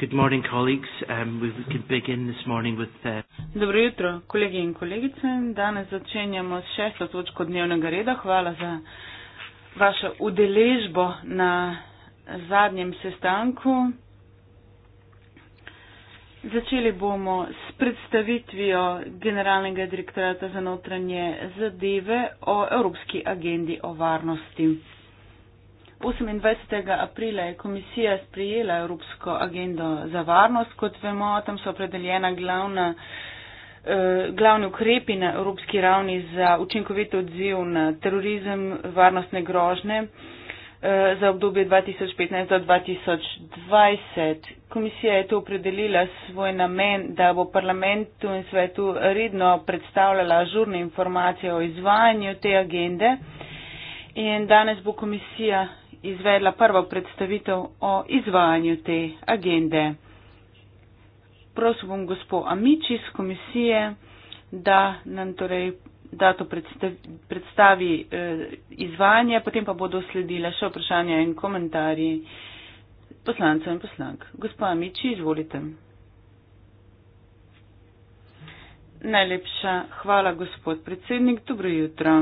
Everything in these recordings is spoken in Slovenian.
Good morning, colleagues. Um, we can begin this morning with the. Uh, Dobro jutro, kolegi in kolegice. Danes začenjamo s šesto točko dnevnega reda. Hvala za vašo udeležbo na zadnjem sestanku. Začeli bomo s predstavitvijo Generalnega direktorata za notranje zadeve o Evropski agendi o varnosti. 28. aprila je komisija sprejela Evropsko agendo za varnost. Kot vemo, tam so opredeljena glavna, eh, glavni ukrepi na evropski ravni za učinkovito odziv na terorizem, varnostne grožne eh, za obdobje 2015 do 2020. Komisija je to opredelila svoj namen, da bo parlamentu in svetu redno predstavljala žurne informacije o izvajanju te agende. In danes bo komisija izvedla prvo predstavitev o izvajanju te agende. Prosim bom gospod Amiči iz komisije, da nam torej dato predstavi, predstavi eh, izvajanje, potem pa bodo sledile še vprašanja in komentarji poslancev in poslank. Gospod Amiči, izvolite. Najlepša hvala, gospod predsednik. Dobro jutro.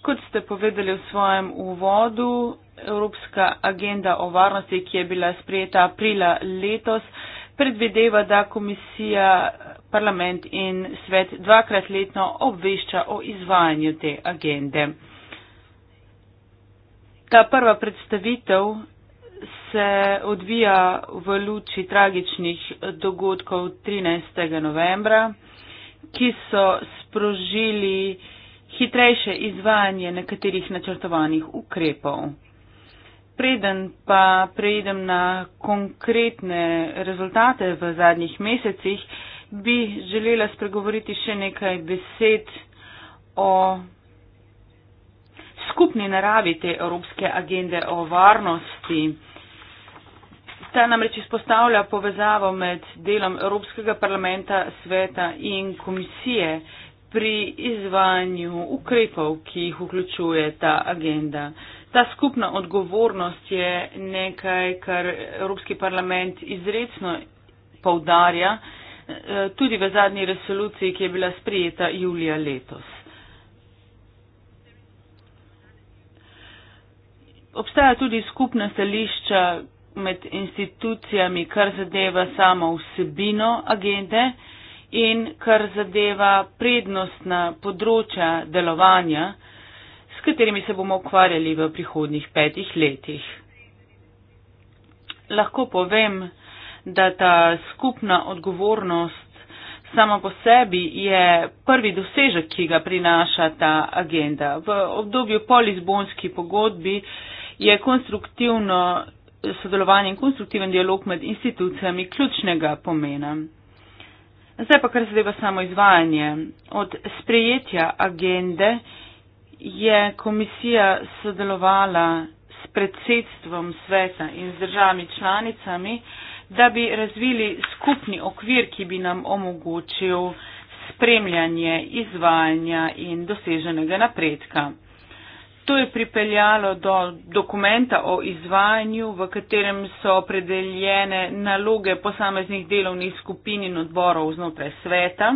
Kot ste povedali v svojem uvodu, Evropska agenda o varnosti, ki je bila sprejeta aprila letos, predvideva, da komisija, parlament in svet dvakrat letno obvešča o izvajanju te agende. Ta prva predstavitev se odvija v luči tragičnih dogodkov 13. novembra, ki so sprožili hitrejše izvajanje nekaterih načrtovanih ukrepov. Preden pa prejdem na konkretne rezultate v zadnjih mesecih, bi želela spregovoriti še nekaj besed o skupni naravi te Evropske agende o varnosti. Ta namreč izpostavlja povezavo med delom Evropskega parlamenta, sveta in komisije pri izvajanju ukrepov, ki jih vključuje ta agenda. Ta skupna odgovornost je nekaj, kar Evropski parlament izredno povdarja eh, tudi v zadnji resoluciji, ki je bila sprijeta julija letos. Obstaja tudi skupna stališča med institucijami, kar zadeva samo vsebino agende in kar zadeva prednostna področja delovanja, s katerimi se bomo ukvarjali v prihodnih petih letih. Lahko povem, da ta skupna odgovornost Samo po sebi je prvi dosežek, ki ga prinaša ta agenda. V obdobju po Lizbonski pogodbi je konstruktivno sodelovanje in konstruktiven dialog med institucijami ključnega pomena. Zdaj pa kar zadeva samo izvajanje. Od sprejetja agende je komisija sodelovala s predsedstvom sveta in z državami članicami, da bi razvili skupni okvir, ki bi nam omogočil spremljanje izvajanja in doseženega napredka. To je pripeljalo do dokumenta o izvajanju, v katerem so opredeljene naloge posameznih delovnih skupin in odborov znotraj sveta.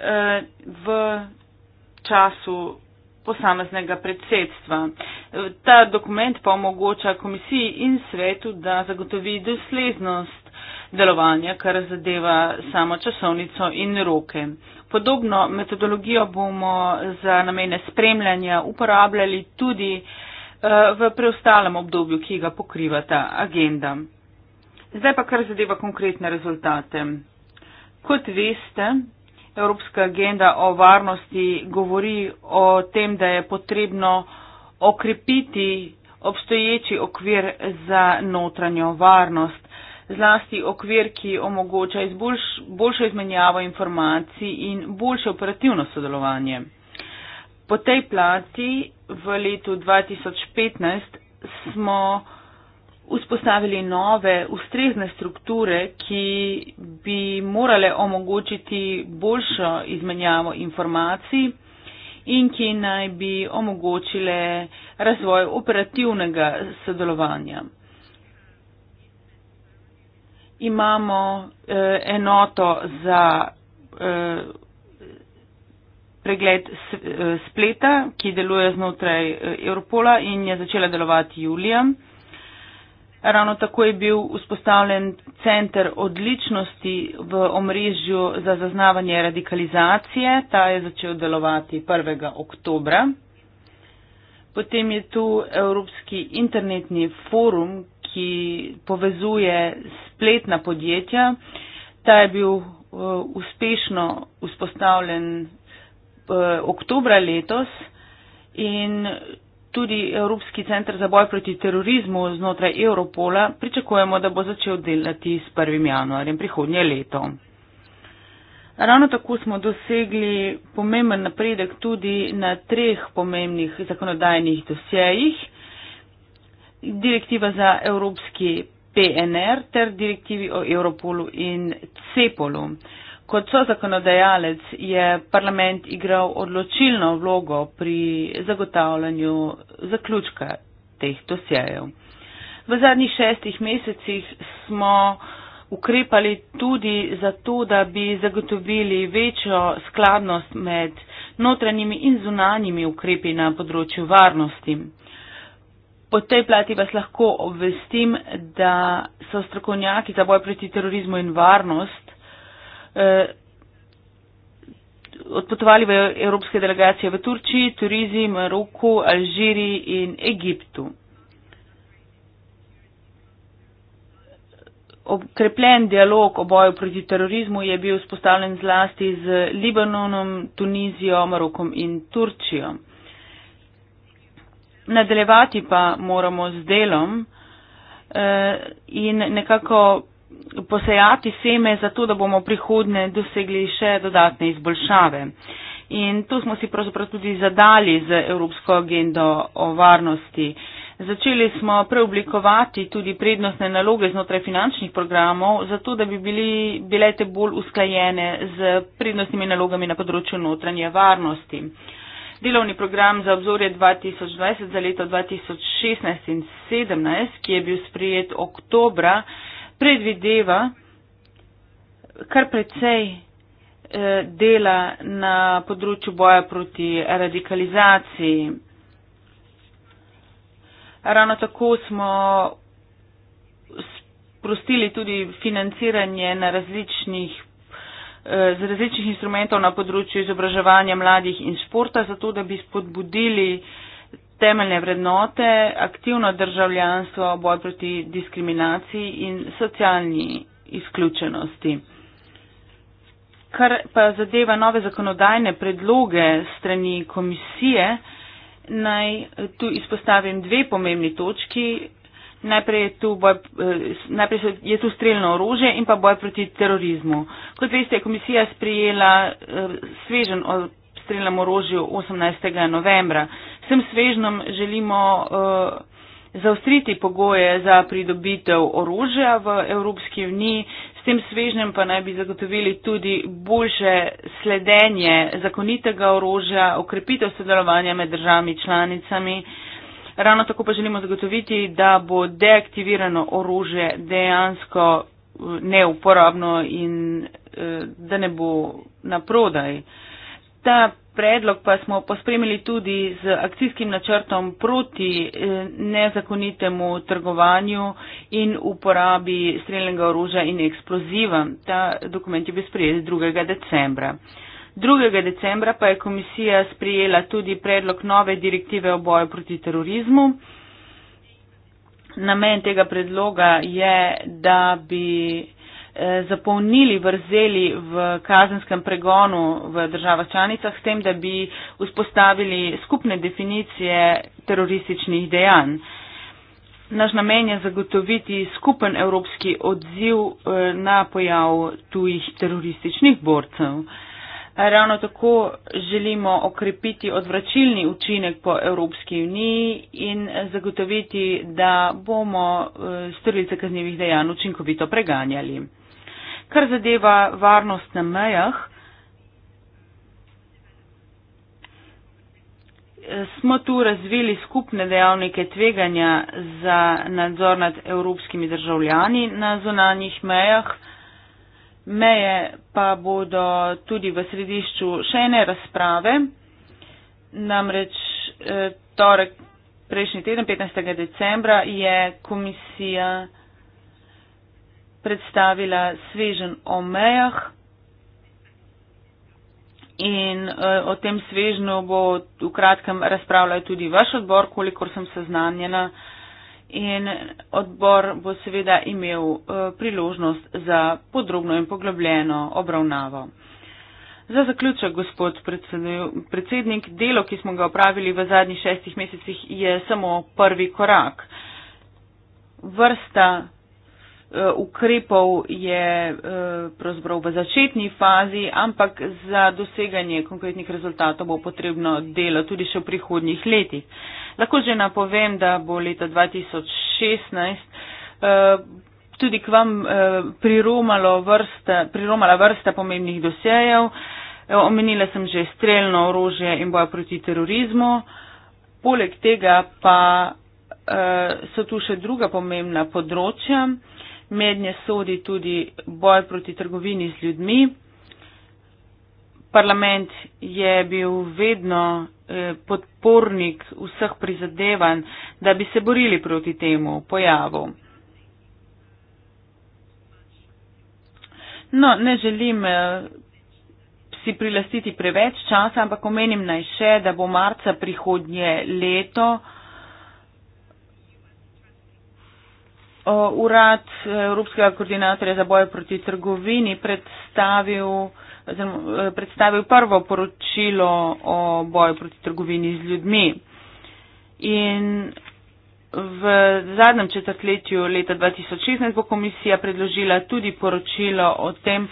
E, v času posameznega predsedstva. E, ta dokument pa omogoča komisiji in svetu, da zagotovi doslednost delovanja, kar zadeva samo časovnico in roke. Podobno metodologijo bomo za namene spremljanja uporabljali tudi eh, v preostalem obdobju, ki ga pokriva ta agenda. Zdaj pa kar zadeva konkretne rezultate. Kot veste, Evropska agenda o varnosti govori o tem, da je potrebno okrepiti obstoječi okvir za notranjo varnost zlasti okvir, ki omogoča izboljš, boljšo izmenjavo informacij in boljše operativno sodelovanje. Po tej plati v letu 2015 smo vzpostavili nove ustrezne strukture, ki bi morale omogočiti boljšo izmenjavo informacij in ki naj bi omogočile razvoj operativnega sodelovanja imamo eh, enoto za eh, pregled s, eh, spleta, ki deluje znotraj eh, Europola in je začela delovati julija. Ravno tako je bil vzpostavljen center odličnosti v omrežju za zaznavanje radikalizacije. Ta je začel delovati 1. oktobra. Potem je tu Evropski internetni forum, ki povezuje spletna podjetja. Ta je bil eh, uspešno vzpostavljen eh, oktobra letos in tudi Evropski centr za boj proti terorizmu znotraj Evropola pričakujemo, da bo začel delati s 1. januarjem prihodnje leto. Ravno tako smo dosegli pomemben napredek tudi na treh pomembnih zakonodajnih dosjejih direktiva za evropski PNR ter direktivi o Europolu in CEPOLu. Kot so zakonodajalec je parlament igral odločilno vlogo pri zagotavljanju zaključka teh dosjejev. V zadnjih šestih mesecih smo ukrepali tudi zato, da bi zagotovili večjo skladnost med notranjimi in zunanjimi ukrepi na področju varnosti. O tej plati vas lahko obvestim, da so strokovnjaki za boj proti terorizmu in varnost eh, odpotovali v evropske delegacije v Turčiji, Turizi, Maroku, Alžiriji in Egiptu. Okrepljen dialog o boju proti terorizmu je bil vzpostavljen zlasti z Libanonom, Tunizijo, Marokom in Turčijo nadaljevati pa moramo z delom eh, in nekako posejati seme za to, da bomo prihodne dosegli še dodatne izboljšave. In to smo si pravzaprav tudi zadali z Evropsko agendo o varnosti. Začeli smo preoblikovati tudi prednostne naloge znotraj finančnih programov, zato da bi bili, bile te bolj usklajene z prednostnimi nalogami na področju notranje varnosti. Eh, Delovni program za obzorje 2020 za leto 2016 in 2017, ki je bil sprejet oktobra, predvideva kar precej eh, dela na področju boja proti radikalizaciji. Ravno tako smo sprostili tudi financiranje na različnih Eh, z različnih instrumentov na področju izobraževanja mladih in športa, zato da bi spodbudili temeljne vrednote, aktivno državljanstvo, boj proti diskriminaciji in socialni izključenosti. Kar pa zadeva nove zakonodajne predloge strani komisije, naj tu izpostavim dve pomembni točki, najprej je tu, boj, eh, najprej je tu streljno orožje in pa boj proti terorizmu. Kot veste, je komisija sprijela eh, svežen o streljnem orožju 18. novembra. S tem svežnom želimo eh, zaostriti pogoje za pridobitev orožja v Evropski uniji, s tem svežnjem pa naj bi zagotovili tudi boljše sledenje zakonitega orožja, okrepitev sodelovanja med državami članicami, uh, Ravno tako pa želimo zagotoviti, da bo deaktivirano orožje dejansko eh, neuporabno in eh, da ne bo na prodaj. Ta predlog pa smo pospremili tudi z akcijskim načrtom proti eh, nezakonitemu trgovanju in uporabi streljnega orožja in eksploziva. Ta dokument je bil sprejet 2. decembra. 2. decembra pa je komisija sprijela tudi predlog nove direktive o boju proti terorizmu. Namen tega predloga je, da bi eh, zapolnili vrzeli v kazenskem pregonu v državah članicah s tem, da bi vzpostavili skupne definicije terorističnih dejanj. Naš namen je zagotoviti skupen evropski odziv eh, na pojav tujih terorističnih borcev. Ravno tako želimo okrepiti odvračilni učinek po Evropski uniji in zagotoviti, da bomo eh, storilce kaznjivih dejanj učinkovito preganjali. Kar zadeva varnost na mejah, eh, smo tu razvili skupne dejavnike tveganja za nadzor nad evropskimi državljani na zonanjih mejah meje pa bodo tudi v središču še ene razprave, namreč eh, torek prejšnji teden, 15. decembra, je komisija predstavila svežen o mejah in eh, o tem svežnu bo v kratkem razpravljal tudi vaš odbor, kolikor sem seznanjena in odbor bo seveda imel eh, priložnost za podrobno in poglobljeno obravnavo. Za zaključek, gospod predsednik, delo, ki smo ga opravili v zadnjih šestih mesecih, je samo prvi korak. Vrsta eh, ukrepov je eh, pravzaprav v začetni fazi, ampak za doseganje konkretnih rezultatov bo potrebno delo tudi še v prihodnjih letih. Lahko že napovem, da bo leta 2016. Uh, eh, Tudi k vam eh, vrsta, priromala vrsta pomembnih dosejev. Eh, omenila sem že streljno orožje in boja proti terorizmu. Poleg tega pa so tu še druga pomembna področja. Mednje sodi tudi boj proti trgovini z ljudmi. Parlament je bil vedno Eh, podpornik vseh prizadevanj, da bi se borili proti temu pojavu. No, ne želim eh, si prilastiti preveč časa, ampak omenim naj še, da bo marca prihodnje leto urad eh, Evropskega koordinatorja za boj proti trgovini predstavil oziroma, eh, predstavil prvo poročilo o boju proti trgovini z ljudmi. In v zadnjem četrtletju leta 2016 bo komisija predložila tudi poročilo o tem,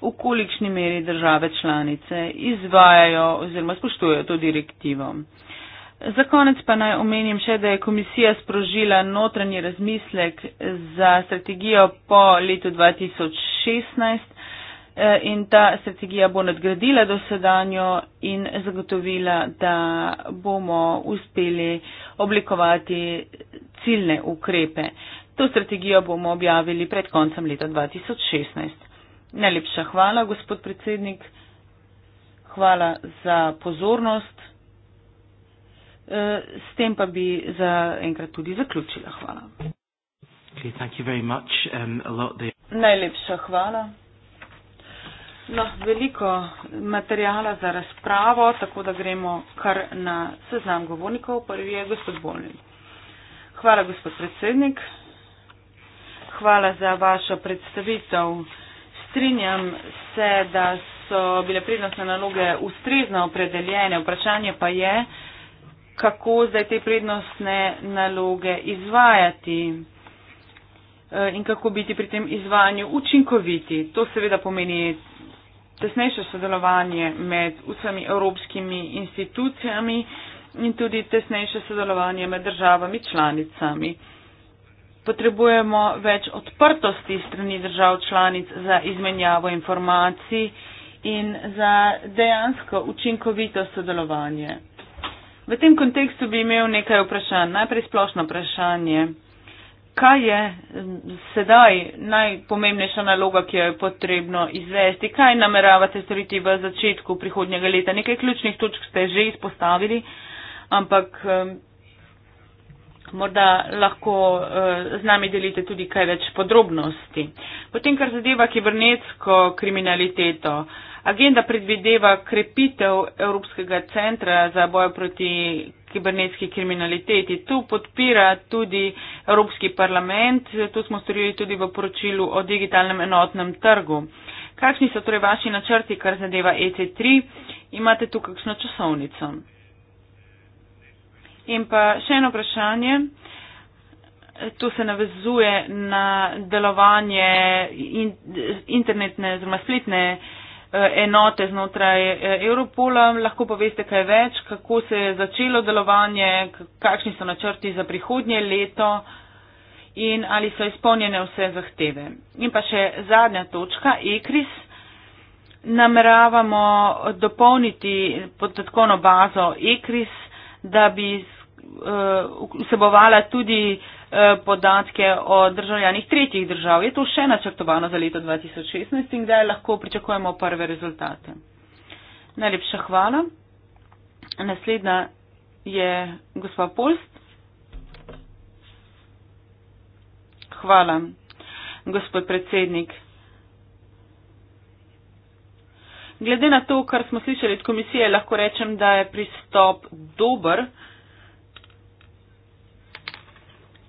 v kolikšni meri države članice izvajajo oziroma spoštujejo to direktivo. Za konec pa naj omenim še, da je komisija sprožila notranji razmislek za strategijo po letu 2016 Eh, in ta strategija bo nadgradila dosedanjo in zagotovila, da bomo uspeli oblikovati ciljne ukrepe. To strategijo bomo objavili pred koncem leta 2016. Najlepša hvala, gospod predsednik. Hvala za pozornost. Eh, s tem pa bi za enkrat tudi zaključila. Hvala. Okay, um, the... Najlepša hvala. No, veliko materijala za razpravo, tako da gremo kar na seznam govornikov. Prvi je gospod Bolnik. Hvala, gospod predsednik. Hvala za vašo predstavitev. Strinjam se, da so bile prednostne naloge ustrezno opredeljene. Vprašanje pa je, kako zdaj te prednostne naloge izvajati eh, in kako biti pri tem izvajanju učinkoviti. To seveda pomeni tesnejše sodelovanje med vsemi evropskimi institucijami in tudi tesnejše sodelovanje med državami članicami. Potrebujemo več odprtosti strani držav članic za izmenjavo informacij in za dejansko učinkovito sodelovanje. V tem kontekstu bi imel nekaj vprašanj. Najprej splošno vprašanje kaj je sedaj najpomembnejša naloga, ki jo je potrebno izvesti, kaj nameravate storiti v začetku prihodnjega leta. Nekaj ključnih točk ste že izpostavili, ampak morda lahko eh, z nami delite tudi kaj več podrobnosti. Potem, kar zadeva kibernetsko kriminaliteto. Agenda predvideva krepitev Evropskega centra za boj proti kibernetski kriminaliteti. To podpira tudi Evropski parlament, to smo storili tudi v poročilu o digitalnem enotnem trgu. Kakšni so torej vaši načrti, kar zadeva EC3? Imate tu kakšno časovnico? In pa še eno vprašanje. To se navezuje na delovanje in, internetne, zelo spletne. Eh, enote znotraj eh, Europola. Lahko poveste kaj več, kako se je začelo delovanje, kakšni so načrti za prihodnje leto in ali so izpolnjene vse zahteve. In pa še zadnja točka, ECRIS. Nameravamo dopolniti podatkovno bazo ECRIS, da bi eh, vsebovala tudi uh, Eh, podatke o državljanih tretjih držav. Je to še načrtovano za leto 2016 in kdaj lahko pričakujemo prve rezultate? Najlepša hvala. Naslednja je gospa Polst. Hvala, gospod predsednik. Glede na to, kar smo slišali od komisije, lahko rečem, da je pristop dober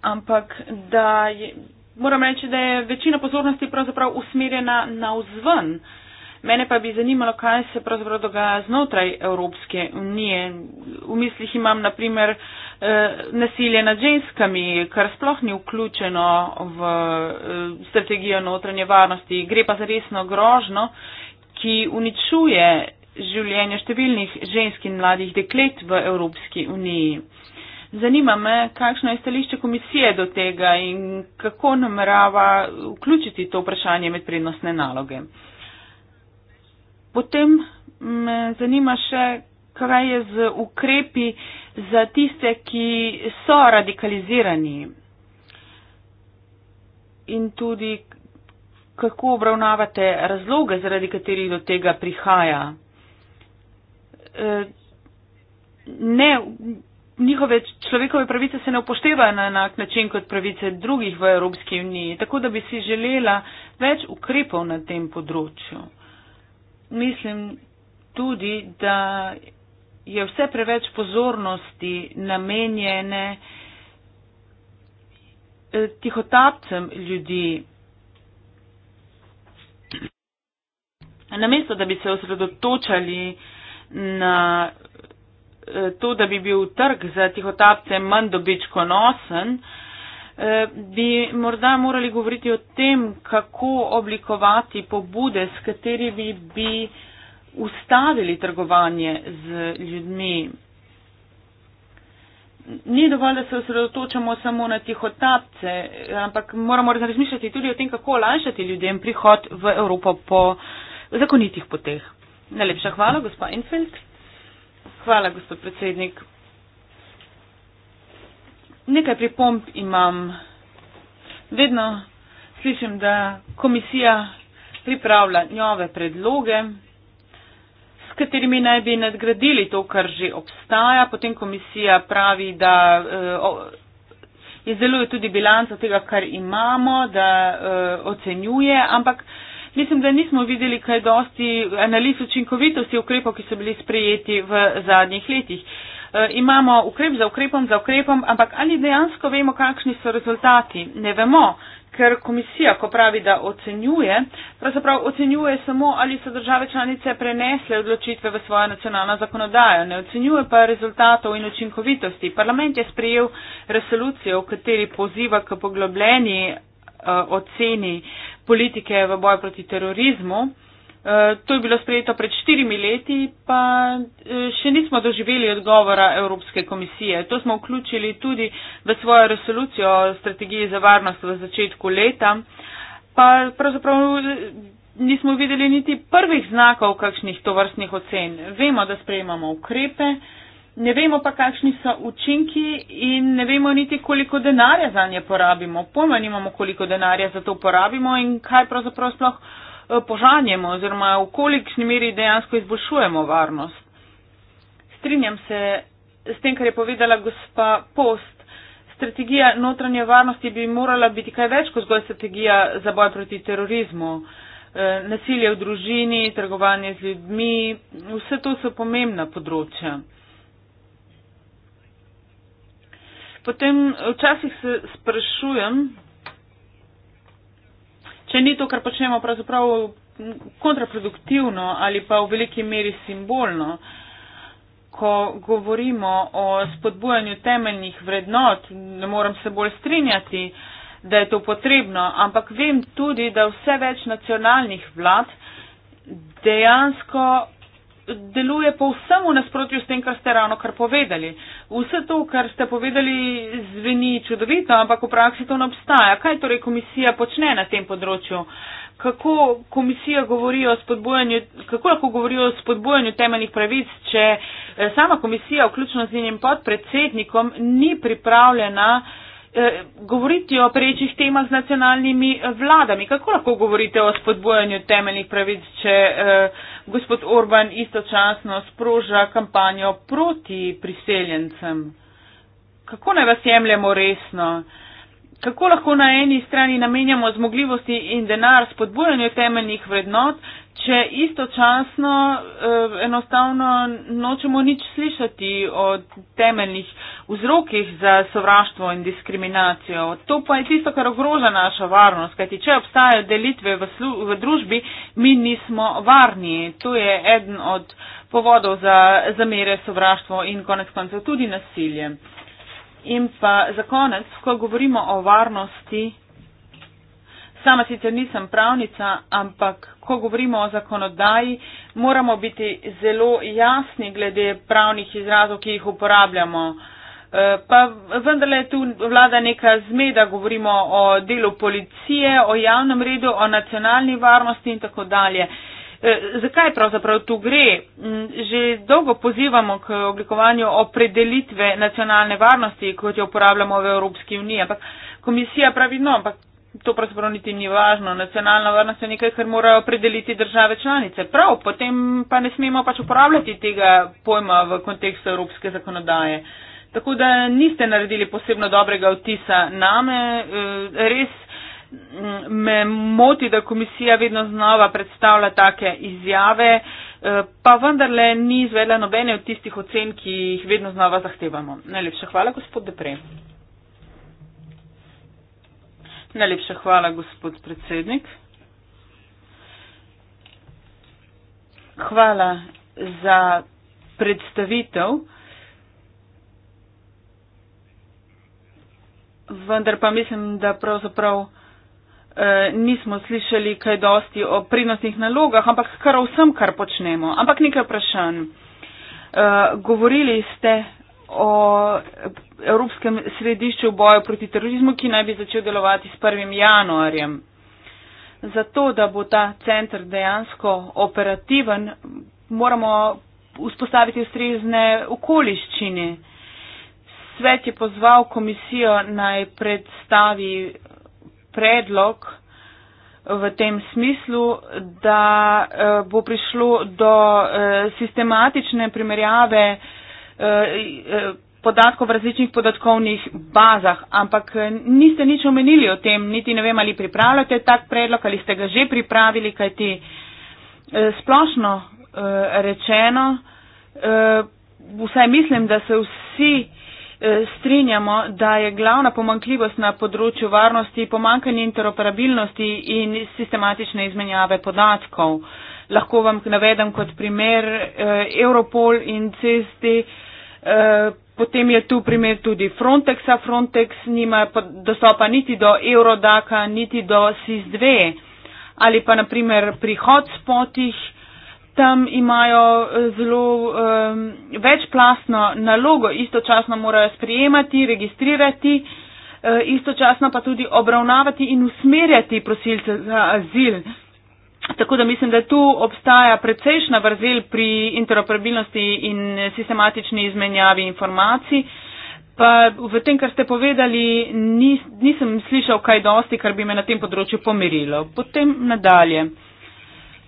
ampak da je, moram reči, da je večina pozornosti pravzaprav usmerjena navzven. Mene pa bi zanimalo, kaj se pravzaprav dogaja znotraj Evropske unije. V mislih imam naprimer eh, nasilje nad ženskami, kar sploh ni vključeno v eh, strategijo notranje varnosti. Gre pa za resno grožno, ki uničuje življenje številnih žensk in mladih deklet v Evropski uniji. Uh, Zanima me, kakšno je stališče komisije do tega in kako namerava vključiti to vprašanje med prednostne naloge. Potem me zanima še, kaj je z ukrepi za tiste, ki so radikalizirani in tudi kako obravnavate razloge, zaradi katerih do tega prihaja. Eh, ne, njihove človekove pravice se ne upoštevajo na enak način kot pravice drugih v Evropski uniji, tako da bi si želela več ukrepov na tem področju. Mislim tudi, da je vse preveč pozornosti namenjene eh, tihotapcem ljudi. Namesto, da bi se osredotočali na Eh, to, da bi bil trg za tihotapce manj dobičkonosen, eh, bi morda morali govoriti o tem, kako oblikovati pobude, s katerimi bi ustavili trgovanje z ljudmi. Ni dovolj, da se osredotočamo samo na tihotapce, ampak moramo razmišljati tudi o tem, kako olajšati ljudem prihod v Evropo po zakonitih poteh. Najlepša hvala, gospod Enfeld. Hvala, gospod predsednik. Nekaj pripomb imam. Vedno slišim, da komisija pripravlja nove predloge, s katerimi naj bi nadgradili to, kar že obstaja. Potem komisija pravi, da eh, izdeluje tudi bilanco tega, kar imamo, da eh, ocenjuje, ampak. Mislim, da nismo videli kaj dosti analiz učinkovitosti ukrepov, ki so bili sprejeti v zadnjih letih. E, imamo ukrep za ukrepom, za ukrepom, ampak ali dejansko vemo, kakšni so rezultati? Ne vemo, ker komisija, ko pravi, da ocenjuje, pravzaprav ocenjuje samo, ali so države članice prenesle odločitve v svojo nacionalno zakonodajo. Ne ocenjuje pa rezultatov in učinkovitosti. Parlament je sprejel resolucijo, v kateri poziva k poglobljeni uh, oceni politike v boju proti terorizmu. Uh, to je bilo sprejeto pred štirimi leti, pa uh, še nismo doživeli odgovora Evropske komisije. To smo vključili tudi v svojo resolucijo o strategiji za varnost v začetku leta, pa pravzaprav nismo videli niti prvih znakov kakšnih tovrstnih ocen. Vemo, da sprejemamo ukrepe, uh, ne vemo pa, kakšni so učinki in ne vemo niti, koliko denarja za nje porabimo. Pojma nimamo, koliko denarja za to porabimo in kaj pravzaprav sploh eh, požanjemo oziroma v kolikšni meri dejansko izboljšujemo varnost. Strinjam se s tem, kar je povedala gospa Post. Strategija notranje varnosti bi morala biti kaj več kot zgolj strategija za boj proti terorizmu. Eh, nasilje v družini, trgovanje z ljudmi, vse to so pomembna področja. potem včasih se sprašujem, če ni to, kar počnemo, pravzaprav kontraproduktivno ali pa v veliki meri simbolno, ko govorimo o spodbujanju temeljnih vrednot, ne morem se bolj strinjati, da je to potrebno, ampak vem tudi, da vse več nacionalnih vlad dejansko deluje povsem v nasprotju s tem, kar ste ravno kar povedali. Vse to, kar ste povedali, zveni čudovito, ampak v praksi to ne obstaja. Kaj torej komisija počne na tem področju? Kako komisija govori o spodbojanju, kako lahko govori o spodbojanju temeljnih pravic, če eh, sama komisija, vključno z njenim podpredsednikom, ni pripravljena uh, Eh, govoriti o prejčih temah z nacionalnimi eh, vladami. Kako lahko govorite o spodbojanju temeljnih pravic, če eh, gospod Orban istočasno sproža kampanjo proti priseljencem? Kako naj vas jemljemo resno? Kako lahko na eni strani namenjamo zmogljivosti in denar spodbujanju temeljnih vrednot, če istočasno enostavno nočemo nič slišati o temeljnih vzrokih za sovraštvo in diskriminacijo. To pa je tisto, kar ogroža našo varnost, kajti če obstajajo delitve v, slu, v družbi, mi nismo varni. To je eden od povodov za zamere sovraštvo in konec koncev tudi nasilje. In pa za konec, ko govorimo o varnosti, sama sicer nisem pravnica, ampak ko govorimo o zakonodaji, moramo biti zelo jasni glede pravnih izrazov, ki jih uporabljamo. Eh, pa vendarle tu vlada neka zmeda, govorimo o delu policije, o javnem redu, o nacionalni varnosti in tako dalje. Eh, zakaj pravzaprav tu gre? Mm, že dolgo pozivamo k oblikovanju opredelitve nacionalne varnosti, kot jo uporabljamo v Evropski uniji, ampak komisija pravi, no, ampak to pravzaprav niti ni važno. Nacionalna varnost je nekaj, kar morajo opredeliti države članice. Prav, potem pa ne smemo pač uporabljati tega pojma v kontekstu evropske zakonodaje. Tako da niste naredili posebno dobrega vtisa name. Eh, res mm, me moti, da komisija vedno znova predstavlja take izjave, eh, pa vendarle ni izvedla nobene od tistih ocen, ki jih vedno znova zahtevamo. Najlepša hvala, gospod Depre. Najlepša hvala, gospod predsednik. Hvala za predstavitev. vendar pa mislim, da pravzaprav eh, nismo slišali kaj dosti o prinosnih nalogah, ampak kar o vsem, kar počnemo. Ampak nekaj vprašanj. Eh, govorili ste o Evropskem središču v boju proti terorizmu, ki naj bi začel delovati s 1. januarjem. Zato, da bo ta centr dejansko operativen, moramo vzpostaviti ustrezne okoliščine svet je pozval komisijo naj predstavi predlog v tem smislu, da eh, bo prišlo do eh, sistematične primerjave eh, podatkov v različnih podatkovnih bazah, ampak niste nič omenili o tem, niti ne vem, ali pripravljate tak predlog, ali ste ga že pripravili, kajti splošno rečeno, vsaj mislim, da se vsi Eh, strinjamo, da je glavna pomankljivost na področju varnosti pomankanje interoperabilnosti in sistematične izmenjave podatkov. Lahko vam navedem kot primer eh, Europol in CST, eh, potem je tu primer tudi Frontexa. Frontex nima dostopa niti do Eurodaka, niti do SIS-2 ali pa naprimer pri hotspotih tam imajo eh, zelo um, večplastno nalogo, istočasno morajo sprijemati, registrirati, eh, istočasno pa tudi obravnavati in usmerjati prosilce za azil. Tako da mislim, da tu obstaja precejšna vrzel pri interoperabilnosti in sistematični izmenjavi informacij. Pa v tem, kar ste povedali, nis, nisem slišal kaj dosti, kar bi me na tem področju pomirilo. Potem nadalje.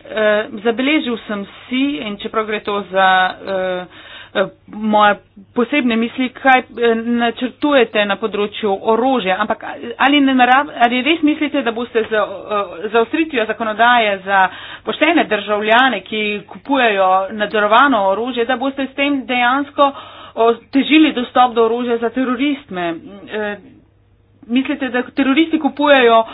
Eh, zabeležil sem si in čeprav gre to za eh, eh, moje posebne misli, kaj načrtujete na področju orožja, ampak ali, narav, ali res mislite, da boste za ostritvijo zakonodaje za poštene državljane, ki kupujejo nadzorovano orožje, da boste s tem dejansko težili dostop do orožja za teroristme? E, mislite, da teroristi kupujejo uh,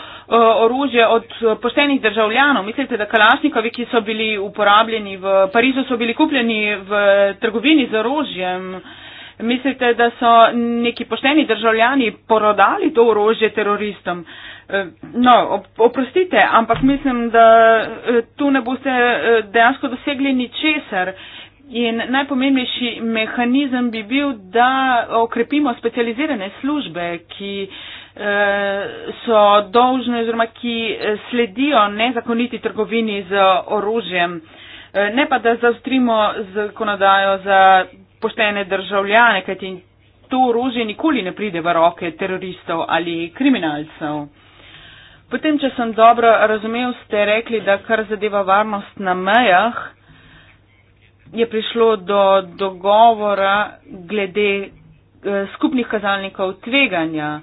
orožje od eh, poštenih državljanov, mislite, da kalašnikovi, ki so bili uporabljeni v Parizu, so bili kupljeni v trgovini z orožjem, mislite, da so neki pošteni državljani porodali to orožje teroristom. Eh, no, oprostite, ampak mislim, da tu ne boste dejansko dosegli ničesar. In najpomembnejši mehanizem bi bil, da okrepimo specializirane službe, ki uh, Eh, so dolžne oziroma ki eh, sledijo nezakoniti trgovini z orožjem. Eh, ne pa, da zaostrimo zakonodajo za poštene državljane, kajti to orožje nikoli ne pride v roke teroristov ali kriminalcev. Potem, če sem dobro razumel, ste rekli, da kar zadeva varnost na mejah, je prišlo do dogovora glede skupnih kazalnikov tveganja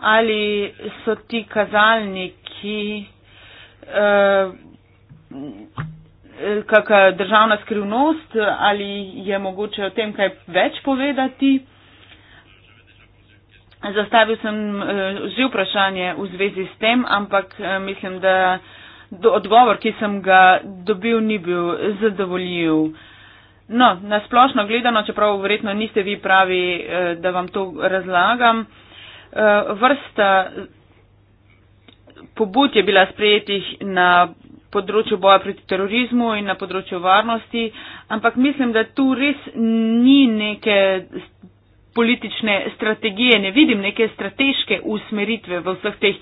ali so ti kazalniki, eh, kakšna državna skrivnost, ali je mogoče o tem kaj več povedati. Zastavil sem eh, že vprašanje v zvezi s tem, ampak eh, mislim, da do, odgovor, ki sem ga dobil, ni bil zadovoljiv. No, nasplošno gledano, čeprav verjetno niste vi pravi, eh, da vam to razlagam, eh, Eh, vrsta pobud je bila sprejetih na področju boja proti terorizmu in na področju varnosti, ampak mislim, da tu res ni neke politične strategije, ne vidim neke strateške usmeritve v vseh teh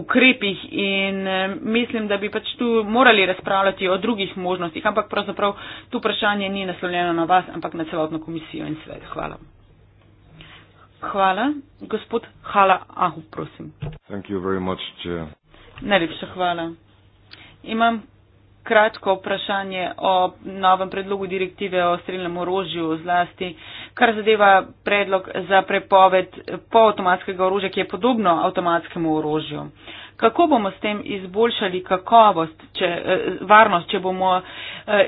ukrepih in eh, mislim, da bi pač tu morali razpravljati o drugih možnostih, ampak pravzaprav tu vprašanje ni naslovljeno na vas, ampak na celotno komisijo in svet. Hvala. Hvala. Gospod Hala Ahu, prosim. Thank you very much, Najlepša hvala. Imam kratko vprašanje o novem predlogu direktive o strelnem orožju zlasti, kar zadeva predlog za prepoved poautomatskega orožja, ki je podobno avtomatskemu orožju. Kako bomo s tem izboljšali kakovost, če, eh, varnost, če bomo eh,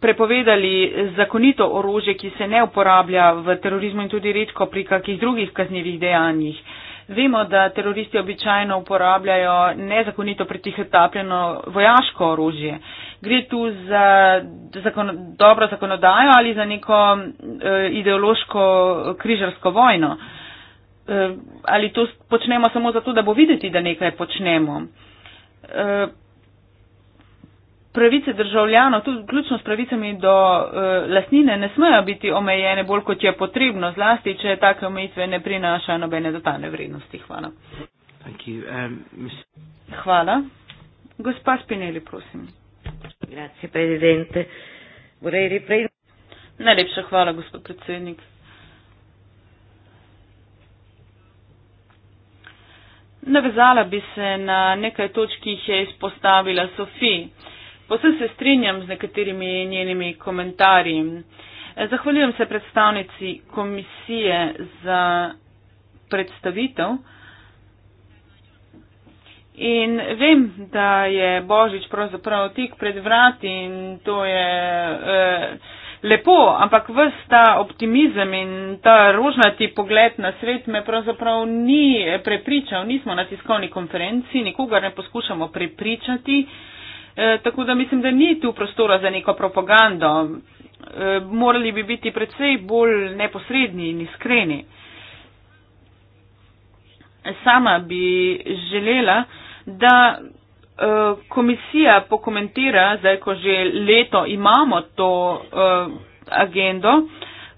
prepovedali zakonito orožje, ki se ne uporablja v terorizmu in tudi redko pri kakih drugih kaznjevih dejanjih. Vemo, da teroristi običajno uporabljajo nezakonito pretihotapljeno vojaško orožje. Gre tu za zakon, dobro zakonodajo ali za neko e, ideološko križarsko vojno? E, ali to počnemo samo zato, da bo videti, da nekaj počnemo? E, pravice državljanov, tudi vključno s pravicami do uh, eh, lasnine, ne smejo biti omejene bolj, kot je potrebno, zlasti, če take omejitve ne prinašajo nobene dodane vrednosti. Hvala. Um, Hvala. Gospa Spinelli, prosim. Grazie, predsedente. Vorrei riprendere. Najlepša hvala, gospod predsednik. Navezala bi se na nekaj točk, ki jih je izpostavila Sofija. Pa vse se strinjam z nekaterimi njenimi komentarji. Zahvaljujem se predstavnici komisije za predstavitev. In vem, da je Božič pravzaprav tik pred vrati in to je eh, lepo, ampak vse ta optimizem in ta rožnati pogled na svet me pravzaprav ni prepričal. Nismo na tiskovni konferenci, nikogar ne poskušamo prepričati. Eh, Eh, tako da mislim, da ni tu prostora za neko propagando. Eh, morali bi biti predvsej bolj neposredni in iskreni. Sama bi želela, da eh, komisija pokomentira, zdaj ko že leto imamo to agendo,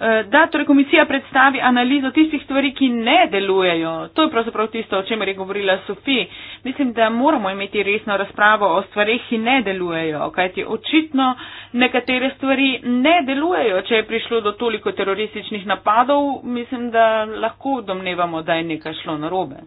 Eh, da torej komisija predstavi analizo tistih stvari, ki ne delujejo. To je pravzaprav tisto, o čemer je govorila Sofi. Mislim, da moramo imeti resno razpravo o stvarih, ki ne delujejo, kajti očitno nekatere stvari ne delujejo. Če je prišlo do toliko terorističnih napadov, mislim, da lahko domnevamo, da je nekaj šlo narobe.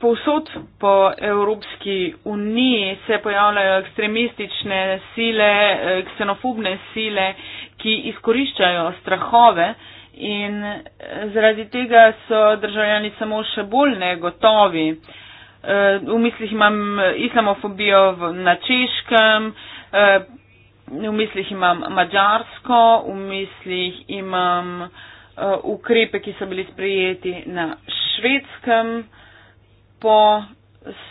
povsod po Evropski uniji se pojavljajo ekstremistične sile, eh, ksenofobne sile, ki izkoriščajo strahove in eh, zaradi tega so državljani samo še bolj negotovi. Eh, v mislih imam islamofobijo na češkem, v mislih imam mađarsko, v mislih imam ukrepe, ki so bili sprejeti na švedskem po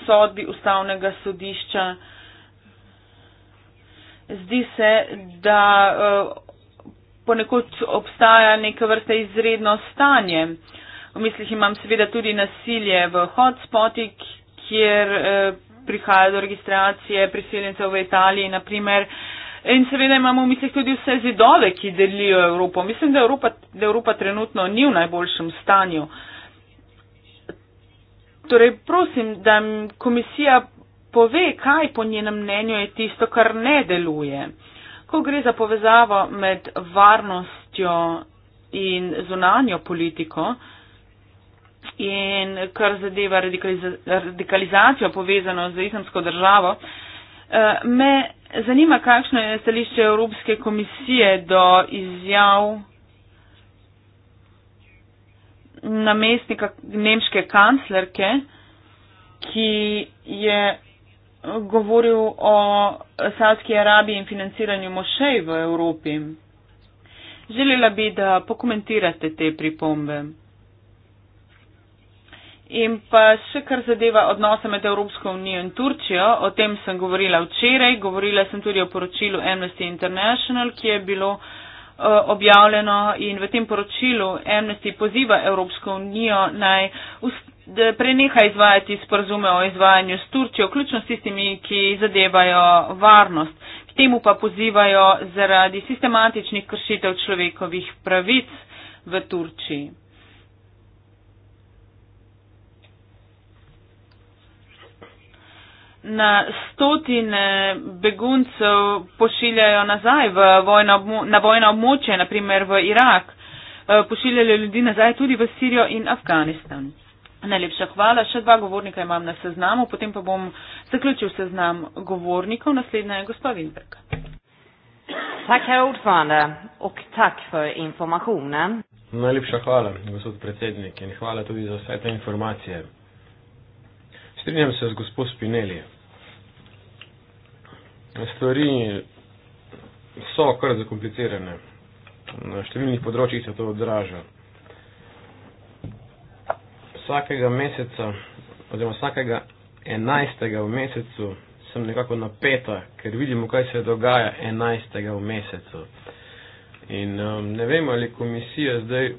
sodbi ustavnega sodišča. Zdi se, da eh, ponekod obstaja neka vrsta izredno stanje. V mislih imam seveda tudi nasilje v hotspotih, kjer eh, prihaja do registracije priseljencev v Italiji, naprimer. In seveda imamo v mislih tudi vse zidove, ki delijo Evropo. Mislim, da Evropa, da Evropa trenutno ni v najboljšem stanju. Uh, Torej, prosim, da komisija pove, kaj po njenem mnenju je tisto, kar ne deluje. Ko gre za povezavo med varnostjo in zunanjo politiko in kar zadeva radikaliza radikalizacijo povezano z islamsko državo, eh, me zanima, kakšno je stališče Evropske komisije do izjav namestnika nemške kanclerke, ki je govoril o Saudski Arabiji in financiranju mošej v Evropi. Želela bi, da pokomentirate te pripombe. In pa še kar zadeva odnose med Evropsko unijo in Turčijo, o tem sem govorila včeraj, govorila sem tudi o poročilu Amnesty International, ki je bilo uh, Eh, objavljeno in v tem poročilu Amnesty poziva Evropsko unijo naj preneha izvajati sporazume o izvajanju s Turčjo, vključno s tistimi, ki zadevajo varnost. K temu pa pozivajo zaradi sistematičnih kršitev človekovih pravic v Turčiji. na stotine beguncev pošiljajo nazaj v vojno, na vojna območja, naprimer v Irak, eh, pošiljajo ljudi nazaj tudi v Sirijo in Afganistan. Najlepša hvala. Še dva govornika imam na seznamu, potem pa bom zaključil seznam govornikov. Naslednja je gospa Vindberg. Tak, herr Urfane, ok, tak, for informacijo, ne? Najlepša hvala, gospod predsednik, in hvala tudi za vse te informacije. Strinjam se z gospod Spinelli, stvari so kar zakomplicirane. Na številnih področjih se to odraža. Vsakega meseca, oziroma vsakega enajstega v mesecu sem nekako napeta, ker vidimo, kaj se dogaja enajstega v mesecu. In um, ne vem, ali komisija zdaj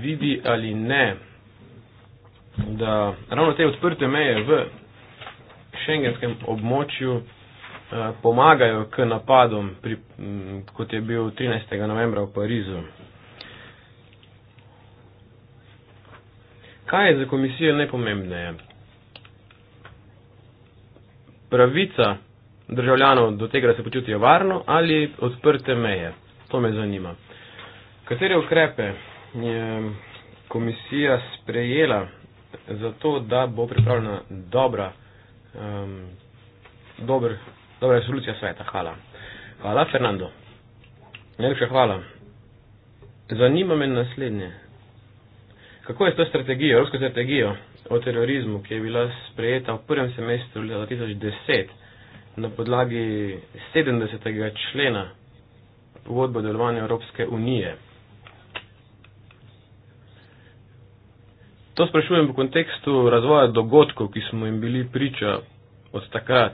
vidi ali ne, da ravno te odprte meje v šengenskem območju Eh, pomagajo k napadom, pri, kot je bil 13. novembra v Parizu. Kaj je za komisijo najpomembneje? Pravica državljanov do tega, da se počutijo varno ali odprte meje? To me zanima. Katere ukrepe je komisija sprejela za to, da bo pripravljena dobra, um, dober dobra resolucija sveta, hvala. Hvala, Fernando. Najlepša hvala. Zanima me naslednje. Kako je s to strategijo, evropsko strategijo o terorizmu, ki je bila sprejeta v prvem semestru leta 2010 na podlagi 70. člena pogodbe o delovanju Evropske unije? To sprašujem v kontekstu razvoja dogodkov, ki smo jim bili priča od takrat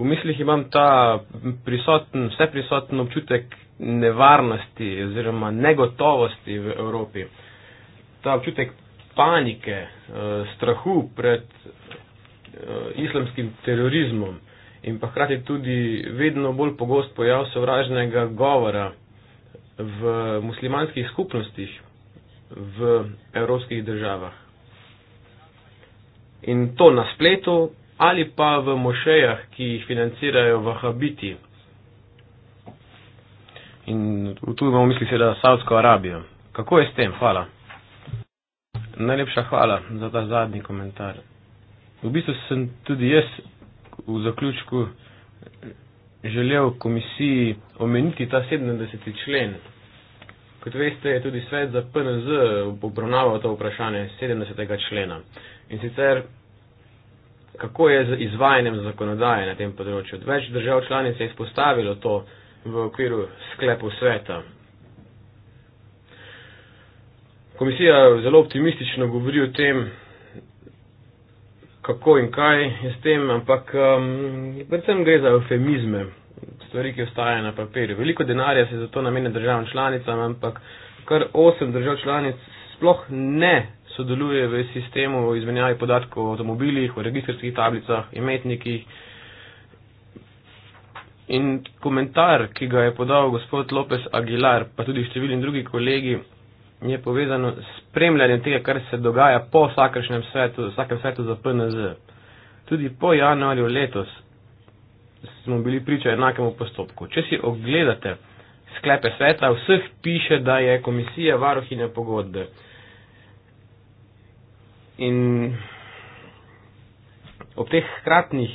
V mislih imam ta prisoten, vseprisoten občutek nevarnosti oziroma negotovosti v Evropi. Ta občutek panike, eh, strahu pred eh, islamskim terorizmom in pa hkrati tudi vedno bolj pogost pojav sovražnega govora v muslimanskih skupnostih v evropskih državah. In to na spletu, ali pa v mošejah, ki jih financirajo vahabiti. In tu imamo v misli seveda Savdsko Arabijo. Kako je s tem? Hvala. Najlepša hvala za ta zadnji komentar. V bistvu sem tudi jaz v zaključku želel komisiji omeniti ta 70. člen. Kot veste, je tudi svet za PNZ obravnaval to vprašanje 70. člena. In sicer kako je z izvajanjem zakonodaje na tem področju. Več držav članic je izpostavilo to v okviru sklepu sveta. Komisija zelo optimistično govori o tem, kako in kaj je s tem, ampak um, predvsem gre za eufemizme, stvari, ki ostajajo na papirju. Veliko denarja se za to namenja državam članicam, ampak kar osem držav članic sploh ne sodeluje v sistemu izmenjave podatkov o avtomobilih, o registrskih tablicah, imetnikih. In komentar, ki ga je podal gospod López Aguilar, pa tudi številni drugi kolegi, je povezan s spremljanjem tega, kar se dogaja po vsakršnem svetu, vsakem svetu za PNZ. Tudi po januarju letos smo bili priča enakemu postopku. Če si ogledate sklepe sveta, vseh piše, da je komisija varohine pogodbe. In ob teh kratnih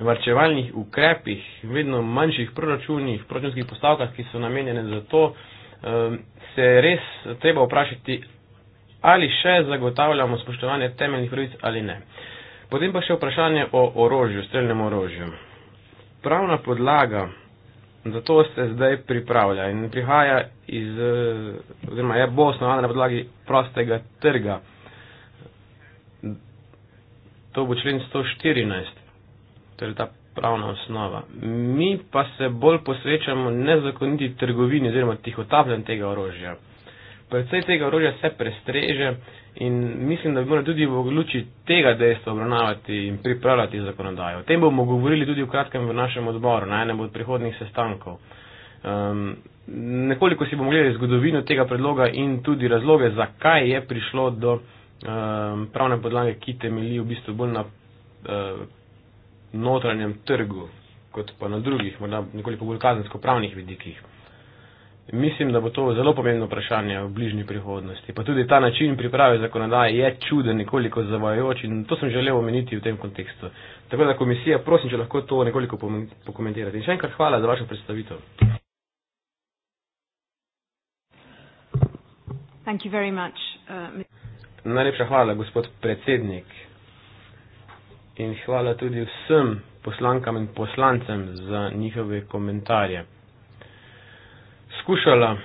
varčevalnih ukrepih, vedno manjših proračunih, proračunskih postavkah, ki so namenjene za to, se res treba vprašati, ali še zagotavljamo spoštovanje temeljnih pravic ali ne. Potem pa še vprašanje o orožju, streljnem orožju. Pravna podlaga za to se zdaj pripravlja in prihaja iz, eh, oziroma je bo osnovana na podlagi prostega trga to bo člen 114, torej ta pravna osnova. Mi pa se bolj posvečamo nezakoniti trgovini oziroma tihotapljanju tega orožja. Predvsej tega orožja se prestreže in mislim, da bi morali tudi v luči tega dejstva obravnavati in pripravljati zakonodajo. O tem bomo govorili tudi v kratkem v našem odboru na enem od prihodnih sestankov. Um, nekoliko si bomo gledali zgodovino tega predloga in tudi razloge, zakaj je prišlo do um, pravne podlage, ki temelji v bistvu bolj na uh, notranjem trgu, kot pa na drugih, morda nekoliko bolj kazensko-pravnih vidikih. Mislim, da bo to zelo pomembno vprašanje v bližnji prihodnosti. Pa tudi ta način priprave zakonodaje je čuden, nekoliko zavajajoč in to sem želel omeniti v tem kontekstu. Tako da komisija, prosim, če lahko to nekoliko pokomentirate. In še enkrat hvala za vašo predstavitev. Thank you very much. Uh, Najlepša hvala, gospod predsednik. In hvala tudi vsem poslankam in poslancem za njihove komentarje. Skušala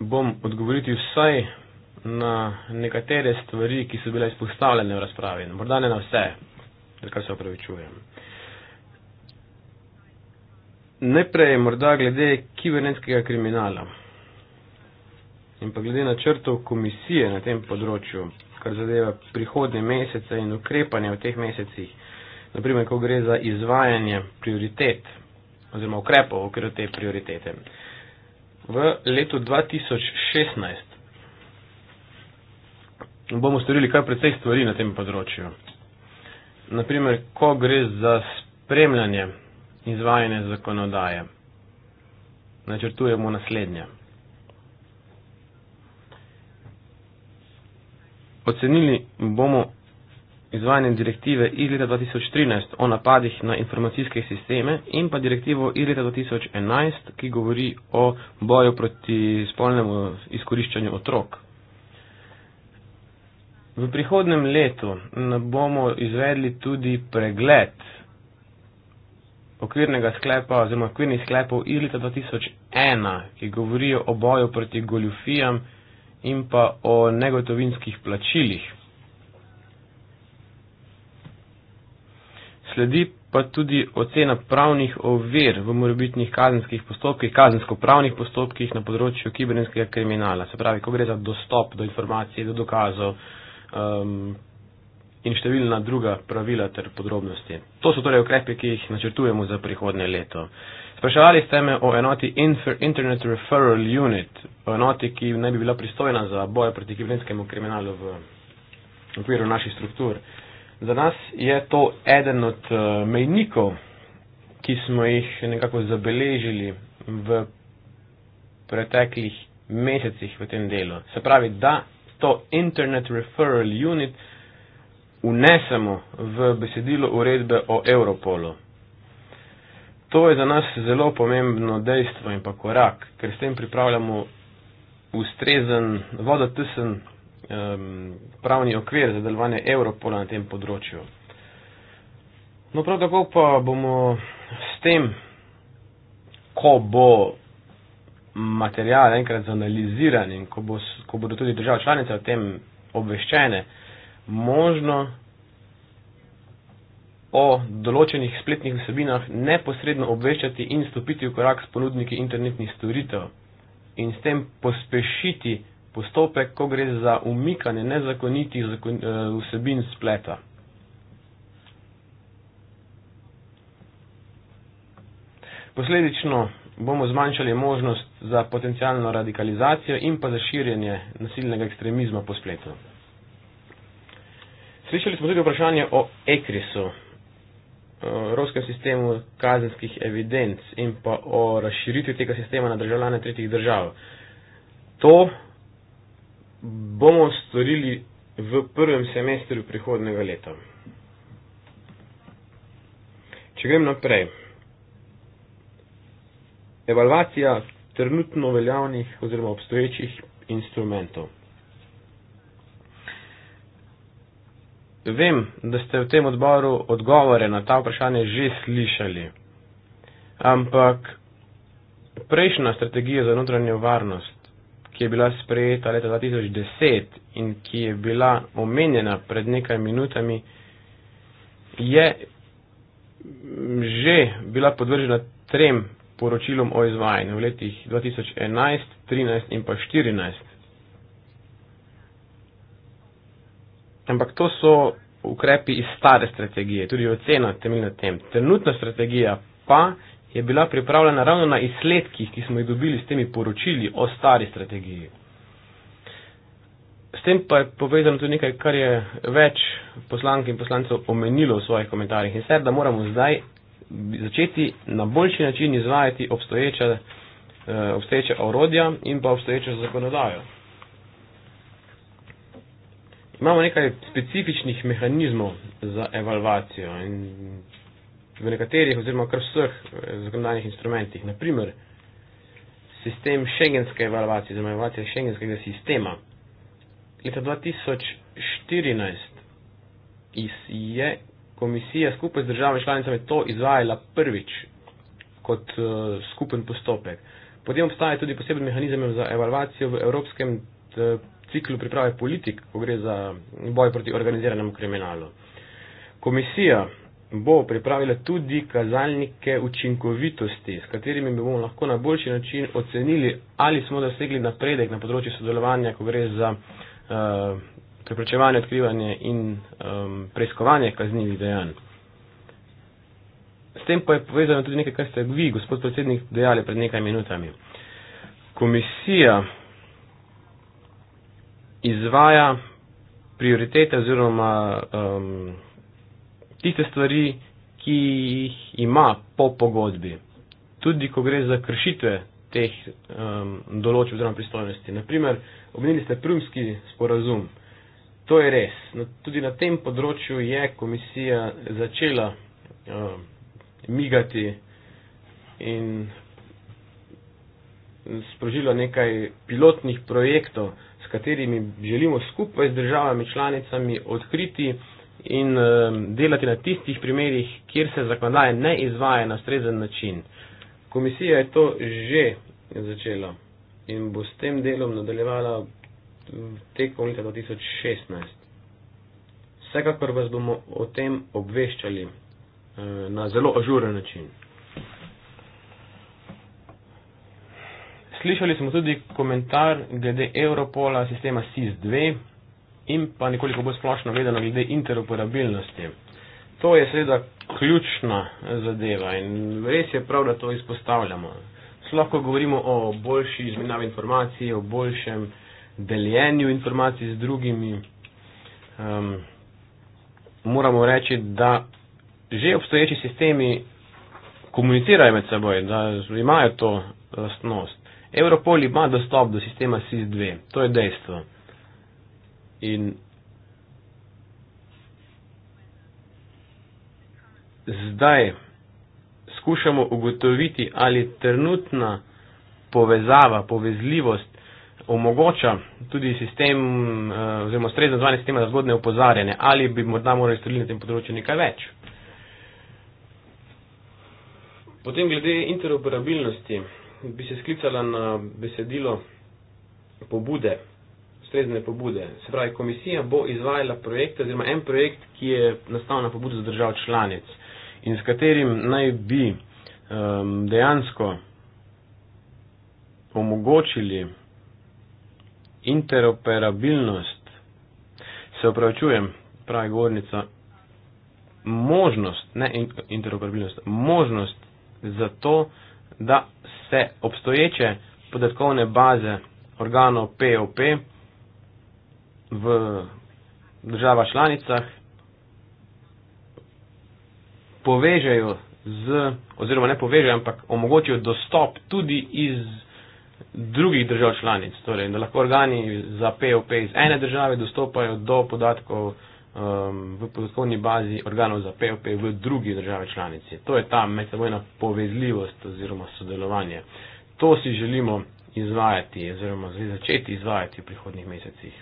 bom odgovoriti vsaj na nekatere stvari, ki so bile izpostavljene v razpravi. Morda ne na vse, kar se opravičujem. Najprej morda glede kibernetskega kriminala in pa glede načrtov komisije na tem področju, kar zadeva prihodne mesece in ukrepanje v teh mesecih, naprimer, ko gre za izvajanje prioritet oziroma ukrepov v okviru te prioritete. V letu 2016 bomo storili kar precej stvari na tem področju. Naprimer, ko gre za spremljanje izvajanja zakonodaje, načrtujemo naslednje. Ocenili bomo izvajanje direktive iz leta 2013 o napadih na informacijske sisteme in pa direktivo iz leta 2011, ki govori o boju proti spolnemu izkoriščanju otrok. V prihodnem letu bomo izvedli tudi pregled okvirnega sklepa oziroma okvirnih sklepov iz leta 2001, ki govorijo o boju proti goljufijam in pa o negotovinskih plačilih. Sledi pa tudi ocena pravnih ovir v morebitnih kazenskih postopkih, kazensko-pravnih postopkih na področju kibernetskega kriminala. Se pravi, ko gre za dostop do informacije, do dokazov um, in številna druga pravila ter podrobnosti. To so torej ukrepe, ki jih načrtujemo za prihodne leto. Sprašovali ste me o enoti Infer Internet Referral Unit, enoti, ki ne bi bila pristojna za boje proti kibernetskemu kriminalu v okviru naših struktur. Za nas je to eden od eh, mejnikov, ki smo jih nekako zabeležili v preteklih mesecih v tem delu. Se pravi, da to Internet Referral Unit unesemo v besedilo uredbe o Europolu. To je za nas zelo pomembno dejstvo in pa korak, ker s tem pripravljamo ustrezen, vodotesen um, pravni okvir za delovanje Evropola na tem področju. No, prav tako pa bomo s tem, ko bo material enkrat zanaliziran in ko, bo, ko bodo tudi države članice o tem obveščene, možno o določenih spletnih vsebinah neposredno obveščati in stopiti v korak s ponudniki internetnih storitev in s tem pospešiti postopek, ko gre za umikanje nezakonitih zakon, uh, vsebin spleta. Posledično bomo zmanjšali možnost za potencijalno radikalizacijo in pa za širjenje nasilnega ekstremizma po spletu. Slišali smo tudi vprašanje o ECRIS-u evropskem sistemu kazenskih evidenc in pa o razširitvi tega sistema na državljane tretjih držav. To bomo storili v prvem semestru prihodnega leta. Če grem naprej. Evalvacija trenutno veljavnih oziroma obstoječih instrumentov. Vem, da ste v tem odboru odgovore na ta vprašanja že slišali, ampak prejšnja strategija za notranjo varnost, ki je bila sprejeta leta 2010 in ki je bila omenjena pred nekaj minutami, je že bila podvržena trem poročilom o izvajanju v letih 2011, 2013 in pa 2014. Ampak to so ukrepi iz stare strategije, tudi ocena temeljna tem. Trenutna strategija pa je bila pripravljena ravno na izsledkih, ki smo jih dobili s temi poročili o stari strategiji. S tem pa je povezano tudi nekaj, kar je več poslank in poslancev omenilo v svojih komentarjih in sicer, da moramo zdaj začeti na boljši način izvajati obstoječa, eh, obstoječa orodja in pa obstoječo zakonodajo imamo nekaj specifičnih mehanizmov za evalvacijo in v nekaterih oziroma kar vseh eh, zakonodajnih instrumentih, naprimer sistem šengenske evalvacije oziroma evalvacije šengenskega sistema. Leta 2014 je komisija skupaj z državami članicami to izvajala prvič kot eh, skupen postopek. Potem obstaja tudi poseben mehanizem za evalvacijo v evropskem eh, ciklu priprave politik, ko gre za boj proti organiziranemu kriminalu. Komisija bo pripravila tudi kazalnike učinkovitosti, s katerimi bomo lahko na boljši način ocenili, ali smo dosegli napredek na področju sodelovanja, ko gre za uh, preprečevanje, odkrivanje in um, preiskovanje kaznjivih dejanj. S tem pa je povezano tudi nekaj, kar ste vi, gospod predsednik, dejali pred nekaj minutami. Komisija izvaja prioritete oziroma um, tiste stvari, ki jih ima po pogodbi. Tudi, ko gre za kršitve teh um, določb oziroma pristojnosti. Naprimer, omenili ste prvski sporazum. To je res. No, tudi na tem področju je komisija začela um, migati in sprožilo nekaj pilotnih projektov, s katerimi želimo skupaj z državami članicami odkriti in ehm, delati na tistih primerih, kjer se zakonodaje ne izvaja na strezen način. Komisija je to že začela in bo s tem delom nadaljevala tekom leta 2016. Vsekakor vas bomo o tem obveščali eh, na zelo ažuren način. Slišali smo tudi komentar glede Europola, sistema SIS-2 in pa nekoliko bolj splošno vedeno glede interoperabilnosti. To je seveda ključna zadeva in res je prav, da to izpostavljamo. Lahko govorimo o boljši izmenjavi informacij, o boljšem deljenju informacij z drugimi. Um, moramo reči, da že obstoječi sistemi komunicirajo med seboj, da imajo to lastnost. Europol ima dostop do sistema SIS-2, to je dejstvo. In zdaj skušamo ugotoviti, ali trenutna povezava, povezljivost omogoča tudi sistem, eh, oziroma strezno zvanje sistema za zgodne opozarjanje, ali bi morda morali storiti na tem področju nekaj več. Potem glede interoperabilnosti bi se sklicala na besedilo pobude, strezne pobude. Se pravi, komisija bo izvajala projekt, oziroma en projekt, ki je nastal na pobudu za držav članic in s katerim naj bi um, dejansko omogočili interoperabilnost, se opravičujem, pravi govornica, možnost, ne interoperabilnost, možnost za to, da da se obstoječe podatkovne baze organov POP v država članicah povežejo z, oziroma ne povežejo, ampak omogočijo dostop tudi iz drugih držav članic. Torej, da lahko organi za POP iz ene države dostopajo do podatkov um, v podatkovni bazi organov za POP v drugi državi članici. To je ta medsebojna povezljivost oziroma sodelovanje. To si želimo izvajati oziroma začeti izvajati v prihodnih mesecih.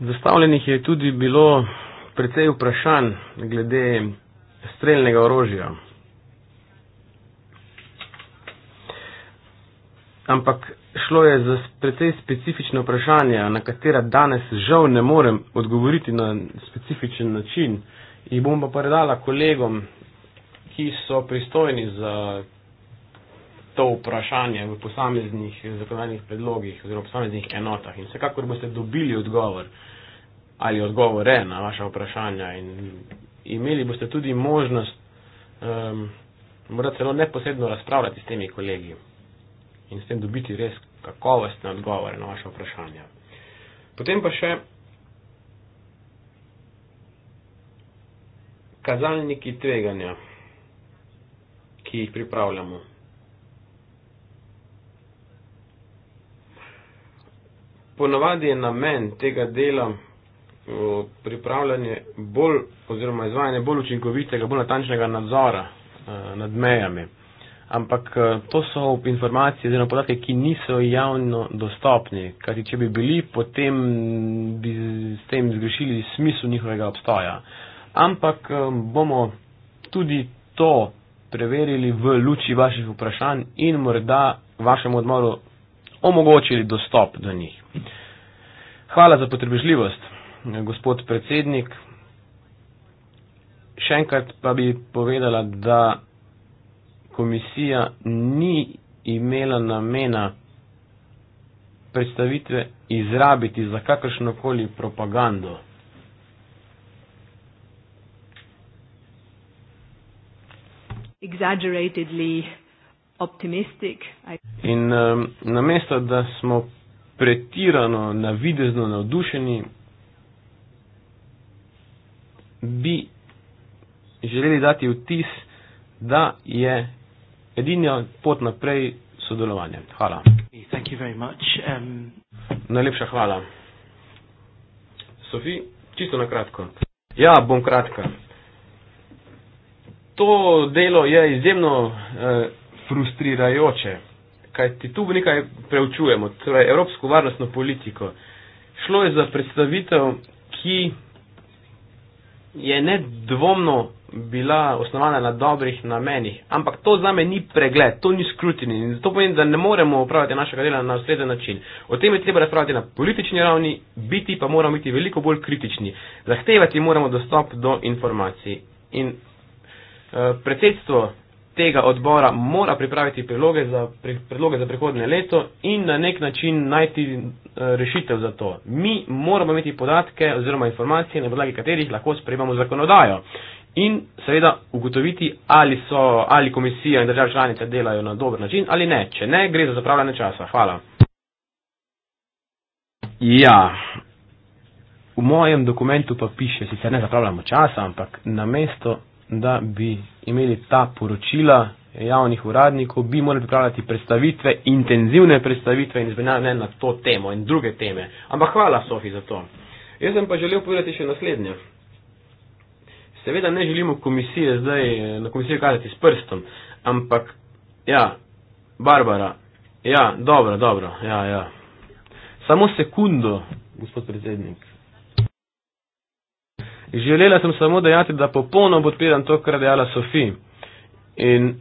Zastavljenih je tudi bilo precej vprašanj glede streljnega orožja. ampak šlo je za precej specifično vprašanje, na katera danes žal ne morem odgovoriti na specifičen način. In bom pa predala kolegom, ki so pristojni za to vprašanje v posameznih zakonodajnih predlogih oziroma posameznih enotah in vsekakor boste dobili odgovor ali odgovore na vaše vprašanja in imeli boste tudi možnost um, morda celo neposredno razpravljati s temi kolegi in s tem dobiti res kakovostne odgovore na vaše vprašanje. Potem pa še kazalniki tveganja, ki jih pripravljamo. Ponavadi je namen tega dela pripravljanje bolj oziroma izvajanje bolj učinkovitega, bolj natančnega nadzora eh, nad mejami ampak eh, to so informacije oziroma podatke, ki niso javno dostopni, kajti če bi bili, potem bi s tem zgrešili smislu njihovega obstoja. Ampak eh, bomo tudi to preverili v luči vaših vprašanj in morda vašemu odmoru omogočili dostop do njih. Hvala za potrebežljivost, gospod predsednik. Še enkrat pa bi povedala, da komisija ni imela namena predstavitve izrabiti za kakršnokoli propagando. In um, namesto, da smo pretirano navidezno navdušeni, bi želeli dati vtis, da je Edina pot naprej sodelovanje. Hvala. Um, Najlepša hvala. Sofi, čisto na kratko. Ja, bom kratka. To delo je izjemno eh, frustrirajoče, kajti tu nekaj preučujemo, torej evropsko varnostno politiko. Šlo je za predstavitev, ki je nedvomno bila osnovana na dobrih namenih. Ampak to za me ni pregled, to ni scrutiny. In to pomeni, da ne moremo upravljati našega dela na ustrezen način. O tem je treba razpravljati na politični ravni, biti pa moramo biti veliko bolj kritični. Zahtevati moramo dostop do informacij. In eh, predsedstvo tega odbora mora pripraviti predloge za, predloge za prihodne leto in na nek način najti eh, rešitev za to. Mi moramo imeti podatke oziroma informacije, na podlagi katerih lahko sprejemamo zakonodajo in seveda ugotoviti, ali, so, ali komisija in države članice delajo na dober način ali ne. Če ne, gre za zapravljanje časa. Hvala. Ja, v mojem dokumentu pa piše, sicer ne zapravljamo časa, ampak na mesto, da bi imeli ta poročila javnih uradnikov, bi morali pripravljati predstavitve, intenzivne predstavitve in izmenjave na to temo in druge teme. Ampak hvala, Sofi, za to. Jaz sem pa želel povedati še naslednje. Seveda ne želimo komisije zdaj eh, na komisijo kazati s prstom, ampak ja, Barbara, ja, dobro, dobro, ja, ja. Samo sekundo, gospod predsednik. Želela sem samo dejati, da popolno podpiram to, kar je dejala Sofi. In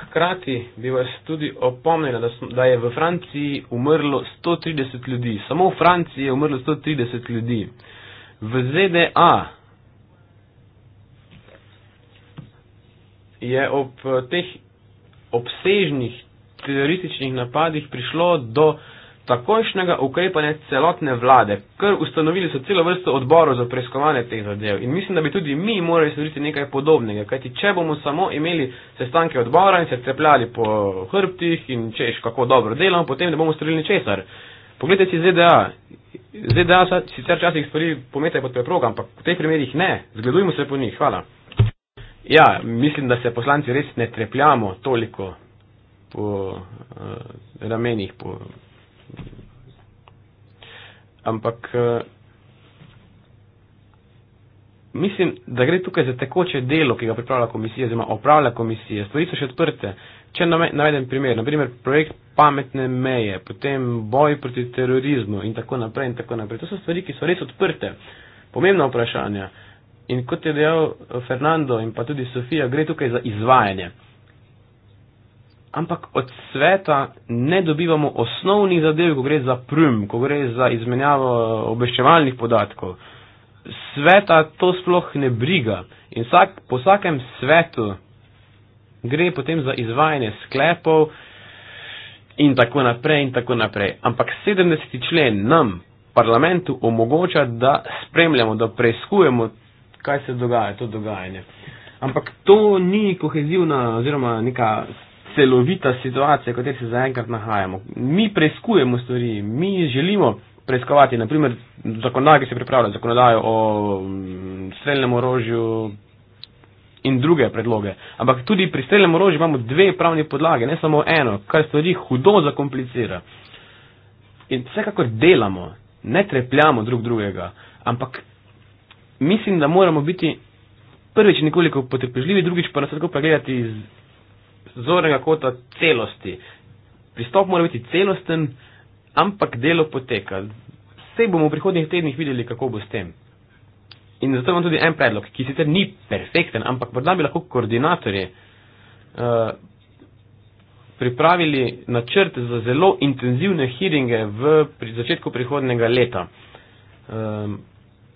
hkrati bi vas tudi opomnila, da, da je v Franciji umrlo 130 ljudi. Samo v Franciji je umrlo 130 ljudi. V ZDA je ob eh, teh obsežnih terorističnih napadih prišlo do takojšnjega ukrepanja celotne vlade, ker ustanovili so celo vrsto odborov za preiskovanje teh zadev. In mislim, da bi tudi mi morali storiti nekaj podobnega, kajti če bomo samo imeli sestanke odbora in se cepljali po hrbtih in češ, kako dobro delamo, potem ne bomo storili ničesar. Poglejte si ZDA. ZDA sicer včasih stvari pometajo pod preprogo, ampak v teh primerjih ne. Zgledujmo se po njih. Hvala. Ja, mislim, da se poslanci res ne trepljamo toliko po uh, ramenih. Po, ampak uh, mislim, da gre tukaj za tekoče delo, ki ga pripravlja komisija, oziroma opravlja komisija. Stvari so še odprte. Če navedem primer, naprimer projekt pametne meje, potem boj proti terorizmu in tako naprej in tako naprej. To so stvari, ki so res odprte. Pomembna vprašanja. Uh, In kot je dejal eh, Fernando in pa tudi Sofija, gre tukaj za izvajanje. Ampak od sveta ne dobivamo osnovnih zadev, ko gre za prim, ko gre za izmenjavo eh, obveščevalnih podatkov. Sveta to sploh ne briga. In vsak, po vsakem svetu gre potem za izvajanje sklepov in tako naprej in tako naprej. Ampak 70. člen nam, parlamentu, omogoča, da spremljamo, da preizkujemo kaj se dogaja, to dogajanje. Ampak to ni kohezivna oziroma neka celovita situacija, v kateri se zaenkrat nahajamo. Mi preiskujemo stvari, mi želimo preiskovati, naprimer zakonodaj, ki se pripravlja, zakonodaj o mm, streljnem orožju in druge predloge. Ampak tudi pri streljnem orožju imamo dve pravne podlage, ne samo eno, kar stvari hudo zakomplicira. In vsekakor delamo, ne trepljamo drug drugega, ampak mislim, da moramo biti prvič nekoliko potrpežljivi, drugič pa nas lahko pregledati iz zornega kota celosti. Pristop mora biti celosten, ampak delo poteka. Vse bomo v prihodnjih tednih videli, kako bo s tem. In zato imam tudi en predlog, ki sicer ni perfekten, ampak morda bi lahko koordinatorji uh, eh, pripravili načrt za zelo intenzivne hearinge v pri začetku prihodnega leta. Um,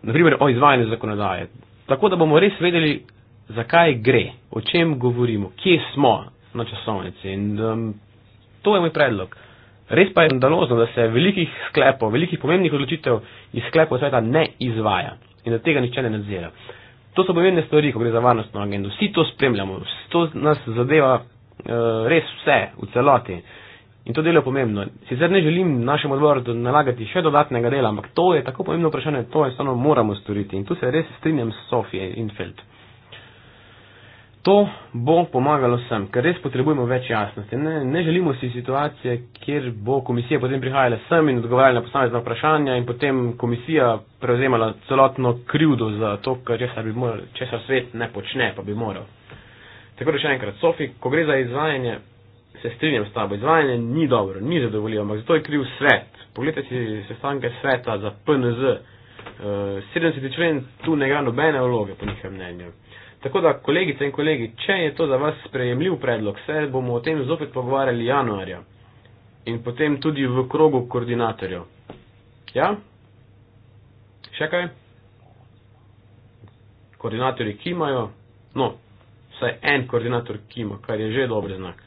naprimer o izvajanju zakonodaje, tako da bomo res vedeli, zakaj gre, o čem govorimo, kje smo na časovnici. In, um, to je moj predlog. Res pa je danozno, da se velikih sklepov, velikih pomembnih odločitev iz sklepov sveta ne izvaja in da tega nihče ne nadzira. To so pomembne stvari, ko gre za varnostno agendo. Vsi to spremljamo, to nas zadeva uh, res vse, v celoti. Uh, In to delo je pomembno. Sicer ne želim našemu odboru nalagati še dodatnega dela, ampak to je tako pomembno vprašanje, to enostavno moramo storiti. In tu se res strinjam s Sofijo Infeld. To bo pomagalo sem, ker res potrebujemo več jasnosti. Ne, ne želimo si situacije, kjer bo komisija potem prihajala sem in odgovarjala na posamezna vprašanja in potem komisija prevzemala celotno krivdo za to, kar bi moral, česar svet ne počne, pa bi moral. Tako da še enkrat, Sofi, ko gre za izvajanje se strinjam s tabo, izvajanje ni dobro, ni zadovoljivo, ampak zato je kriv svet. Poglejte si sestanke sveta za PNZ. Uh, 70 člen tu ne igra nobene vloge, po njihovem mnenju. Tako da, kolegice in kolegi, če je to za vas sprejemljiv predlog, se bomo o tem zopet pogovarjali januarja in potem tudi v krogu koordinatorjev. Ja? Še kaj? Koordinatorji kimajo? No, vsaj en koordinator kima, kar je že dober znak.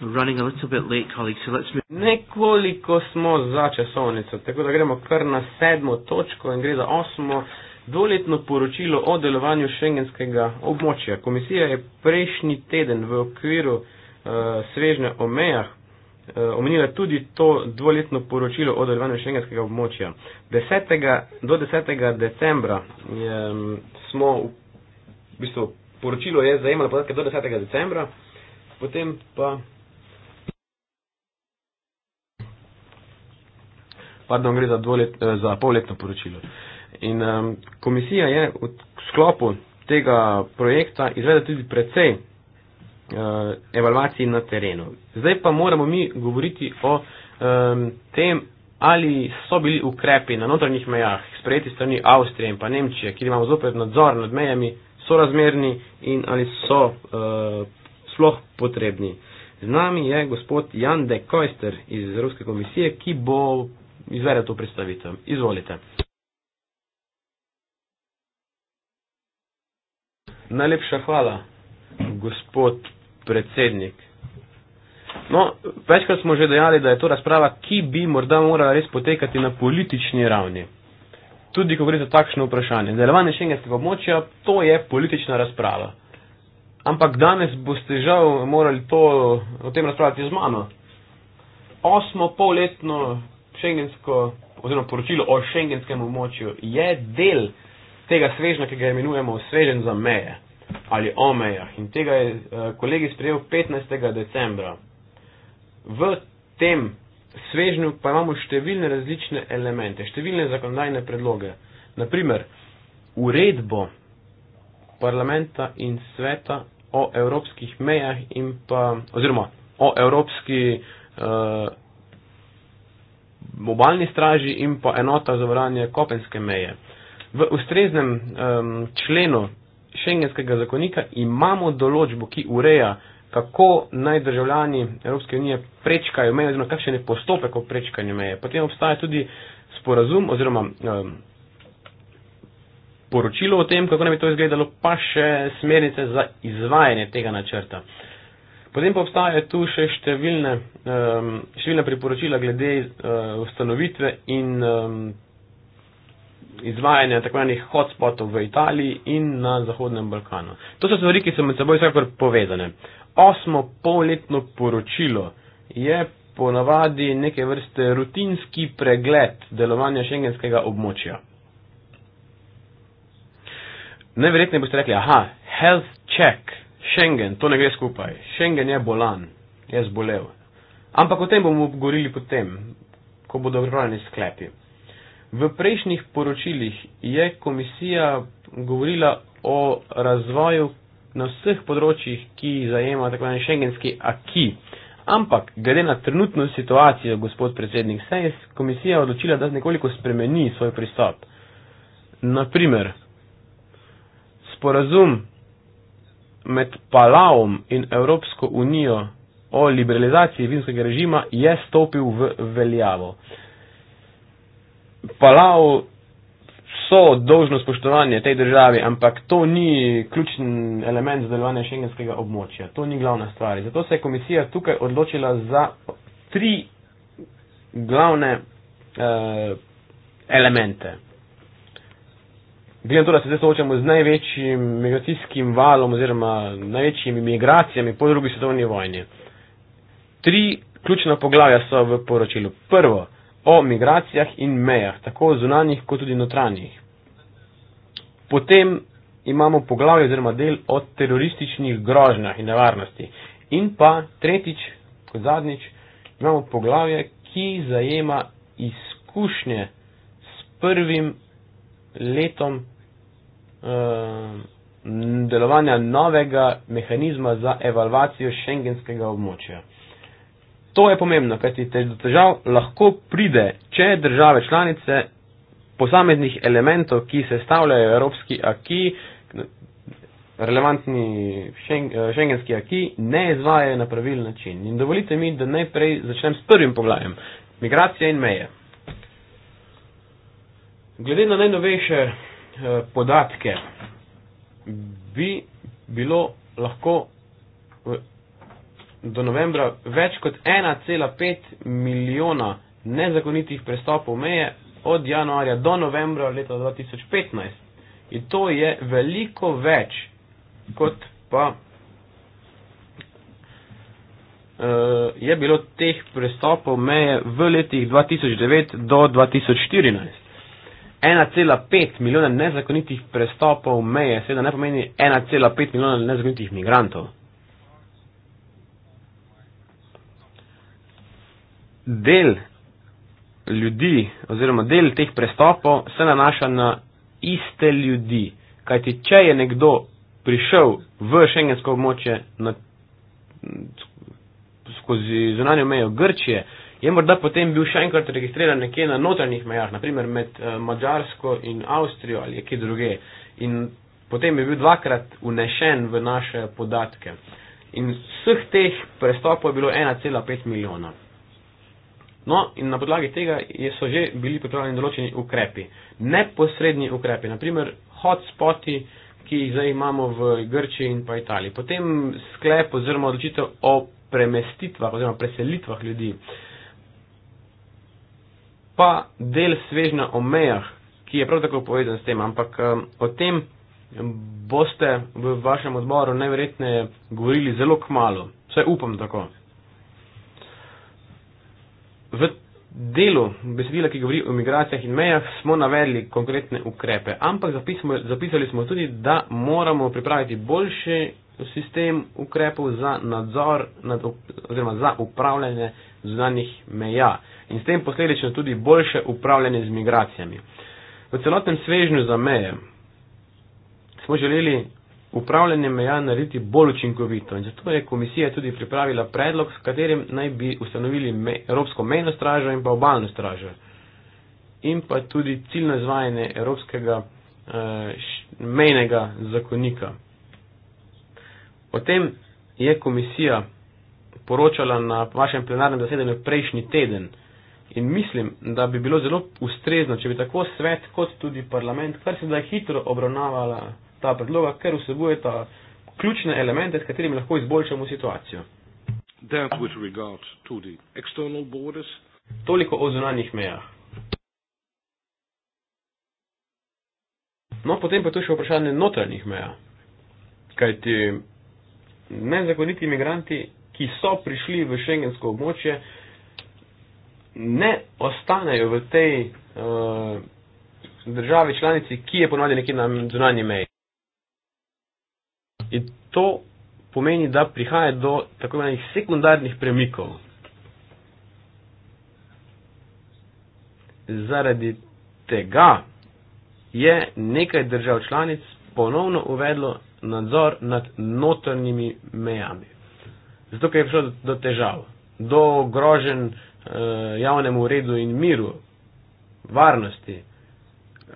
running a little bit late, colleagues, so let's move. Nekoliko smo za časovnico, tako da gremo kar na sedmo točko in gre za osmo dvoletno poročilo o delovanju šengenskega območja. Komisija je prejšnji teden v okviru uh, eh, svežne omejah uh, eh, omenila tudi to dvoletno poročilo o delovanju šengenskega območja. 10. do 10. decembra je, smo, v bistvu, poročilo je zajemalo podatke do 10. decembra, potem pa pardon, gre za, dvolet, eh, za polletno poročilo. In um, komisija je v sklopu tega projekta izvedla tudi precej uh, evalvacij na terenu. Zdaj pa moramo mi govoriti o um, tem, ali so bili ukrepi na notranjih mejah, sprejeti strani Avstrije in pa Nemčije, kjer imamo zopet nadzor nad mejami, so razmerni in ali so uh, sploh potrebni. Z nami je gospod Jan de Koester iz Evropske komisije, ki bo izvede to predstavitev. Izvolite. Najlepša hvala, gospod predsednik. No, večkrat smo že dejali, da je to razprava, ki bi morda morala res potekati na politični ravni. Tudi, ko gre za takšno vprašanje. Delovanje šengenskega območja, to je politična razprava. Ampak danes boste žal morali to, o tem razpravljati z mano. Osmo polletno šengensko, oziroma poročilo o šengenskem območju je del tega svežna, ki ga imenujemo svežen za meje ali o mejah. In tega je uh, kolegi sprejel 15. decembra. V tem svežnju pa imamo številne različne elemente, številne zakonodajne predloge. Naprimer, uredbo parlamenta in sveta o evropskih mejah in pa, oziroma o evropski uh, obalni straži in pa enota za obranje kopenske meje. V ustreznem um, členu šengenskega zakonika imamo določbo, ki ureja, kako naj državljani Evropske unije prečkajo meje oziroma kakšen je postopek o prečkanju meje. Potem obstaja tudi sporazum oziroma um, poročilo o tem, kako naj bi to izgledalo, pa še smernice za izvajanje tega načrta. Potem pa obstaje tu še številne, um, številne priporočila glede uh, ustanovitve in um, izvajanja tako enih hotspotov v Italiji in na Zahodnem Balkanu. To so stvari, ki so med seboj vsekakor povezane. Osmo polletno poročilo je ponavadi neke vrste rutinski pregled delovanja šengenskega območja. Najverjetneje boste rekli, aha, health check. Schengen, to ne gre skupaj. Schengen je bolan, je zbolel. Ampak o tem bomo govorili potem, ko bodo vrvali sklepi. V prejšnjih poročilih je komisija govorila o razvoju na vseh področjih, ki zajema tako imenovani šengenski aki. Ampak, glede na trenutno situacijo, gospod predsednik, se je komisija odločila, da nekoliko spremeni svoj pristop. Naprimer, sporazum med Palavom in Evropsko unijo o liberalizaciji vinskega režima je stopil v veljavo. Palav so dožno spoštovanje tej državi, ampak to ni ključen element zadelovanja šengenskega območja. To ni glavna stvar. Zato se je komisija tukaj odločila za tri glavne eh, elemente glede na to, da se zdaj soočamo z največjim migracijskim valom oziroma največjimi migracijami po drugi svetovni vojni. Tri ključna poglavja so v poročilu. Prvo, o migracijah in mejah, tako zunanjih kot tudi notranjih. Potem imamo poglavje oziroma del o terorističnih grožnjah in nevarnosti. In pa tretjič, kot zadnjič, imamo poglavje, ki zajema izkušnje s prvim letom uh, delovanja novega mehanizma za evalvacijo šengenskega območja. To je pomembno, kaj ti do težav lahko pride, če države članice posameznih elementov, ki se stavljajo evropski aki, relevantni eh, šengenski aki, ne izvajajo na pravil način. In dovolite mi, da najprej začnem s prvim poglavjem. Migracija in meje. Glede na najnovejše eh, podatke bi bilo lahko do novembra več kot 1,5 milijona nezakonitih prestopov meje od januarja do novembra leta 2015. In to je veliko več kot pa eh, je bilo teh prestopov meje v letih 2009 do 2014. 1,5 milijona nezakonitih prestopov meje, seveda ne pomeni 1,5 milijona nezakonitih migrantov. Del ljudi oziroma del teh prestopov se nanaša na iste ljudi, kajti če je nekdo prišel v šengensko območje na, skozi zunanjo mejo Grčije, je morda potem bil še enkrat registriran nekje na notranjih mejah, naprimer med eh, Mačarsko in Avstrijo ali kje druge. In potem je bil dvakrat unešen v naše podatke. In vseh teh prestopov je bilo 1,5 milijona. No, in na podlagi tega je, so že bili pripravljeni določeni ukrepi, neposredni ukrepi, naprimer hotspoti, ki jih zdaj imamo v Grčiji in pa Italiji. Potem sklep oziroma odločitev o premestitvah oziroma preselitvah ljudi. Uh, pa del svežna o mejah, ki je prav tako povezan s tem, ampak o tem boste v vašem odboru najverjetneje govorili zelo k malu, vsaj upam tako. V delu besedila, ki govori o migracijah in mejah, smo navedli konkretne ukrepe, ampak zapisamo, zapisali smo tudi, da moramo pripraviti boljši sistem ukrepov za nadzor nad, oziroma za upravljanje zunanjih meja in s tem posledično tudi boljše upravljanje z migracijami. V celotnem svežnju za meje smo želeli upravljanje meja narediti bolj učinkovito in zato je komisija tudi pripravila predlog, s katerim naj bi ustanovili me, Evropsko mejno stražo in pa obalno stražo in pa tudi ciljno izvajanje Evropskega eh, mejnega zakonika. O tem je komisija poročala na vašem plenarnem zasedanju prejšnji teden. In mislim, da bi bilo zelo ustrezno, če bi tako svet kot tudi parlament kar se da hitro obravnavala ta predloga, ker vsebuje ta ključne elemente, s katerimi lahko izboljšamo situacijo. Toliko o zunanjih mejah. No, potem pa tu še vprašanje notranjih meja. Kajti nezakoniti imigranti, ki so prišli v šengensko območje, ne ostanejo v tej uh, državi članici, ki je ponovadi nekje na zunanji meji. In to pomeni, da prihaja do tako imenih sekundarnih premikov. Zaradi tega je nekaj držav članic ponovno uvedlo nadzor nad notrnimi mejami. Zato, ker je prišlo do težav, do groženj, Eh, javnemu redu in miru, varnosti,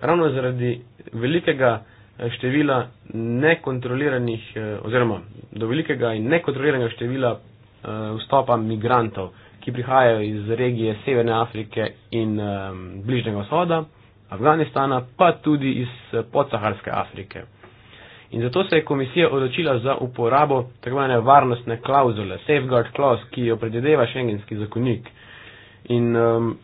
ravno zaradi velikega eh, števila nekontroliranih eh, oziroma do velikega in nekontroliranega števila vstopa migrantov, ki prihajajo iz regije Severne Afrike in Bližnjega vzhoda, Afganistana, pa tudi iz podsaharske Afrike. In zato se je komisija odločila za uporabo tako varnostne klauzule, safeguard clause, ki jo predvideva šengenski zakonik. In um,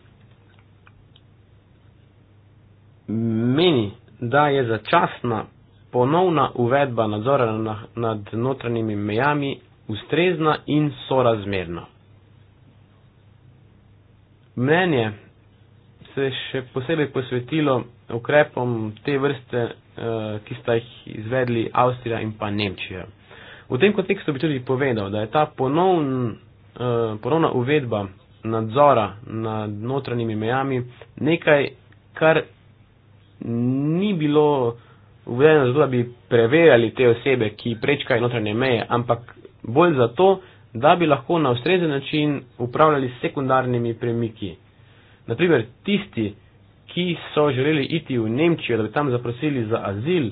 meni, da je začasna ponovna uvedba nadzora na, nad notranjimi mejami ustrezna in sorazmerna. Mnenje se je še posebej posvetilo ukrepom te vrste, uh, ki sta jih izvedli Avstrija in pa Nemčija. V tem kontekstu bi tudi povedal, da je ta ponovn, uh, ponovna uvedba nadzora nad notranjimi mejami nekaj, kar ni bilo uvedeno zato, da bi preverjali te osebe, ki prečkajo notranje meje, ampak bolj zato, da bi lahko na ustrezen način upravljali s sekundarnimi premiki. Naprimer, tisti, ki so želeli iti v Nemčijo, da bi tam zaprosili za azil,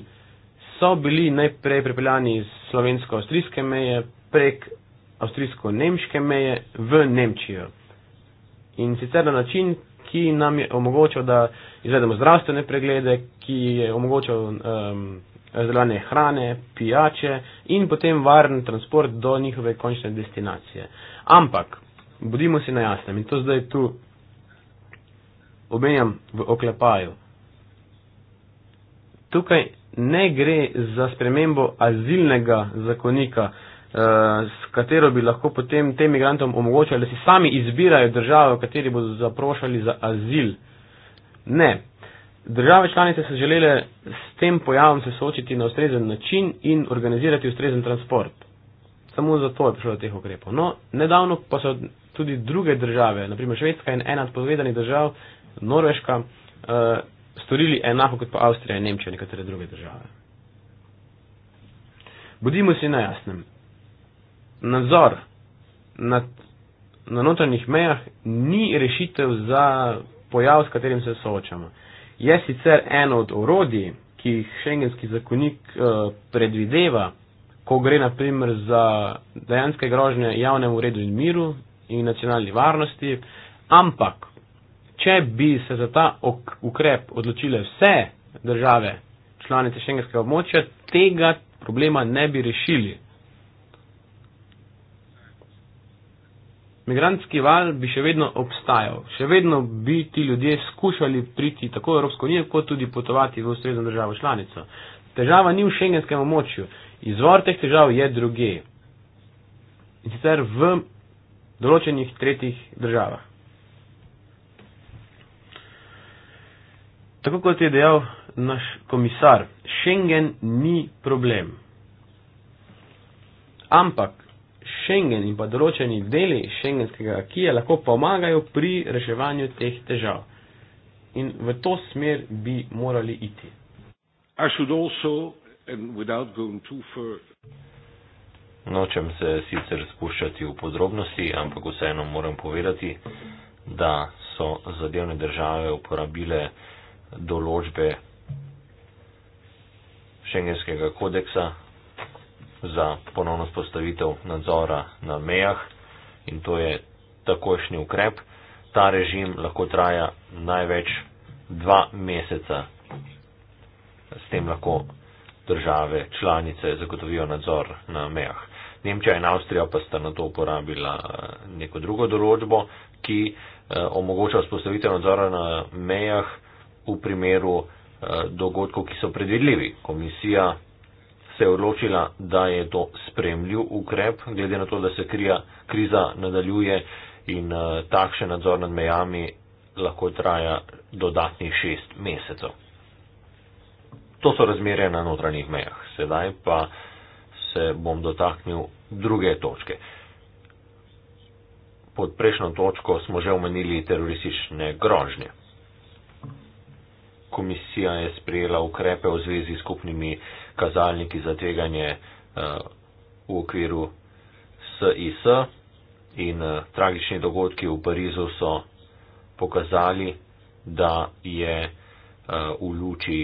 so bili najprej prepeljani iz slovensko-avstrijske meje prek avstrijsko-nemške meje v Nemčijo. In sicer na način, ki nam je omogočal, da izvedemo zdravstvene preglede, ki je omogočal um, razdelovanje hrane, pijače in potem varen transport do njihove končne destinacije. Ampak, bodimo si na jasnem, in to zdaj tu omenjam v oklepaju. Tukaj ne gre za spremembo azilnega zakonika, Eh, s katero bi lahko potem tem migrantom omogočali, da si sami izbirajo državo, v kateri bodo zaprošali za azil. Ne. Države članice so želele s tem pojavom se soočiti na ustrezen način in organizirati ustrezen transport. Samo zato je prišlo do teh ukrepov. No, nedavno pa so tudi druge države, naprimer Švedska in ena od povezanih držav, Norveška, uh, storili enako kot pa Avstrija in Nemčija in nekatere druge države. Bodimo si na jasnem nadzor nad, na notranjih mejah ni rešitev za pojav, s katerim se soočamo. Je sicer eno od orodij, ki jih šengenski zakonik uh, predvideva, ko gre naprimer za dejanske grožnje javnemu redu in miru in nacionalni varnosti, ampak če bi se za ta ok ukrep odločile vse države članice šengenskega območja, tega problema ne bi rešili. Migrantski val bi še vedno obstajal, še vedno bi ti ljudje skušali priti tako v Evropsko unijo, kot tudi potovati v ustrezno državo članico. Težava ni v šengenskem območju, izvor teh težav je druge. In sicer v določenih tretjih državah. Tako kot je dejal naš komisar, Schengen ni problem. Ampak Schengen in pa določeni deli šengenskega akija lahko pomagajo pri reševanju teh težav. In v to smer bi morali iti. Nočem se sicer spuščati v podrobnosti, ampak vseeno moram povedati, da so zadevne države uporabile določbe šengenskega kodeksa za ponovno spostavitev nadzora na mejah in to je takošnji ukrep. Ta režim lahko traja največ dva meseca. S tem lahko države članice zagotovijo nadzor na mejah. Nemčija in Avstrija pa sta na to uporabila eh, neko drugo določbo, ki eh, omogoča vzpostavitev nadzora na mejah v primeru eh, dogodkov, ki so predvidljivi. Komisija se je odločila, da je to spremljiv ukrep, glede na to, da se krija, kriza nadaljuje in uh, takšen nadzor nad mejami lahko traja dodatnih šest mesecev. To so razmere na notranjih mejah. Sedaj pa se bom dotaknil druge točke. Pod prejšnjo točko smo že omenili teroristične grožnje. Komisija je sprejela ukrepe v zvezi s skupnimi kazalniki za tveganje eh, v okviru SIS in eh, tragični dogodki v Parizu so pokazali, da je eh, v luči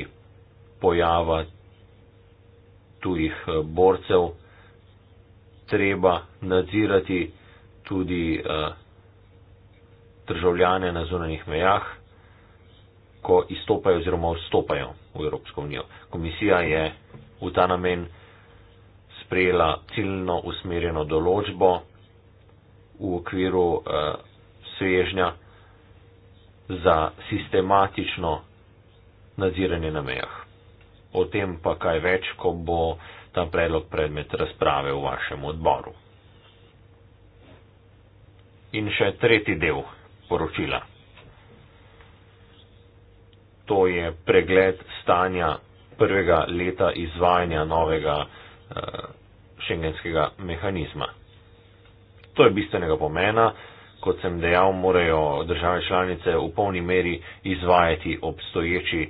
pojava tujih borcev treba nadzirati tudi državljane na zunanjih mejah, ko izstopajo oziroma vstopajo v Evropsko unijo. Komisija je v ta namen sprejela ciljno usmerjeno določbo v okviru eh, svežnja za sistematično nadziranje na mejah. O tem pa kaj več, ko bo ta predlog predmet razprave v vašem odboru. In še tretji del poročila. To je pregled stanja prvega leta izvajanja novega eh, šengenskega mehanizma. To je bistvenega pomena, kot sem dejal, morajo države članice v polni meri izvajati obstoječi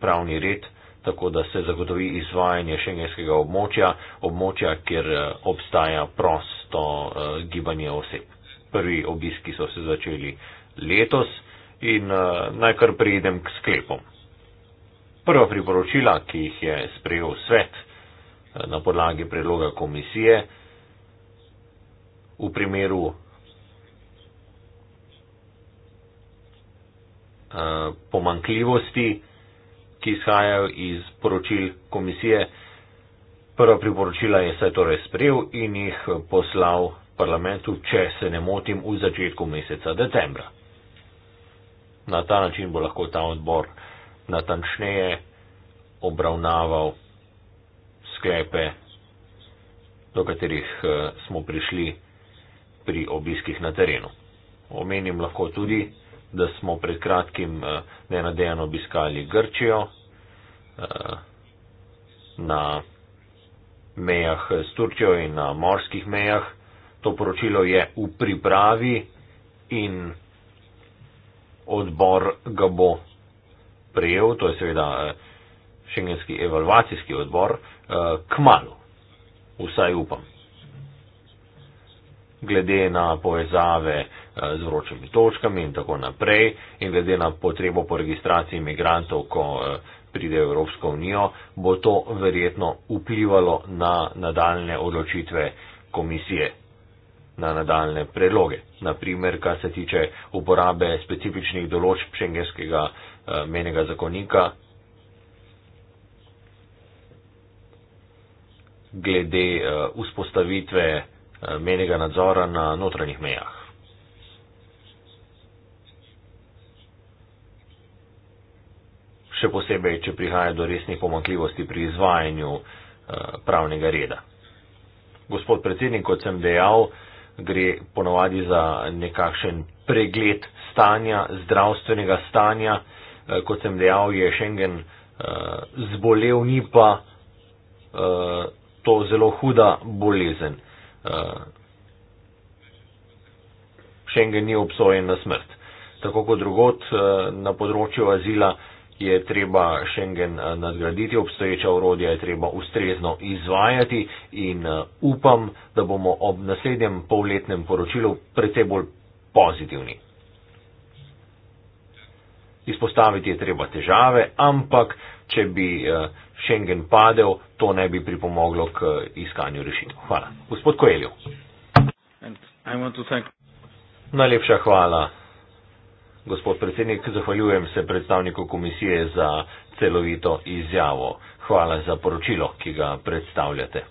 pravni red, tako da se zagotovi izvajanje šengenskega območja, območja, kjer eh, obstaja prosto eh, gibanje oseb. Prvi obiski so se začeli letos in najkar prijedem k sklepom. Prva priporočila, ki jih je sprejel svet eh, na podlagi predloga komisije, v primeru eh, pomankljivosti, ki izhajajo iz poročil komisije, prva priporočila je svet torej sprejel in jih poslal parlamentu, če se ne motim, v začetku meseca decembra. Na ta način bo lahko ta odbor natančneje obravnaval sklepe, do katerih eh, smo prišli pri obiskih na terenu. Omenim lahko tudi, da smo pred kratkim eh, nenadejano obiskali Grčijo eh, na mejah s Turčijo in na morskih mejah. To poročilo je v pripravi in odbor ga bo prijel, to je seveda eh, šengenski evalvacijski odbor, eh, k malu, vsaj upam, glede na povezave eh, z vročimi točkami in tako naprej in glede na potrebo po registraciji imigrantov, ko pride v Evropsko unijo, bo to verjetno vplivalo na nadaljne odločitve komisije, na nadaljne predloge. Naprimer, kar se tiče uporabe specifičnih določb šengenskega Eh, menega zakonika glede eh, vzpostavitve eh, menega nadzora na notranjih mejah. Še posebej, če prihaja do resnih pomankljivosti pri izvajanju pravnega reda. Gospod predsednik, kot sem dejal, gre ponovadi za nekakšen pregled stanja, zdravstvenega stanja, Eh, kot sem dejal, je Schengen uh, zbolel, ni pa uh, to zelo huda bolezen. Uh, Schengen ni obsojen na smrt. Tako kot drugot uh, na področju azila je treba Schengen uh, nadgraditi, obstoječa urodja je treba ustrezno izvajati in uh, upam, da bomo ob naslednjem polletnem poročilu precej bolj pozitivni. Izpostaviti je treba težave, ampak če bi eh, Schengen padel, to ne bi pripomoglo k eh, iskanju rešitev. Hvala. Gospod Koeljo. Najlepša hvala. Gospod predsednik, zahvaljujem se predstavniku komisije za celovito izjavo. Hvala za poročilo, ki ga predstavljate.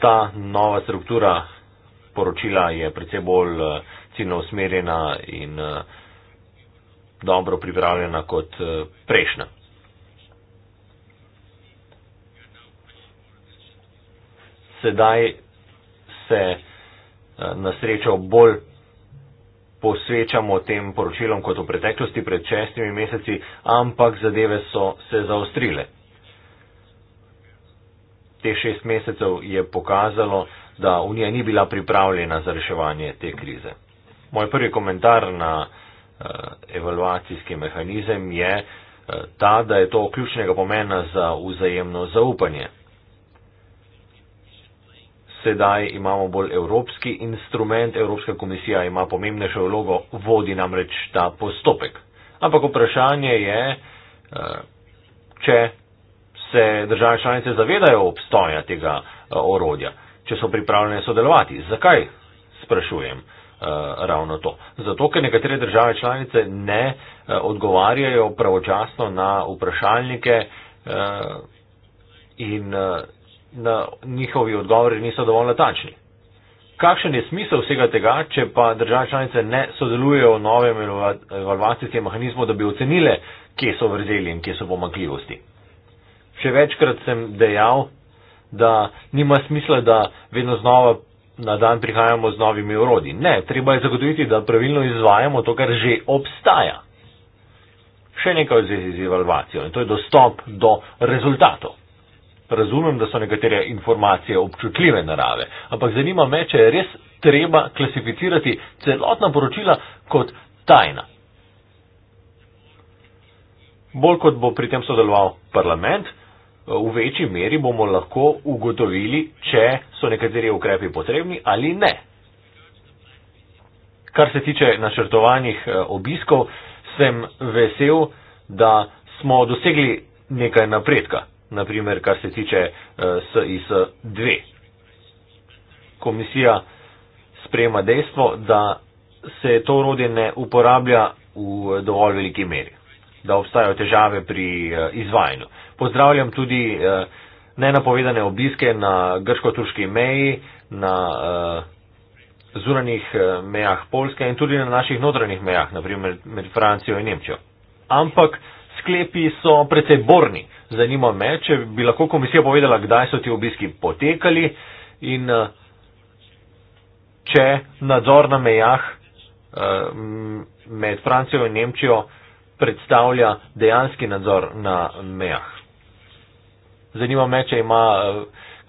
Ta nova struktura poročila je predvsej bolj eh, ciljno usmerjena in eh, dobro pripravljena kot eh, prejšnja. Sedaj se na srečo bolj posvečamo tem poročilom kot v preteklosti, pred šestimi meseci, ampak zadeve so se zaostrile. Te šest mesecev je pokazalo, da Unija ni bila pripravljena za reševanje te krize. Moj prvi komentar na eh, evaluacijski mehanizem je eh, ta, da je to ključnega pomena za vzajemno zaupanje. Sedaj imamo bolj evropski instrument, Evropska komisija ima pomembnejšo vlogo, vodi namreč ta postopek. Ampak vprašanje je, eh, če se države članice zavedajo obstoja tega orodja če so pripravljene sodelovati. Zakaj sprašujem uh, ravno to? Zato, ker nekatere države članice ne uh, odgovarjajo pravočasno na vprašalnike uh, in uh, na njihovi odgovori niso dovolj natačni. Kakšen je smisel vsega tega, če pa države članice ne sodelujejo v novem evalvacijskem mehanizmu, da bi ocenile, kje so vrzeli in kje so pomakljivosti? Še večkrat sem dejal, da nima smisla, da vedno znova na dan prihajamo z novimi urodji. Ne, treba je zagotoviti, da pravilno izvajamo to, kar že obstaja. Še nekaj v zvezi z evalvacijo in to je dostop do rezultatov. Razumem, da so nekatere informacije občutljive narave, ampak zanima me, če je res treba klasificirati celotna poročila kot tajna. Bolj kot bo pri tem sodeloval parlament, Eh, v večji meri bomo lahko ugotovili, če so nekateri ukrepi potrebni ali ne. Kar se tiče načrtovanih eh, obiskov, sem vesel, da smo dosegli nekaj napredka, naprimer kar se tiče eh, SIS-2. Komisija sprejema dejstvo, da se to urodje ne uporablja v dovolj veliki meri, da obstajajo težave pri izvajanju. Pozdravljam tudi uh, nenapovedane obiske na grško-turški meji, na uh, zunanjih uh, mejah Polske in tudi na naših notranjih mejah, naprimer med Francijo in Nemčijo. Ampak sklepi so precej borni. Zanima me, če bi lahko komisija povedala, kdaj so ti obiski potekali in uh, če nadzor na mejah uh, med Francijo in Nemčijo predstavlja dejanski nadzor na mejah. Zanima me, če ima eh,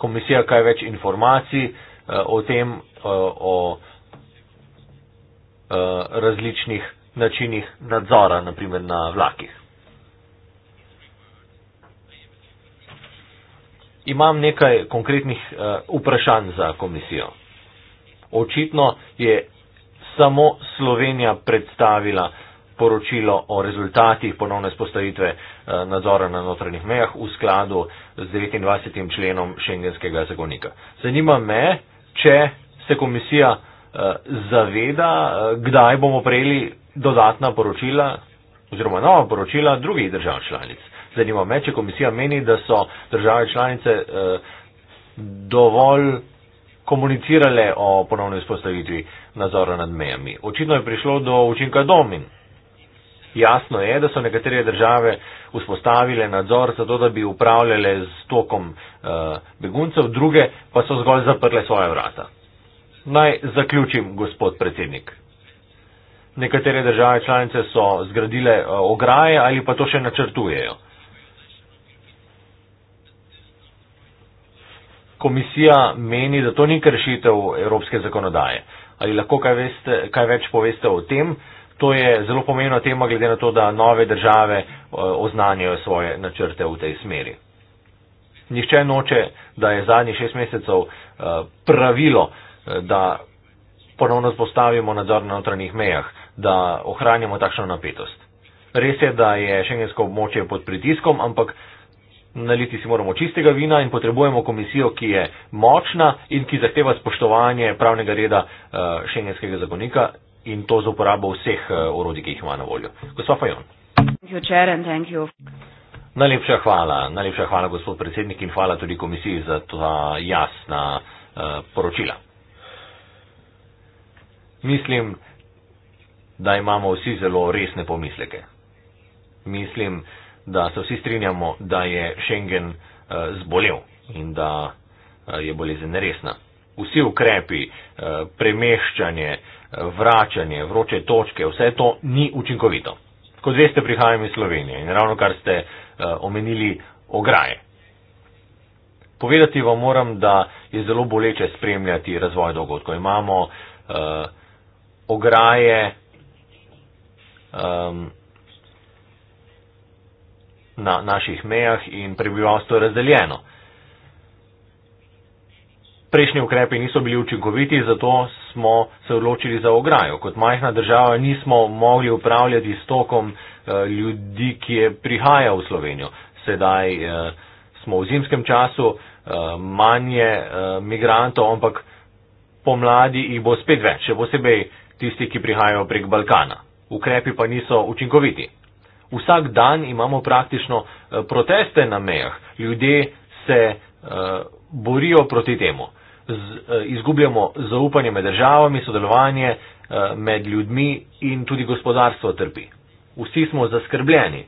komisija kaj več informacij eh, o tem, eh, o različnih načinih nadzora, naprimer na vlakih. Imam nekaj konkretnih vprašanj za komisijo. Očitno je samo Slovenija predstavila poročilo o rezultatih ponovne spostavitve eh, nadzora na notranjih mejah v skladu z 29. členom šengenskega zakonika. Zanima me, če se komisija eh, zaveda, eh, kdaj bomo prejeli dodatna poročila oziroma nova poročila drugih držav članic. Zanima me, če komisija meni, da so države članice dovolj komunicirale o ponovni vzpostavitvi nadzora nad mejami. Očitno je prišlo do učinka domin. Jasno je, da so nekatere države vzpostavile nadzor zato, da bi upravljale z tokom uh, beguncev, druge pa so zgolj zaprle svoje vrata. Naj zaključim, gospod predsednik. Nekatere države članice so zgradile uh, ograje ali pa to še načrtujejo. Komisija meni, da to ni kršitev evropske zakonodaje. Ali lahko kaj, veste, kaj več poveste o tem? Uh, to je zelo pomembna tema, glede na to, da nove države eh, oznanjajo svoje načrte v tej smeri. Nihče noče, da je zadnji šest mesecev eh, pravilo, eh, da ponovno spostavimo nadzor na notranjih mejah, da ohranjamo takšno napetost. Res je, da je šengensko območje pod pritiskom, ampak naliti si moramo čistega vina in potrebujemo komisijo, ki je močna in ki zahteva spoštovanje pravnega reda šengenskega zakonika in to z uporabo vseh eh, orodij, ki jih ima na voljo. Gospa Fajon. Najlepša hvala, najlepša hvala, gospod predsednik, in hvala tudi komisiji za ta jasna uh, poročila. Mislim, da imamo vsi zelo resne pomisleke. Mislim, da se vsi strinjamo, da je Schengen uh, zbolel in da uh, je bolezen neresna. Vsi ukrepi, uh, premeščanje, uh, vračanje, vroče točke, vse to ni učinkovito. Kot veste, prihajam iz Slovenije in ravno kar ste eh, omenili ograje. Povedati vam moram, da je zelo boleče spremljati razvoj dogodkov. Imamo uh, ograje, um, na naših mejah in prebivalstvo je razdeljeno. Uh, Prejšnji ukrepi niso bili učinkoviti, zato smo se odločili za ograjo. Kot majhna država nismo mogli upravljati s tokom eh, ljudi, ki je prihaja v Slovenijo. Sedaj eh, smo v zimskem času, eh, manj je migrantov, ampak pomladi jih bo spet več, še posebej tisti, ki prihajajo prek Balkana. Ukrepi pa niso učinkoviti. Vsak dan imamo praktično proteste na mejah. Ljudje se borijo proti temu z, eh, izgubljamo zaupanje med državami, sodelovanje eh, med ljudmi in tudi gospodarstvo trpi. Vsi smo zaskrbljeni.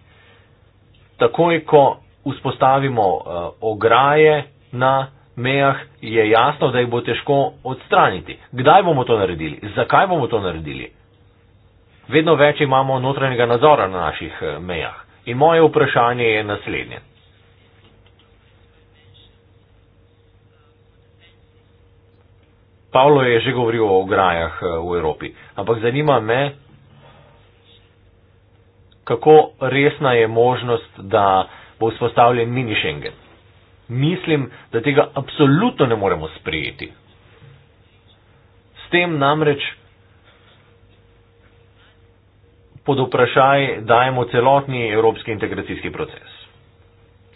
Takoj, ko vzpostavimo eh, ograje na mejah, je jasno, da jih bo težko odstraniti. Kdaj bomo to naredili? Zakaj bomo to naredili? Vedno več imamo notranjega nadzora na naših mejah. In moje vprašanje je naslednje. Pavlo je že govoril o ograjah eh, v Evropi, ampak zanima me, kako resna je možnost, da bo vzpostavljen mini Schengen. Mislim, da tega absolutno ne moremo sprijeti. S tem namreč pod vprašaj dajemo celotni evropski integracijski proces.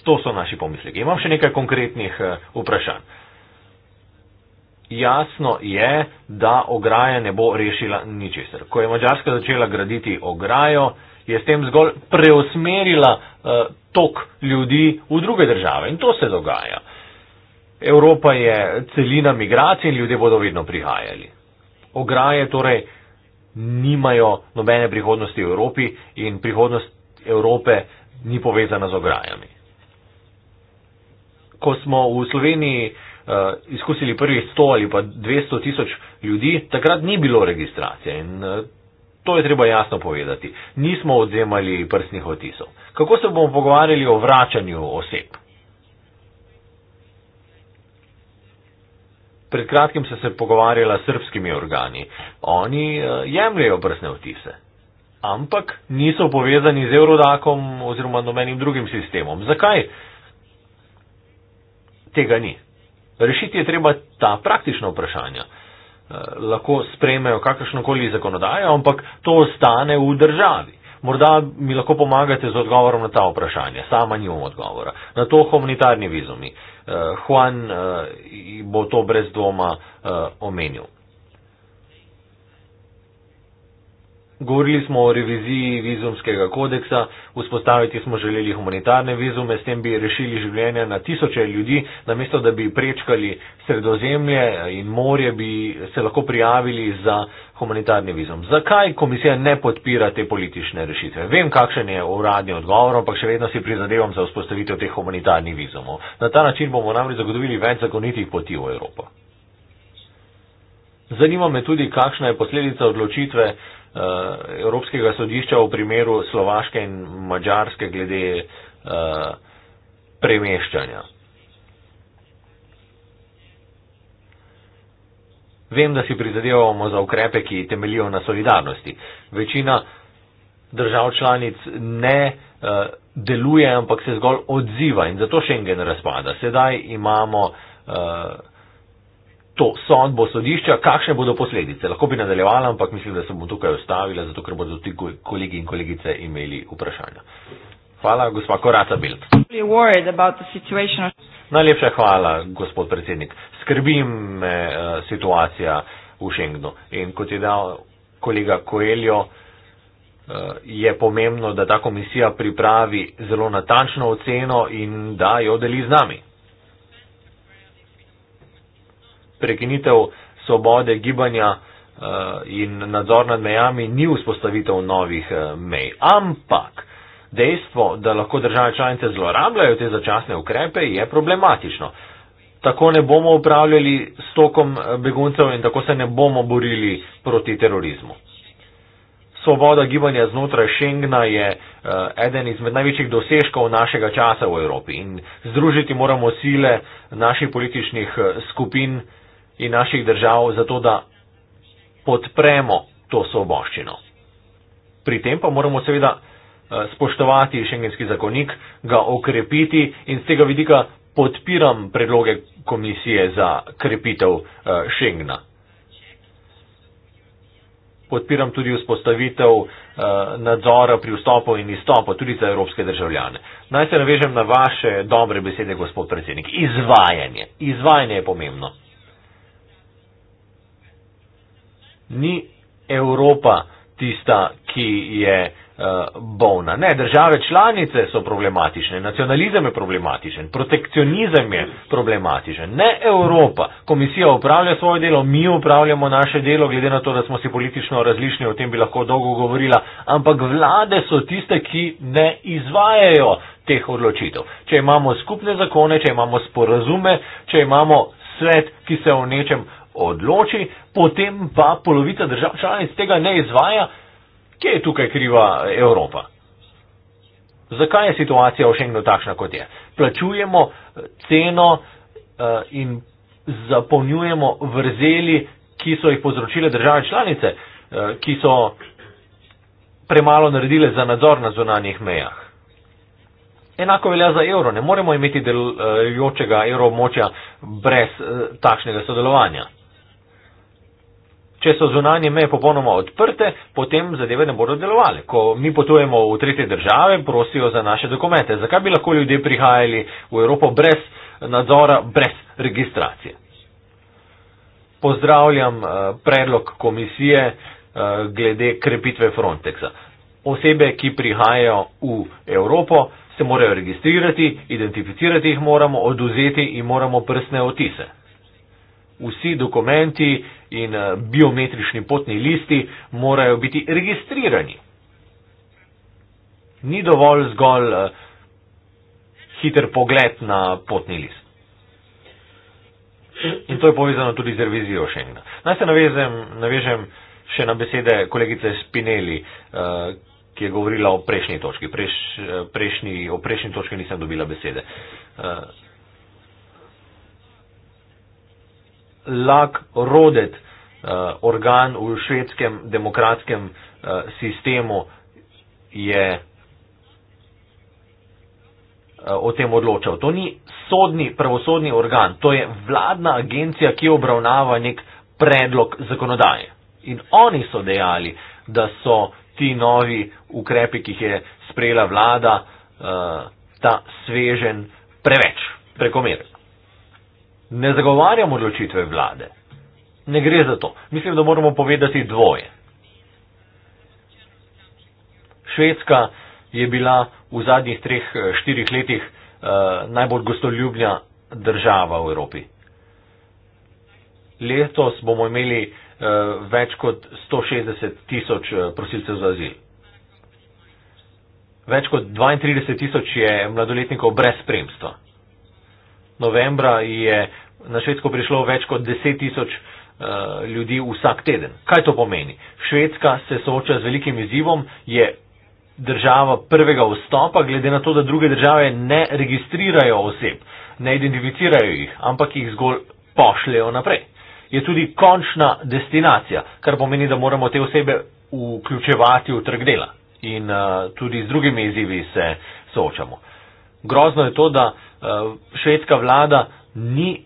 To so naši pomisleki. Imam še nekaj konkretnih eh, vprašanj jasno je, da ograja ne bo rešila ničesar. Ko je Mačarska začela graditi ograjo, je s tem zgolj preusmerila uh, tok ljudi v druge države in to se dogaja. Evropa je celina migracij in ljudje bodo vedno prihajali. Ograje torej nimajo nobene prihodnosti v Evropi in prihodnost Evrope ni povezana z ograjami. Ko smo v Sloveniji uh, uh, izkusili prvih 100 ali pa 200 tisoč ljudi, takrat ni bilo registracije in uh, to je treba jasno povedati. Nismo odzemali prstnih otisov. Kako se bomo pogovarjali o vračanju oseb? Pred kratkim sem se pogovarjala s srpskimi organi. Oni uh, eh, jemljajo prstne otise. Ampak niso povezani z Eurodakom oziroma nobenim drugim sistemom. Zakaj tega ni? Rešiti je treba ta praktična vprašanja. Eh, lahko sprejmejo kakršnokoli zakonodajo, ampak to ostane v državi. Morda mi lahko pomagate z odgovorom na ta vprašanja. Sama nimam odgovora. Na to humanitarni vizumi. Eh, Juan eh, bo to brez dvoma omenil. Govorili smo o reviziji vizumskega kodeksa, vzpostaviti smo želeli humanitarne vizume, s tem bi rešili življenje na tisoče ljudi, namesto da bi prečkali sredozemlje in morje, bi se lahko prijavili za humanitarni vizum. Zakaj komisija ne podpira te politične rešitve? Vem, kakšen je uradni odgovor, ampak še vedno si prizadevam za vzpostavitev teh humanitarnih vizumov. Na ta način bomo namreč zagotovili več zakonitih poti v Evropo. Zanima me tudi, kakšna je posledica odločitve, Eh, Evropskega sodišča v primeru Slovaške in Mačarske glede eh, premeščanja. Vem, da si prizadevamo za ukrepe, ki temelijo na solidarnosti. Večina držav članic ne uh, deluje, ampak se zgolj odziva in zato Schengen razpada. Sedaj imamo uh, to sodbo sodišča, kakšne bodo posledice. Lahko bi nadaljevala, ampak mislim, da se bom tukaj ustavila, zato ker bodo ti kolegi in kolegice imeli vprašanja. Hvala, gospa Korata Bild. Najlepša hvala, gospod predsednik. Skrbim me uh, situacija v Schengnu. In kot je dal kolega Koeljo, eh, je pomembno, da ta komisija pripravi zelo natančno oceno in da jo deli z nami. prekinitev svobode gibanja eh, in nadzor nad mejami ni vzpostavitev novih eh, mej. Ampak dejstvo, da lahko države članice zlorabljajo te začasne ukrepe, je problematično. Tako ne bomo upravljali s tokom eh, beguncev in tako se ne bomo borili proti terorizmu. Svoboda gibanja znotraj Schengna je eden izmed največjih dosežkov našega časa v Evropi in združiti moramo sile naših političnih skupin, in naših držav zato, da podpremo to svoboščino. Pri tem pa moramo seveda eh, spoštovati šengenski zakonik, ga okrepiti in z tega vidika podpiram predloge komisije za krepitev šengna. Eh, podpiram tudi vzpostavitev eh, nadzora pri vstopu in izstopu tudi za evropske državljane. Naj se navežem na vaše dobre besede, gospod predsednik. Izvajanje. Izvajanje je pomembno. ni Evropa tista, ki je uh, bolna. Ne, države članice so problematične, nacionalizem je problematičen, protekcionizem je problematičen, ne Evropa. Komisija upravlja svoje delo, mi upravljamo naše delo, glede na to, da smo si politično različni, o tem bi lahko dolgo govorila, ampak vlade so tiste, ki ne izvajajo teh odločitev. Če imamo skupne zakone, če imamo sporazume, če imamo svet, ki se o nečem odloči, potem pa polovica držav članic tega ne izvaja, kje je tukaj kriva Evropa? Zakaj je situacija v Schengenu takšna, kot je? Plačujemo eh, ceno eh, in zapolnjujemo vrzeli, ki so jih povzročile države članice, eh, ki so premalo naredile za nadzor na zunanjih mejah. Enako velja za evro. Ne moremo imeti delujočega evroobmočja brez takšnega sodelovanja. Če so zunanje meje popolnoma odprte, potem zadeve ne bodo delovali. Ko mi potujemo v tretje države, prosijo za naše dokumente. Zakaj bi lahko ljudje prihajali v Evropo brez nadzora, brez registracije? Pozdravljam eh, predlog komisije eh, glede krepitve Frontexa. Osebe, ki prihajajo v Evropo, se morajo registrirati, identificirati jih moramo, oduzeti in moramo prsne otise. Vsi dokumenti in eh, biometrični potni listi morajo biti registrirani. Ni dovolj zgolj eh, hiter pogled na potni list. In to je povezano tudi z revizijo Schengena. Naj se navezem, navežem še na besede kolegice Spinelli, eh, ki je govorila o prejšnji točki. Preš, prejšnji, o prejšnji točki nisem dobila besede. lak rodet eh, organ v švedskem demokratskem eh, sistemu je eh, o tem odločal. To ni sodni, pravosodni organ, to je vladna agencija, ki obravnava nek predlog zakonodaje. In oni so dejali, da so ti novi ukrepi, ki jih je sprejela vlada, ta svežen preveč, prekomeren. Ne zagovarjam odločitve vlade. Ne gre za to. Mislim, da moramo povedati dvoje. Švedska je bila v zadnjih treh, eh, štirih letih eh, najbolj gostoljubna država v Evropi. Letos bomo imeli eh, več kot 160 tisoč eh, prosilcev za azil. Več kot 32 tisoč je mladoletnikov brez spremstva. Novembra je eh, na Švedsko prišlo več kot 10 tisoč uh, ljudi vsak teden. Kaj to pomeni? Švedska se sooča z velikim izzivom, je država prvega vstopa, glede na to, da druge države ne registrirajo oseb, ne identificirajo jih, ampak jih zgolj pošljejo naprej. Je tudi končna destinacija, kar pomeni, da moramo te osebe vključevati v trg dela. In uh, tudi z drugimi izzivi se soočamo. Grozno je to, da uh, švedska vlada ni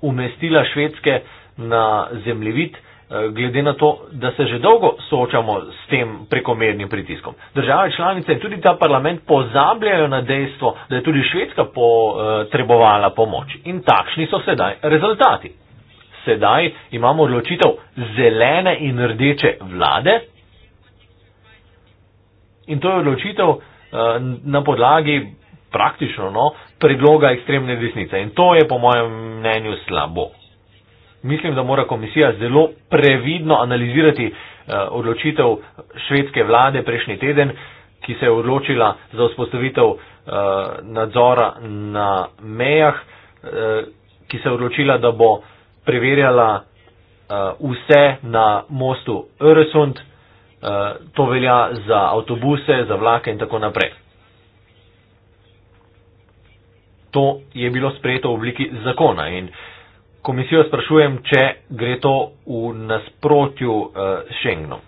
umestila švedske na zemljevid, eh, glede na to, da se že dolgo soočamo s tem prekomernim pritiskom. Države članice in tudi ta parlament pozabljajo na dejstvo, da je tudi švedska potrebovala pomoč. In takšni so sedaj rezultati. Sedaj imamo odločitev zelene in rdeče vlade. In to je odločitev eh, na podlagi praktično no, predloga ekstremne desnice. In to je po mojem mnenju slabo. Mislim, da mora komisija zelo previdno analizirati eh, odločitev švedske vlade prejšnji teden, ki se je odločila za vzpostavitev eh, nadzora na mejah, eh, ki se je odločila, da bo preverjala vse na mostu Öresund, to velja za avtobuse, za vlake in tako naprej to je bilo sprejeto v obliki zakona. In komisijo sprašujem, če gre to v nasprotju eh, s uh, Schengenom.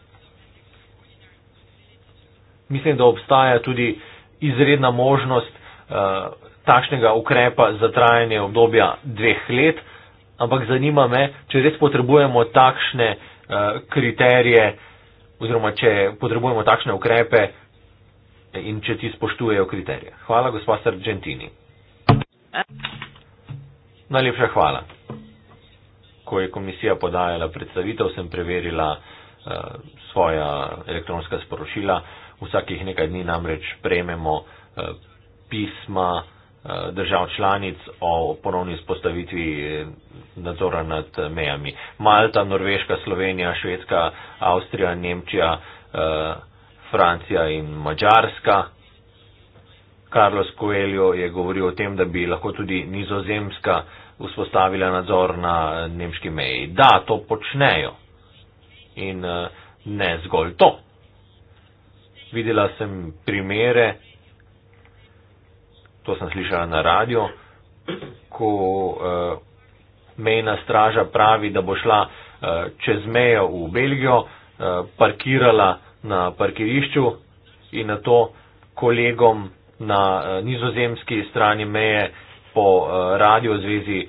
Mislim, da obstaja tudi izredna možnost uh, takšnega ukrepa za trajanje obdobja dveh let, ampak zanima me, če res potrebujemo takšne uh, kriterije oziroma če potrebujemo takšne ukrepe in če ti spoštujejo kriterije. Hvala, gospod Sargentini. Najlepša hvala. Ko je komisija podajala predstavitev, sem preverila uh, svoja elektronska sporočila. Vsakih nekaj dni namreč prejmemo uh, pisma uh, držav članic o ponovni spostavitvi nadzora nad mejami. Malta, Norveška, Slovenija, Švedska, Avstrija, Nemčija, uh, Francija in Mačarska. Carlos Coelho je govoril o tem, da bi lahko tudi nizozemska vzpostavila nadzor na eh, nemški meji. Da, to počnejo. In eh, ne zgolj to. Videla sem primere, to sem slišala na radio, ko eh, mejna straža pravi, da bo šla čez mejo v Belgijo, parkirala na parkirišču in na to kolegom na eh, nizozemski strani meje po eh, radio zvezi eh,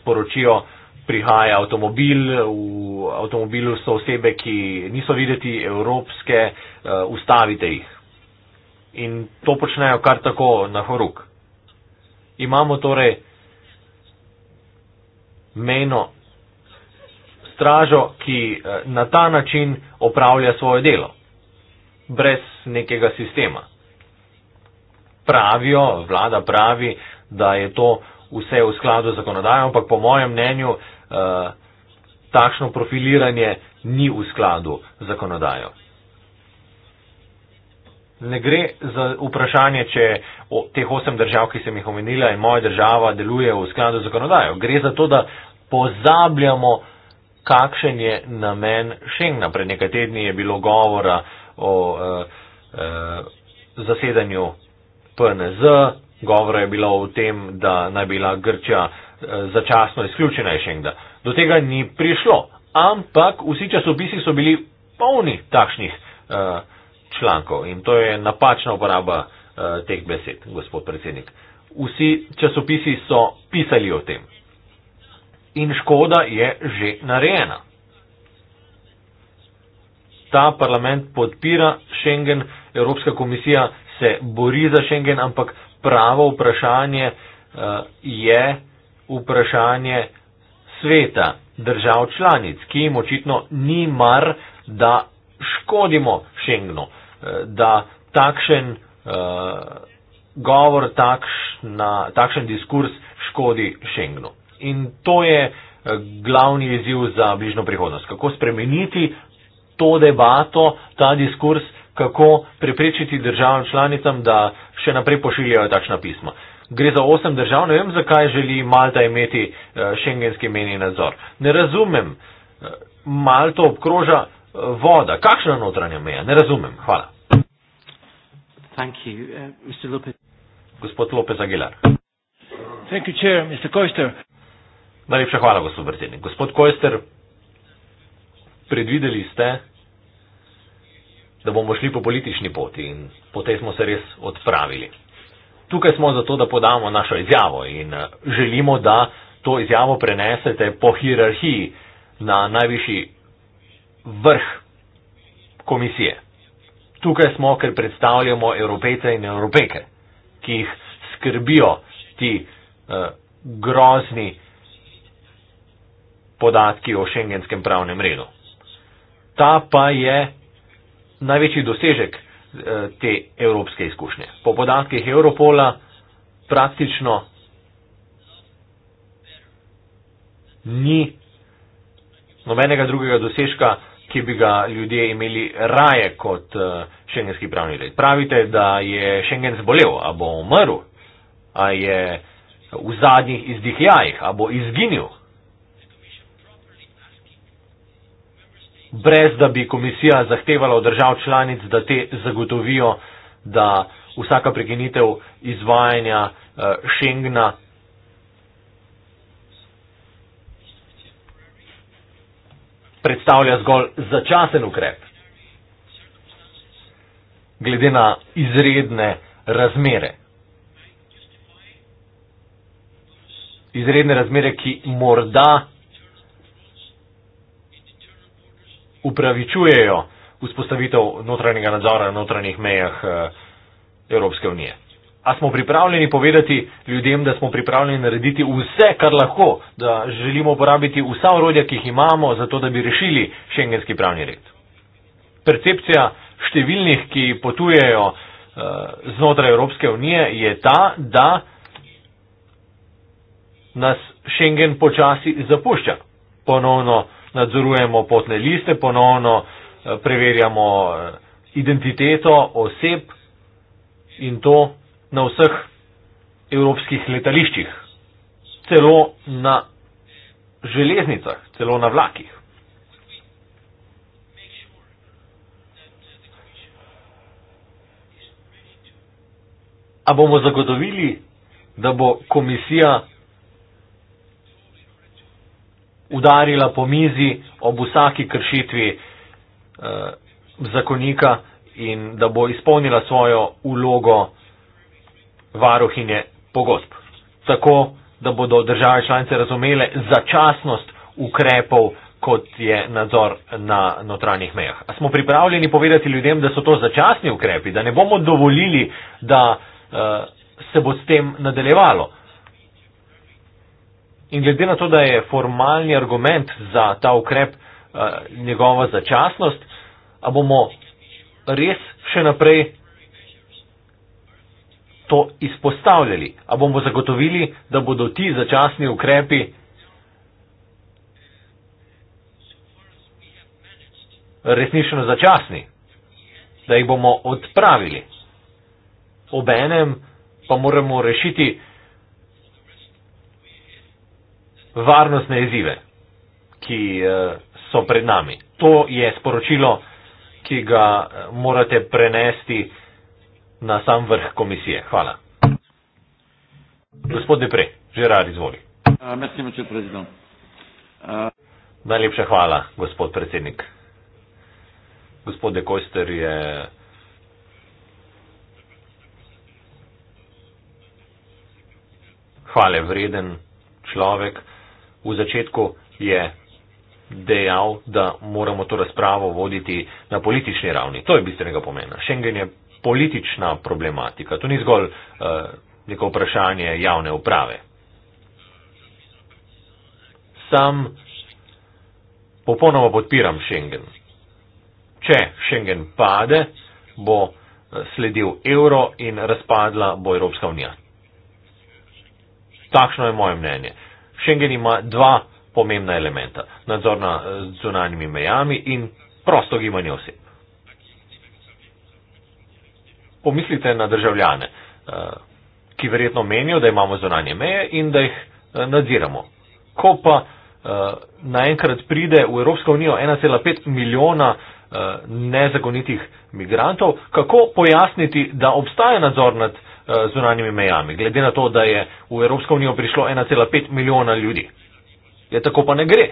sporočijo, prihaja avtomobil, v avtomobilu so osebe, ki niso videti evropske, ustavite jih. In to počnejo kar tako na horuk. Imamo torej mejno stražo, ki na ta način opravlja svoje delo, brez nekega sistema pravijo, vlada pravi, da je to vse v skladu z zakonodajo, ampak po mojem mnenju eh, takšno profiliranje ni v skladu z zakonodajo. Ne gre za vprašanje, če o, teh osem držav, ki sem jih omenila in moja država deluje v skladu z zakonodajo. Gre za to, da pozabljamo, kakšen je namen Schengna. Pred nekaj tedni je bilo govora o eh, eh, zasedanju PNZ. Govora je bilo o tem, da naj bila Grčija eh, začasno izključena iz Schengda. Do tega ni prišlo, ampak vsi časopisi so bili polni takšnih eh, člankov in to je napačna uporaba eh, teh besed, gospod predsednik. Vsi časopisi so pisali o tem in škoda je že narejena. Ta parlament podpira Schengen, Evropska komisija se bori za Schengen, ampak pravo vprašanje uh, je vprašanje sveta, držav članic, ki jim očitno ni mar, da škodimo Schengenu, eh, da takšen uh, govor, takšna, takšen diskurs škodi Schengenu. In to je glavni izziv za bližno prihodnost. Kako spremeniti to debato, ta diskurs, kako preprečiti državam članicam, da še naprej pošiljajo takšna pisma. Gre za osem držav, ne vem, zakaj želi Malta imeti eh, šengenski meni nadzor. Ne razumem, eh, Malto obkroža eh, voda. Kakšna notranja meja? Ne razumem. Hvala. Thank you, uh, Lopez. Gospod Lopez Aguilar. Thank you, chair, Mr. Koester. Najlepša hvala, gospod predsednik. Gospod Koester, predvideli ste, da bomo šli po politični poti in potem smo se res odpravili. Tukaj smo zato, da podamo našo izjavo in eh, želimo, da to izjavo prenesete po hierarhiji na najvišji vrh komisije. Tukaj smo, ker predstavljamo evropejce in evropejke, ki jih skrbijo ti eh, grozni podatki o šengenskem pravnem redu. Ta pa je največji dosežek eh, te evropske izkušnje. Po podatkih Europola praktično ni nobenega drugega dosežka, ki bi ga ljudje imeli raje kot eh, šengenski pravni red. Pravite, da je šengen zbolel, a bo umrl, a je v zadnjih izdihjajih, a bo izginil. brez da bi komisija zahtevala od držav članic, da te zagotovijo, da vsaka prekinitev izvajanja eh, Schengna predstavlja zgolj začasen ukrep, glede na izredne razmere. Izredne razmere, ki morda upravičujejo vzpostavitev notranjega nadzora na notranjih mejah eh, Evropske unije. A smo pripravljeni povedati ljudem, da smo pripravljeni narediti vse, kar lahko, da želimo uporabiti vsa orodja, ki jih imamo, zato da bi rešili šengenski pravni red. Percepcija številnih, ki potujejo eh, znotraj Evropske unije, je ta, da nas Schengen počasi zapušča. Ponovno nadzorujemo potne liste, ponovno eh, preverjamo eh, identiteto oseb in to na vseh evropskih letališčih, celo na železnicah, celo na vlakih. A bomo zagotovili, da bo komisija udarila po mizi ob vsaki kršitvi eh, zakonika in da bo izpolnila svojo ulogo varuhinje pogosb. Tako, da bodo države članice razumele začasnost ukrepov, kot je nadzor na notranjih mejah. A smo pripravljeni povedati ljudem, da so to začasni ukrepi, da ne bomo dovolili, da eh, se bo s tem nadaljevalo. In glede na to, da je formalni argument za ta ukrep uh, njegova začasnost, a bomo res še naprej to izpostavljali, a bomo zagotovili, da bodo ti začasni ukrepi resnično začasni, da jih bomo odpravili. Obenem pa moramo rešiti varnostne izzive, ki eh, so pred nami. To je sporočilo, ki ga eh, morate prenesti na sam vrh komisije. Hvala. Gospod Depre, že rad izvoli. Najlepša hvala, gospod predsednik. Gospod De Koester je. Hvale vreden človek v začetku je dejal, da moramo to razpravo voditi na politični ravni. To je bistvenega pomena. Schengen je politična problematika. To ni zgolj uh, neko vprašanje javne uprave. Sam popolnoma podpiram Schengen. Če Schengen pade, bo eh, sledil evro in razpadla bo Evropska unija. Takšno je moje mnenje. Schengen ima dva pomembna elementa. Nadzor na eh, zunanjimi mejami in prosto gibanje oseb. Pomislite na državljane, eh, ki verjetno menijo, da imamo zunanje meje in da jih eh, nadziramo. Ko pa naenkrat pride v Evropsko unijo 1,5 milijona nezakonitih migrantov, kako pojasniti, da obstaja nadzor nad Eh, zunanjimi mejami, glede na to, da je v Evropsko unijo prišlo 1,5 milijona ljudi. Je ja, tako pa ne gre.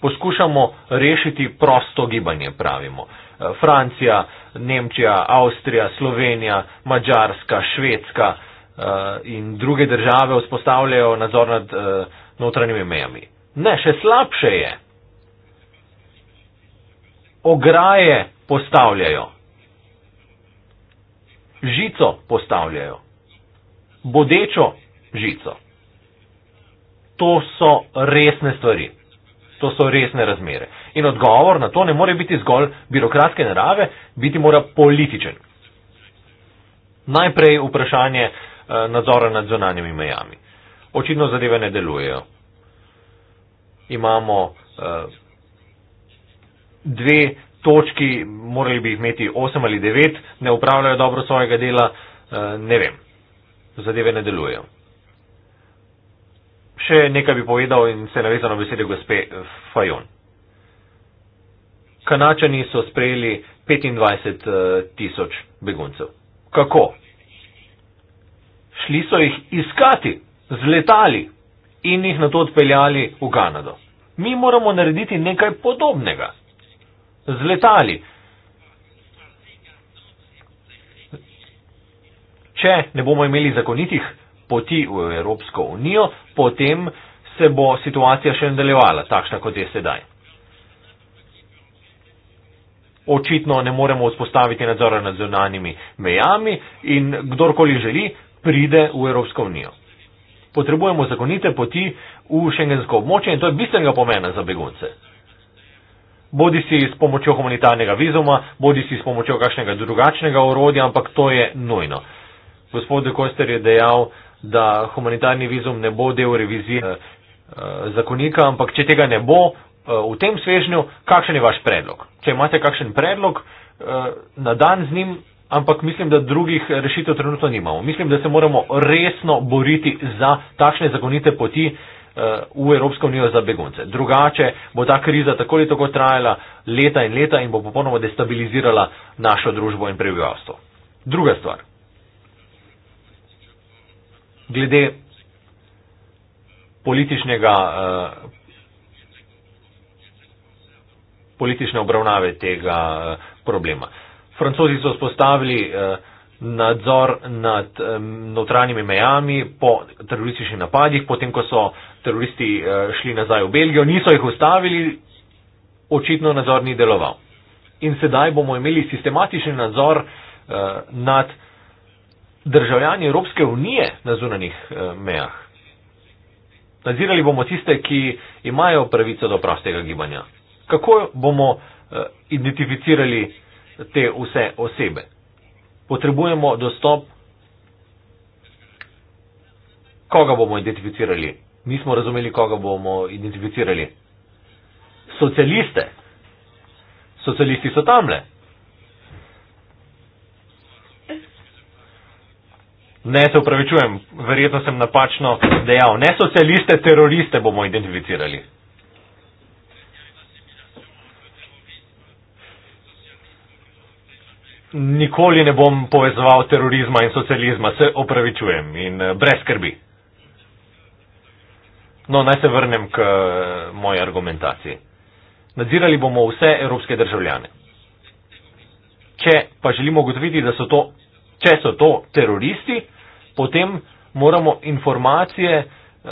Poskušamo rešiti prosto gibanje, pravimo. Eh, Francija, Nemčija, Avstrija, Slovenija, Mačarska, Švedska eh, in druge države vzpostavljajo nadzor nad notranjimi mejami. Ne, še slabše je. Ograje postavljajo žico postavljajo, bodečo žico. To so resne stvari, to so resne razmere. In odgovor na to ne more biti zgolj birokratske narave, biti mora političen. Najprej vprašanje eh, nadzora nad zonanjimi mejami. Očitno zadeve ne delujejo. Imamo eh, dve točki, morali bi jih imeti 8 ali 9, ne upravljajo dobro svojega dela, eh, ne vem. Zadeve ne delujejo. Še nekaj bi povedal in se navezal na besede gospe eh, Fajon. Kanačani so sprejeli 25 eh, tisoč beguncev. Kako? Šli so jih iskati z letali in jih na to odpeljali v Kanado. Mi moramo narediti nekaj podobnega z letali. Če ne bomo imeli zakonitih poti v Evropsko unijo, potem se bo situacija še nadaljevala, takšna kot je sedaj. Očitno ne moremo vzpostaviti nadzora nad zunanjimi mejami in kdorkoli želi, pride v Evropsko unijo. Potrebujemo zakonite poti v šengensko območje in to je bistvenega pomena za begunce bodi si s pomočjo humanitarnega vizuma, bodi si s pomočjo kakšnega drugačnega orodja, ampak to je nujno. Gospod De Koster je dejal, da humanitarni vizum ne bo del revizije eh, zakonika, ampak če tega ne bo eh, v tem svežnju, kakšen je vaš predlog? Če imate kakšen predlog, eh, na dan z njim, ampak mislim, da drugih rešitev trenutno nimamo. Mislim, da se moramo resno boriti za takšne zakonite poti, eh, Eh, v Evropsko unijo za begunce. Drugače bo ta kriza tako ali tako trajala leta in leta in bo popolnoma destabilizirala našo družbo in prebivalstvo. Druga stvar. Glede političnega, eh, politične obravnave tega eh, problema. Francozi so spostavili eh, nadzor nad notranjimi mejami po terorističnih napadih, potem ko so teroristi eh, šli nazaj v Belgijo, niso jih ustavili, očitno nadzor ni deloval. In sedaj bomo imeli sistematični nadzor eh, nad državljani Evropske unije na zunanih eh, mejah. Nadzirali bomo tiste, ki imajo pravico do prostega gibanja. Kako bomo identificirali te vse osebe? potrebujemo dostop, koga bomo identificirali. Nismo razumeli, koga bomo identificirali. Socialiste. Socialisti so tamle. Ne, se upravičujem, verjetno sem napačno dejal. Ne socialiste, teroriste bomo identificirali. nikoli ne bom povezoval terorizma in socializma, se opravičujem in eh, brez skrbi. No, naj se vrnem k eh, moji argumentaciji. Nadzirali bomo vse evropske državljane. Če pa želimo ugotoviti, da so to, če so to teroristi, potem moramo informacije uh,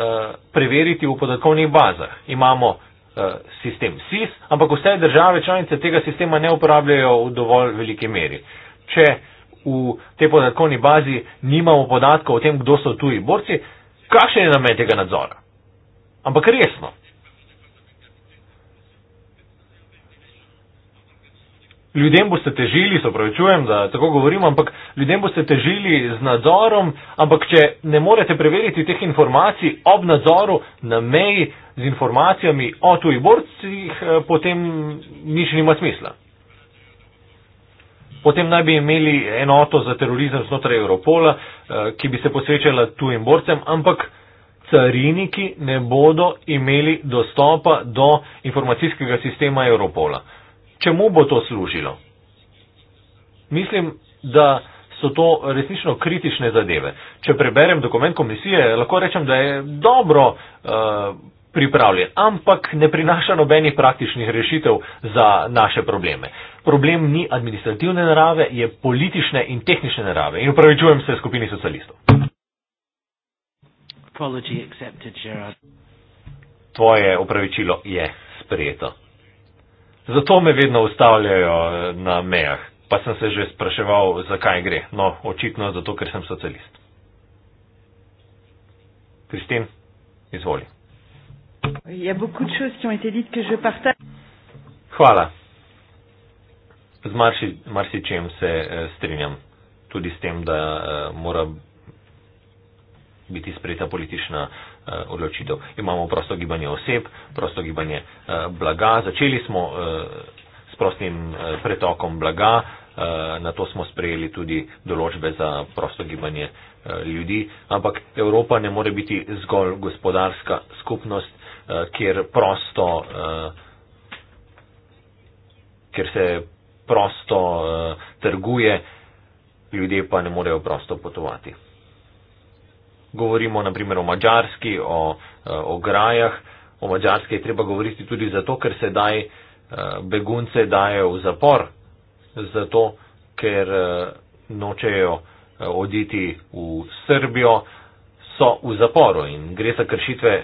preveriti v podatkovnih bazah. Imamo Eh, sistem SIS, ampak vse države članice tega sistema ne uporabljajo v dovolj veliki meri. Če v tej podatkovni bazi nimamo podatkov o tem, kdo so tuji borci, kakšen je namen tega nadzora? Ampak resno. ljudem boste težili, se opravičujem, da tako govorim, ampak ljudem boste težili z nadzorom, ampak če ne morete preveriti teh informacij ob nadzoru na meji z informacijami o tujih borcih, eh, potem nič nima smisla. Potem naj bi imeli enoto za terorizem znotraj Europola, eh, ki bi se posvečala tujim borcem, ampak cariniki ne bodo imeli dostopa do informacijskega sistema Europola čemu bo to služilo? Mislim, da so to resnično kritične zadeve. Če preberem dokument komisije, lahko rečem, da je dobro uh, pripravljen, ampak ne prinaša nobenih praktičnih rešitev za naše probleme. Problem ni administrativne narave, je politične in tehnične narave. In upravičujem se skupini socialistov. Tvoje opravičilo je sprejeto. Zato me vedno ustavljajo eh, na mejah. Pa sem se že spraševal, zakaj gre. No, očitno zato, ker sem socialist. Kristin, izvoli. Hvala. Z marsičem marši se eh, strinjam. Tudi s tem, da eh, mora biti sprejeta politična Eh, odločitev. Imamo prosto gibanje oseb, prosto gibanje eh, blaga, začeli smo eh, s prostim pretokom blaga, na to smo sprejeli tudi določbe za prosto gibanje ljudi, ampak Evropa ne more biti zgolj gospodarska skupnost, kjer prosto, kjer se prosto trguje, ljudje pa ne morejo prosto potovati govorimo naprimer o Mačarski, o ograjah. Eh, o, o Mačarski je treba govoriti tudi zato, ker se daj eh, begunce daje v zapor, zato, ker eh, nočejo oditi v Srbijo, so v zaporu in gre za kršitve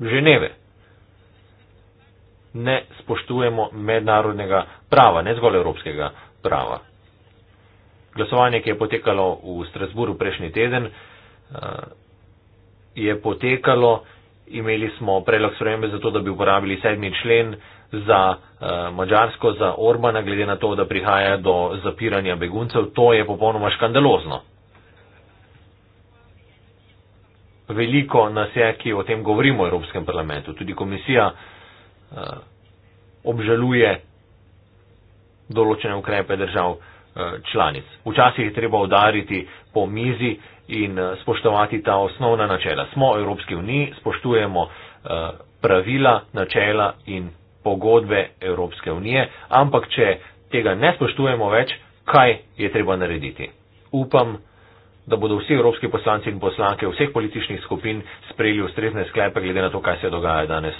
Ženeve. Ne spoštujemo mednarodnega prava, ne zgolj evropskega prava. Glasovanje, ki je potekalo v Strasburu prejšnji teden, je potekalo, imeli smo predlog spremembe za to, da bi uporabili sedmi člen za eh, Mačarsko, za Orbana, glede na to, da prihaja do zapiranja beguncev. To je popolnoma škandalozno. Veliko nas je, ki o tem govorimo v Evropskem parlamentu. Tudi komisija eh, obžaluje določene ukrepe držav. Eh, članic. Včasih je treba udariti po mizi in eh, spoštovati ta osnovna načela. Smo v Evropski uniji, spoštujemo eh, pravila, načela in pogodbe Evropske unije, ampak če tega ne spoštujemo več, kaj je treba narediti? Upam, da bodo vsi evropski poslanci in poslanke vseh političnih skupin sprejeli ustrezne sklepe glede na to, kaj se dogaja danes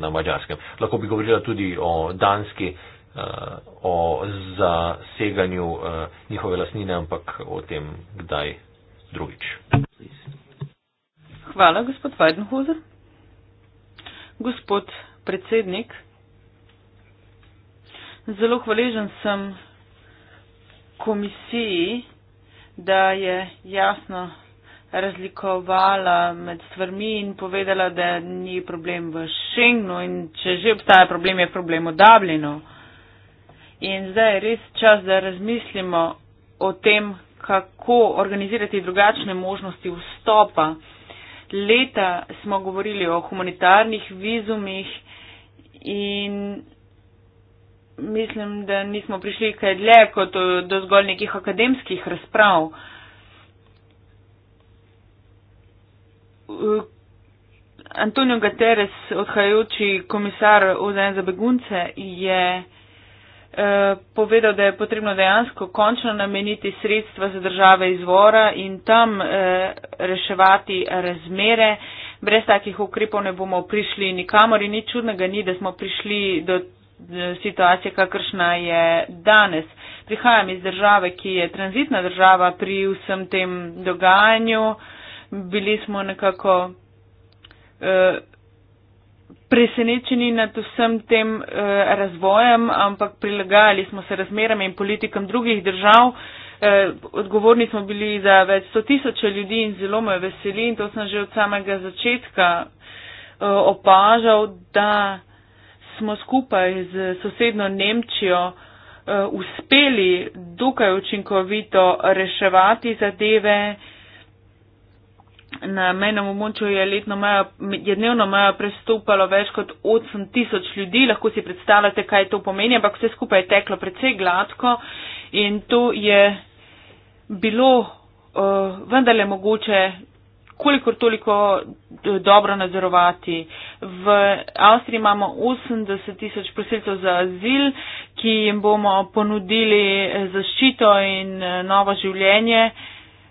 na Mačarskem. Lahko bi govorila tudi o Danski, Eh, o zaseganju eh, njihove lasnine, ampak o tem, kdaj drugič. Hvala, gospod Weidenhuser. Gospod predsednik, zelo hvaležen sem komisiji, da je jasno razlikovala med stvarmi in povedala, da ni problem v Schengnu in če že obstaja problem, je problem v Dublinu. In zdaj je res čas, da razmislimo o tem, kako organizirati drugačne možnosti vstopa. Leta smo govorili o humanitarnih vizumih in mislim, da nismo prišli kaj dlje kot do zgolj nekih akademskih razprav. Antonio Gateres, odhajajoči komisar OZN za begunce, je Eh, povedal, da je potrebno dejansko končno nameniti sredstva za države izvora in tam eh, reševati razmere. Brez takih ukrepov ne bomo prišli nikamor in ni čudnega ni, da smo prišli do eh, situacije, kakršna je danes. Prihajam iz države, ki je tranzitna država pri vsem tem dogajanju. Bili smo nekako presenečeni nad vsem tem eh, razvojem, ampak prilagajali smo se razmerami in politikam drugih držav. Eh, odgovorni smo bili za več sto tisoče ljudi in zelo me veseli in to sem že od samega začetka eh, opažal, da smo skupaj z sosedno Nemčijo eh, uspeli dokaj učinkovito reševati zadeve. Na mejnem območju je, letno meja, je dnevno meja prestopalo več kot 8 tisoč ljudi, lahko si predstavljate, kaj to pomeni, ampak vse skupaj je teklo precej gladko in to je bilo uh, vendarle mogoče kolikor toliko dobro nadzorovati. V Avstriji imamo 80 tisoč prosilcev za azil, ki jim bomo ponudili eh, zaščito in eh, novo življenje. Uh,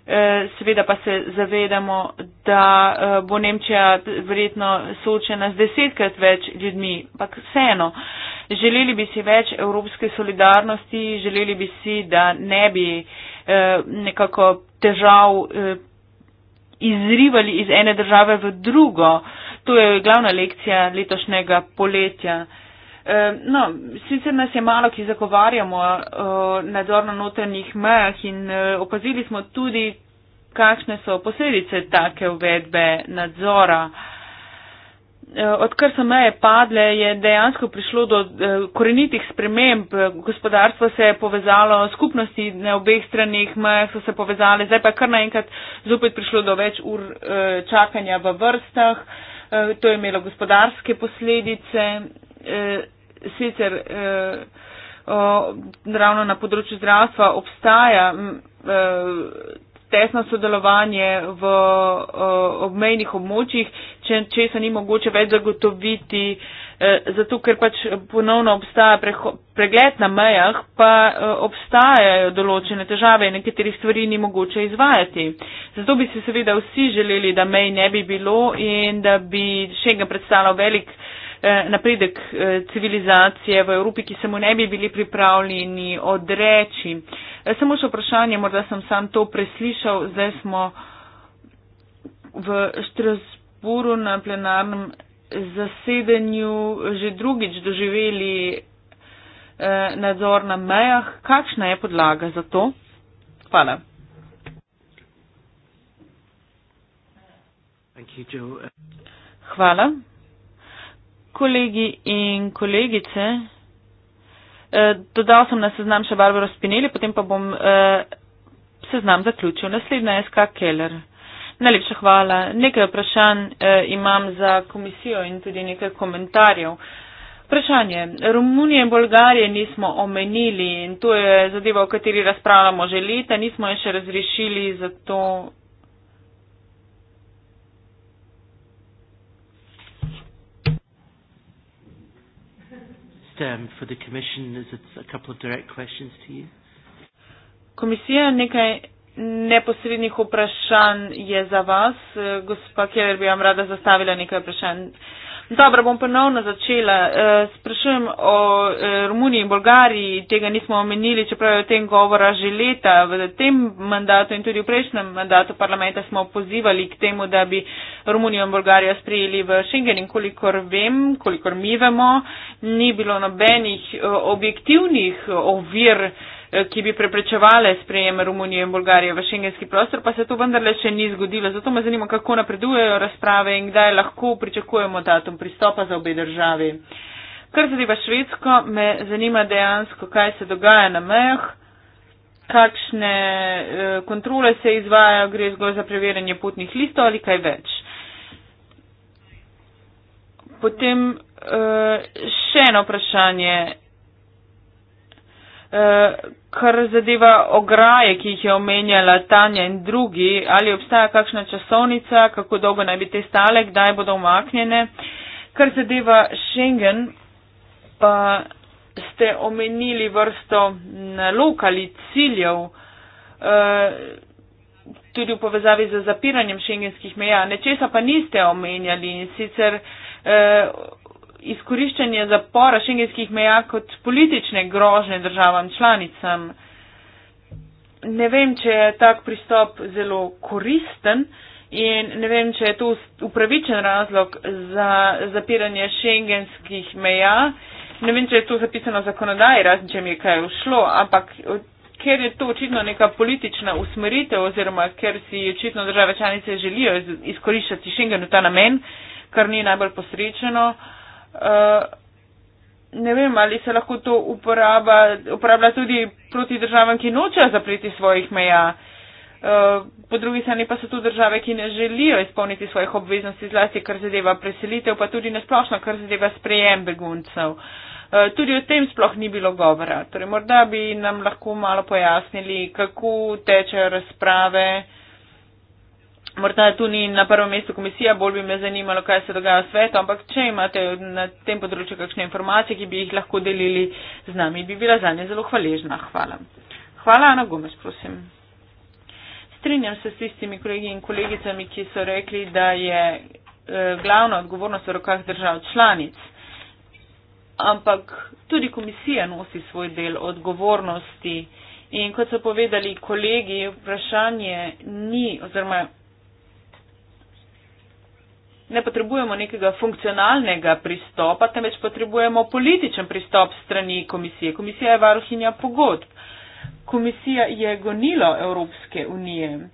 Eh, seveda pa se zavedamo, da eh, bo Nemčija verjetno soočena z desetkrat več ljudmi, ampak vseeno. Želeli bi si več evropske solidarnosti, želeli bi si, da ne bi eh, nekako težav izrivali iz ene države v drugo. To je glavna lekcija letošnjega poletja no, sicer nas je malo, ki zagovarjamo eh, nadzor na notranjih mejah in eh, opazili smo tudi, kakšne so posledice take uvedbe nadzora. Eh, odkar so meje padle, je dejansko prišlo do korenitih sprememb. Gospodarstvo se je povezalo, skupnosti na obeh stranih meje so se povezale, zdaj pa kar naenkrat zopet prišlo do več ur čakanja v vrstah. To je imelo gospodarske posledice sicer eh, ravno na področju zdravstva obstaja eh, tesno sodelovanje v eh, obmejnih območjih, če, če se ni mogoče več zagotoviti, eh, zato ker pač ponovno obstaja preho, pregled na mejah, pa eh, obstajajo določene težave in nekaterih stvari ni mogoče izvajati. Zato bi se seveda vsi želeli, da mej ne bi bilo in da bi še enkrat predstavljal velik eh, Eh, napredek eh, civilizacije v Evropi, ki se mu ne bi bili pripravljeni odreči. Eh, samo še vprašanje, morda sem sam to preslišal, zdaj smo v Štrasburu na plenarnem zasedanju že drugič doživeli nadzor na mejah. Kakšna je podlaga za to? Hvala. Hvala kolegi in kolegice. E, dodal sem na seznam še Barbara Spinelli, potem pa bom e, seznam zaključil. Naslednja je SK Keller. Najlepša hvala. Nekaj vprašanj e, imam za komisijo in tudi nekaj komentarjev. Vprašanje. Romunije in Bolgarije nismo omenili in to je zadeva, o kateri razpravljamo že leta, nismo jo še razrešili, zato just um, for the commission, is it a couple of direct questions to you? Komisija, nekaj neposrednih vprašanj je za vas. Gospa Keller bi vam rada zastavila nekaj vprašanj. Uh, Dobro, bom ponovno začela. Eh, sprašujem o eh, Romuniji in Bolgariji, tega nismo omenili, čeprav je o tem govora že leta. V tem mandatu in tudi v prejšnjem mandatu parlamenta smo pozivali k temu, da bi Romunijo in Bolgarijo sprejeli v Schengen in kolikor vem, kolikor mi vemo, ni bilo nobenih eh, objektivnih ovir. Eh, ki bi preprečevale sprejem Romunije in Bolgarije v šengenski prostor, pa se to vendarle še ni zgodilo. Zato me zanima, kako napredujejo razprave in kdaj lahko pričakujemo datum pristopa za obe državi. Kar zadeva Švedsko, me zanima dejansko, kaj se dogaja na mejah, kakšne eh, kontrole se izvajajo, gre zgolj za preverjanje potnih listov ali kaj več. Potem eh, še eno vprašanje. Kar zadeva ograje, ki jih je omenjala Tanja in drugi, ali obstaja kakšna časovnica, kako dolgo naj bi te stale, kdaj bodo omaknjene. Kar zadeva Schengen, pa ste omenili vrsto nalog ali ciljev, eh, tudi v povezavi z zapiranjem šengenskih meja. Nečesa pa niste omenjali in sicer eh, izkoriščanje zapora šengenskih meja kot politične grožne državam članicam. Ne vem, če je tak pristop zelo koristen in ne vem, če je to upravičen razlog za zapiranje šengenskih meja. Ne vem, če je to zapisano v zakonodaji, razen če mi je kaj ušlo, ampak ker je to očitno neka politična usmeritev oziroma ker si očitno države članice želijo izkoriščati šengen v ta namen, kar ni najbolj posrečeno. Uh, Eh, ne vem, ali se lahko to uporaba, uporablja tudi proti državam, ki nočejo zapreti svojih meja. Eh, po drugi strani pa so tu države, ki ne želijo izpolniti svojih obveznosti, zlasti kar zadeva preselitev, pa tudi nasplošno kar zadeva sprejem beguncev. Eh, tudi o tem sploh ni bilo govora. Torej, morda bi nam lahko malo pojasnili, kako tečejo razprave, morda tu ni na prvem mestu komisija, bolj bi me zanimalo, kaj se dogaja v svetu, ampak če imate na tem področju kakšne informacije, ki bi jih lahko delili z nami, bi bila za nje zelo hvaležna. Hvala. Hvala, Ana Gomez, prosim. Strinjam se s tistimi kolegi in kolegicami, ki so rekli, da je e, glavna odgovornost v rokah držav članic. Ampak tudi komisija nosi svoj del odgovornosti. In kot so povedali kolegi, vprašanje ni, oziroma ne potrebujemo nekega funkcionalnega pristopa, temveč potrebujemo političen pristop strani komisije. Komisija je varuhinja pogodb. Komisija je gonilo Evropske unije.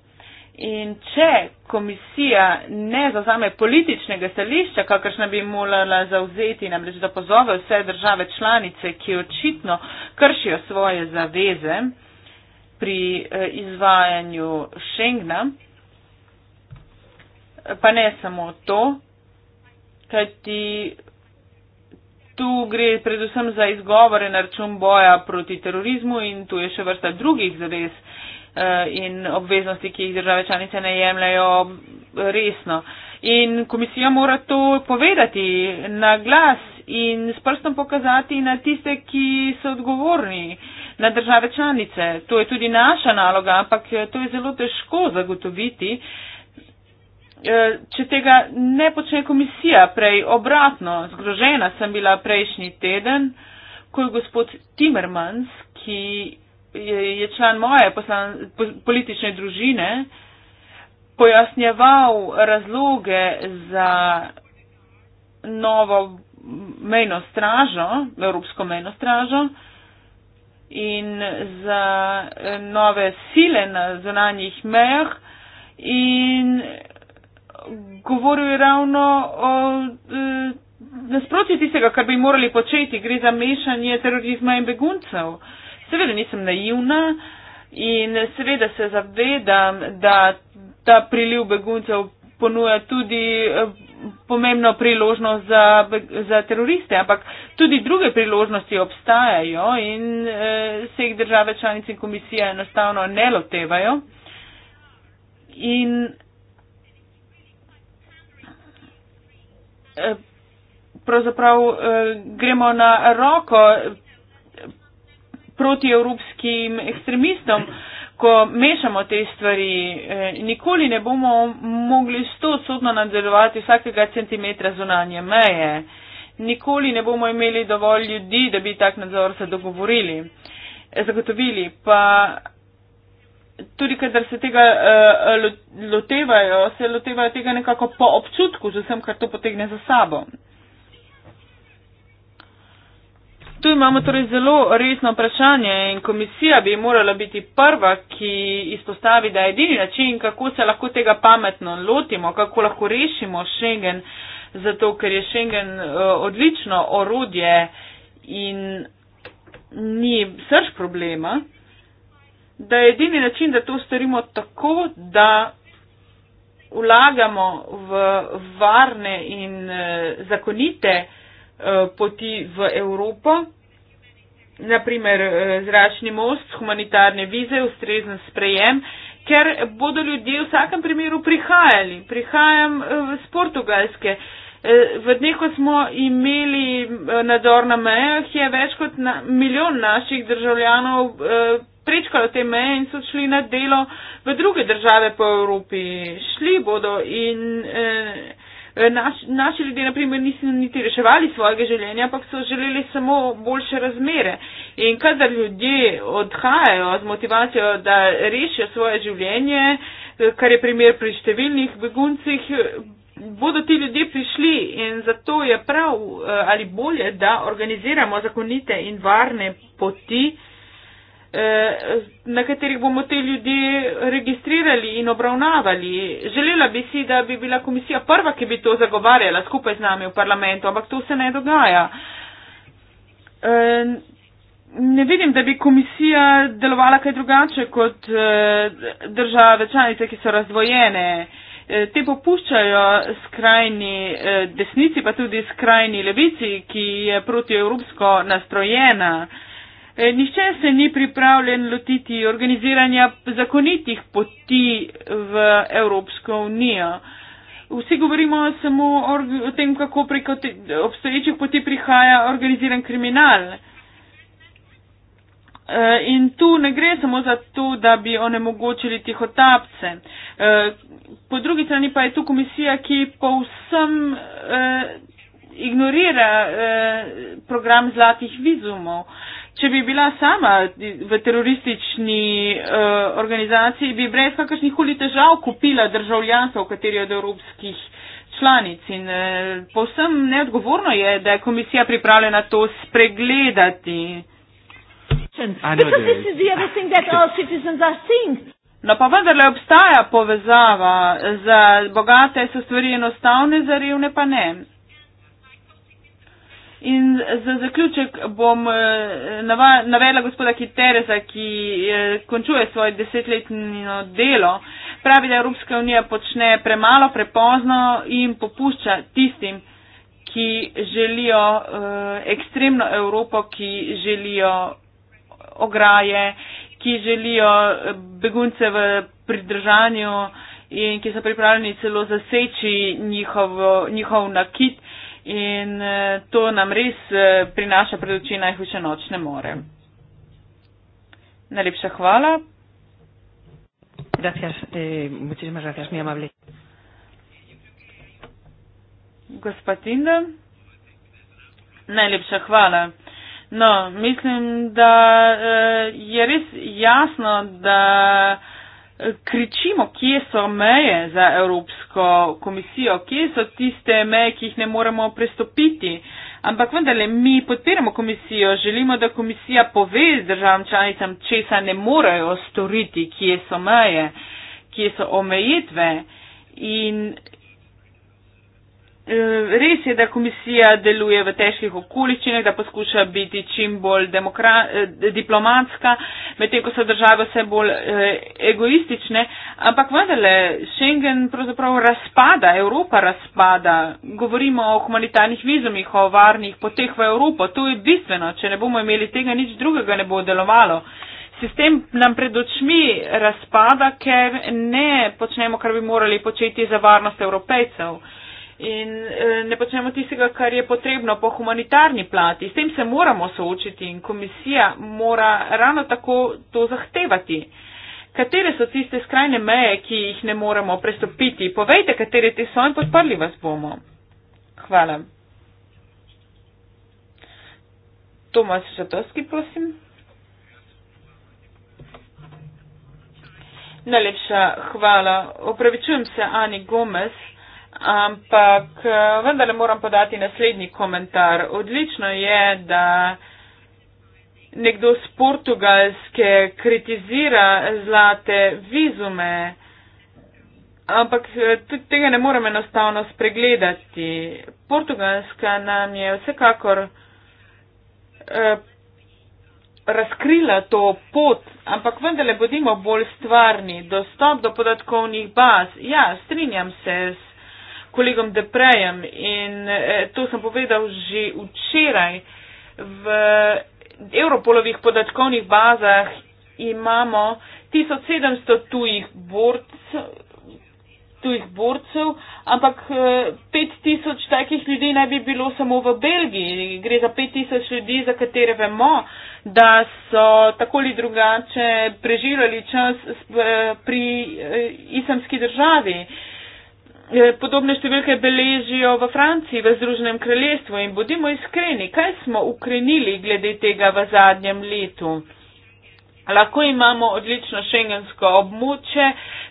In če komisija ne zazame političnega stališča, kakršna bi morala zauzeti, namreč da pozove vse države članice, ki očitno kršijo svoje zaveze pri eh, izvajanju Schengna, pa ne samo to, kajti tu gre predvsem za izgovore na račun boja proti terorizmu in tu je še vrsta drugih zavez eh, in obveznosti, ki jih države članice ne jemljajo resno. In komisija mora to povedati na glas in s prstom pokazati na tiste, ki so odgovorni, na države članice. To je tudi naša naloga, ampak to je zelo težko zagotoviti, uh, Eh, če tega ne počne komisija, prej obratno, zgrožena sem bila prejšnji teden, ko je gospod Timmermans, ki je, je član moje poslan, po, politične družine, pojasnjeval razloge za novo mejno stražo, Evropsko mejno stražo in za eh, nove sile na zunanjih mejah in govoril je ravno o e, nasprotju tistega, kar bi morali početi. Gre za mešanje terorizma in beguncev. Seveda nisem naivna in seveda se zavedam, da ta priliv beguncev ponuja tudi e, pomembno priložnost za, za teroriste, ampak tudi druge priložnosti obstajajo in e, se jih države članice in komisije enostavno ne lotevajo. In Eh, pravzaprav eh, gremo na roko proti evropskim ekstremistom, ko mešamo te stvari. Eh, nikoli ne bomo mogli stotodno nadzorovati vsakega centimetra zunanje meje. Nikoli ne bomo imeli dovolj ljudi, da bi tak nadzor se dogovorili, zagotovili. Pa tudi, kadar se tega uh, lotevajo, se lotevajo tega nekako po občutku, z vsem, kar to potegne za sabo. Tu imamo torej zelo resno vprašanje in komisija bi morala biti prva, ki izpostavi, da je edini način, kako se lahko tega pametno lotimo, kako lahko rešimo Schengen, zato ker je Schengen uh, odlično orodje in ni srč problema da je edini način, da to storimo tako, da vlagamo v varne in eh, zakonite eh, poti v Evropo, naprimer eh, zračni most, humanitarne vize, ustrezen sprejem, ker bodo ljudje v vsakem primeru prihajali. Prihajam z Portugalske. V dneh, ko smo imeli nadzor na mejah, je več kot na, milijon naših državljanov eh, prečkalo te meje in so šli na delo v druge države po Evropi. Šli bodo in e, naš, naši ljudje, naprimer, niso niti reševali svojega življenja, ampak so želeli samo boljše razmere. In kadar ljudje odhajajo z motivacijo, da rešijo svoje življenje, eh, kar je primer pri številnih beguncih, bodo ti ljudje prišli in zato je prav eh, ali bolje, da organiziramo zakonite in varne poti, Eh, na katerih bomo te ljudi registrirali in obravnavali. Želela bi si, da bi bila komisija prva, ki bi to zagovarjala skupaj z nami v parlamentu, ampak to se ne dogaja. Eh, ne vidim, da bi komisija delovala kaj drugače kot eh, države članice, ki so razvojene. Te popuščajo skrajni desnici, pa tudi skrajni levici, ki je protievropsko nastrojena. Eh, nihče se ni pripravljen lotiti organiziranja zakonitih poti v Evropsko unijo. Vsi govorimo samo o tem, kako preko obstoječih poti prihaja organiziran kriminal. Eh, in tu ne gre samo za to, da bi onemogočili tihotapce. Eh, po drugi strani pa je tu komisija, ki povsem ignorira program zlatih vizumov če bi bila sama v teroristični uh, organizaciji, bi brez kakršnih koli težav kupila državljanstvo v kateri od evropskih članic. In uh, povsem neodgovorno je, da je komisija pripravljena to spregledati. No pa vendarle obstaja povezava, za bogate so stvari enostavne, za revne pa ne. In za zaključek bom eh, navedla gospoda Kitereza, ki eh, končuje svoje desetletno delo. Pravi, da Evropska unija počne premalo, prepozno in popušča tistim, ki želijo eh, ekstremno Evropo, ki želijo ograje, ki želijo begunce v pridržanju in ki so pripravljeni celo zaseči njihov, njihov nakit in eh, to nam res eh, prinaša pred oči najhujše nočne more. Najlepša hvala. Gracias, eh, muchísimas gracias, mi amable. Gospodinda, najlepša hvala. No, mislim, da eh, je res jasno, da eh, kričimo, kje so meje za Evropsko komisijo, kje so tiste meje, ki jih ne moremo prestopiti. Ampak vendarle, mi podpiramo komisijo, želimo, da komisija pove z državam članicam, česa ne morejo storiti, kje so meje, kje so omejitve. In, Eh, res je, da komisija deluje v težkih okoliščinah, da poskuša biti čim bolj eh, diplomatska, medtem ko so države vse bolj eh, egoistične, ampak vendarle Schengen pravzaprav razpada, Evropa razpada. Govorimo o humanitarnih vizumih, o varnih poteh v Evropo. To je bistveno. Če ne bomo imeli tega, nič drugega ne bo delovalo. Sistem nam pred očmi razpada, ker ne počnemo, kar bi morali početi za varnost evropejcev. Uh, in e, ne počnemo tistega, kar je potrebno po humanitarni plati. S tem se moramo soočiti in komisija mora ravno tako to zahtevati. Katere so tiste skrajne meje, ki jih ne moremo prestopiti? Povejte, katere te so in podprli vas bomo. Hvala. Tomas Šatovski, prosim. Najlepša hvala. Opravičujem se, Ani Gomez. Uh, ampak eh, vendarle moram podati naslednji komentar. Odlično je, da nekdo z Portugalske kritizira zlate vizume, ampak eh, tudi tega ne morem enostavno spregledati. Portugalska nam je vsekakor eh, razkrila to pot, ampak vendarle bodimo bolj stvarni. Dostop do podatkovnih baz. Ja, strinjam se s kolegom Deprejem in eh, to sem povedal že včeraj. V Europolovih podatkovnih bazah imamo 1700 tujih, borc, tujih borcev, ampak eh, 5000 takih ljudi naj bi bilo samo v Belgiji. Gre za 5000 ljudi, za katere vemo da so tako ali drugače preživljali čas eh, pri eh, islamski državi. Eh, Eh, podobne številke beležijo v Franciji, v Združenem kraljestvu in bodimo iskreni, kaj smo ukrenili glede tega v zadnjem letu. Lahko imamo odlično šengensko območje,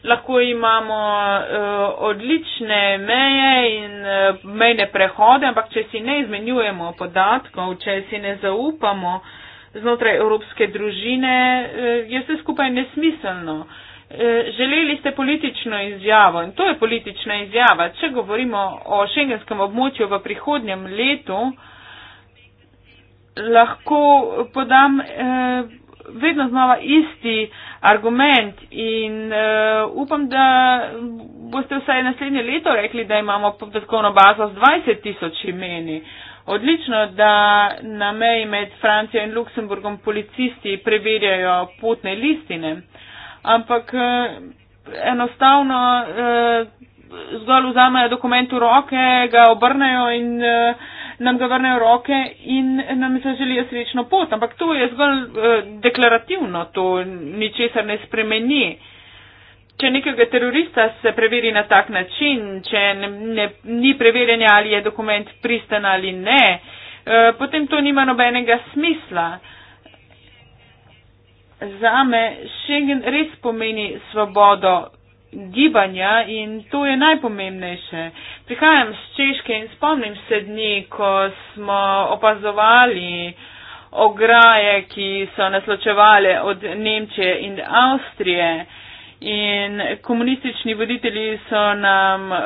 lahko imamo uh, odlične meje in uh, mejne prehode, ampak če si ne izmenjujemo podatkov, če si ne zaupamo znotraj evropske družine, uh, je vse skupaj nesmiselno. Uh, Eh, želeli ste politično izjavo in to je politična izjava. Če govorimo o šengenskem območju v prihodnjem letu, lahko podam eh, vedno znova isti argument in eh, upam, da boste vsaj naslednje leto rekli, da imamo podatkovno bazo z 20 tisoč imeni. Odlično, da na meji med Francijo in Luksemburgom policisti preverjajo potne listine. Eh, ampak eh, enostavno eh, zgolj vzamejo dokument v roke, ga obrnejo in eh, nam ga vrnejo roke in nam se želijo srečno pot. Ampak to je zgolj deklarativno, to ničesar ne spremeni. Če nekega terorista se preveri na tak način, če ne, ne, ni preverjanja, ali je dokument pristen ali ne, eh, potem to nima nobenega smisla. Eh, za me Schengen res pomeni svobodo gibanja in to je najpomembnejše. Prihajam z Češke in spomnim se dni, ko smo opazovali ograje, ki so nasločevale od Nemčije in Avstrije. In komunistični voditelji so nam uh,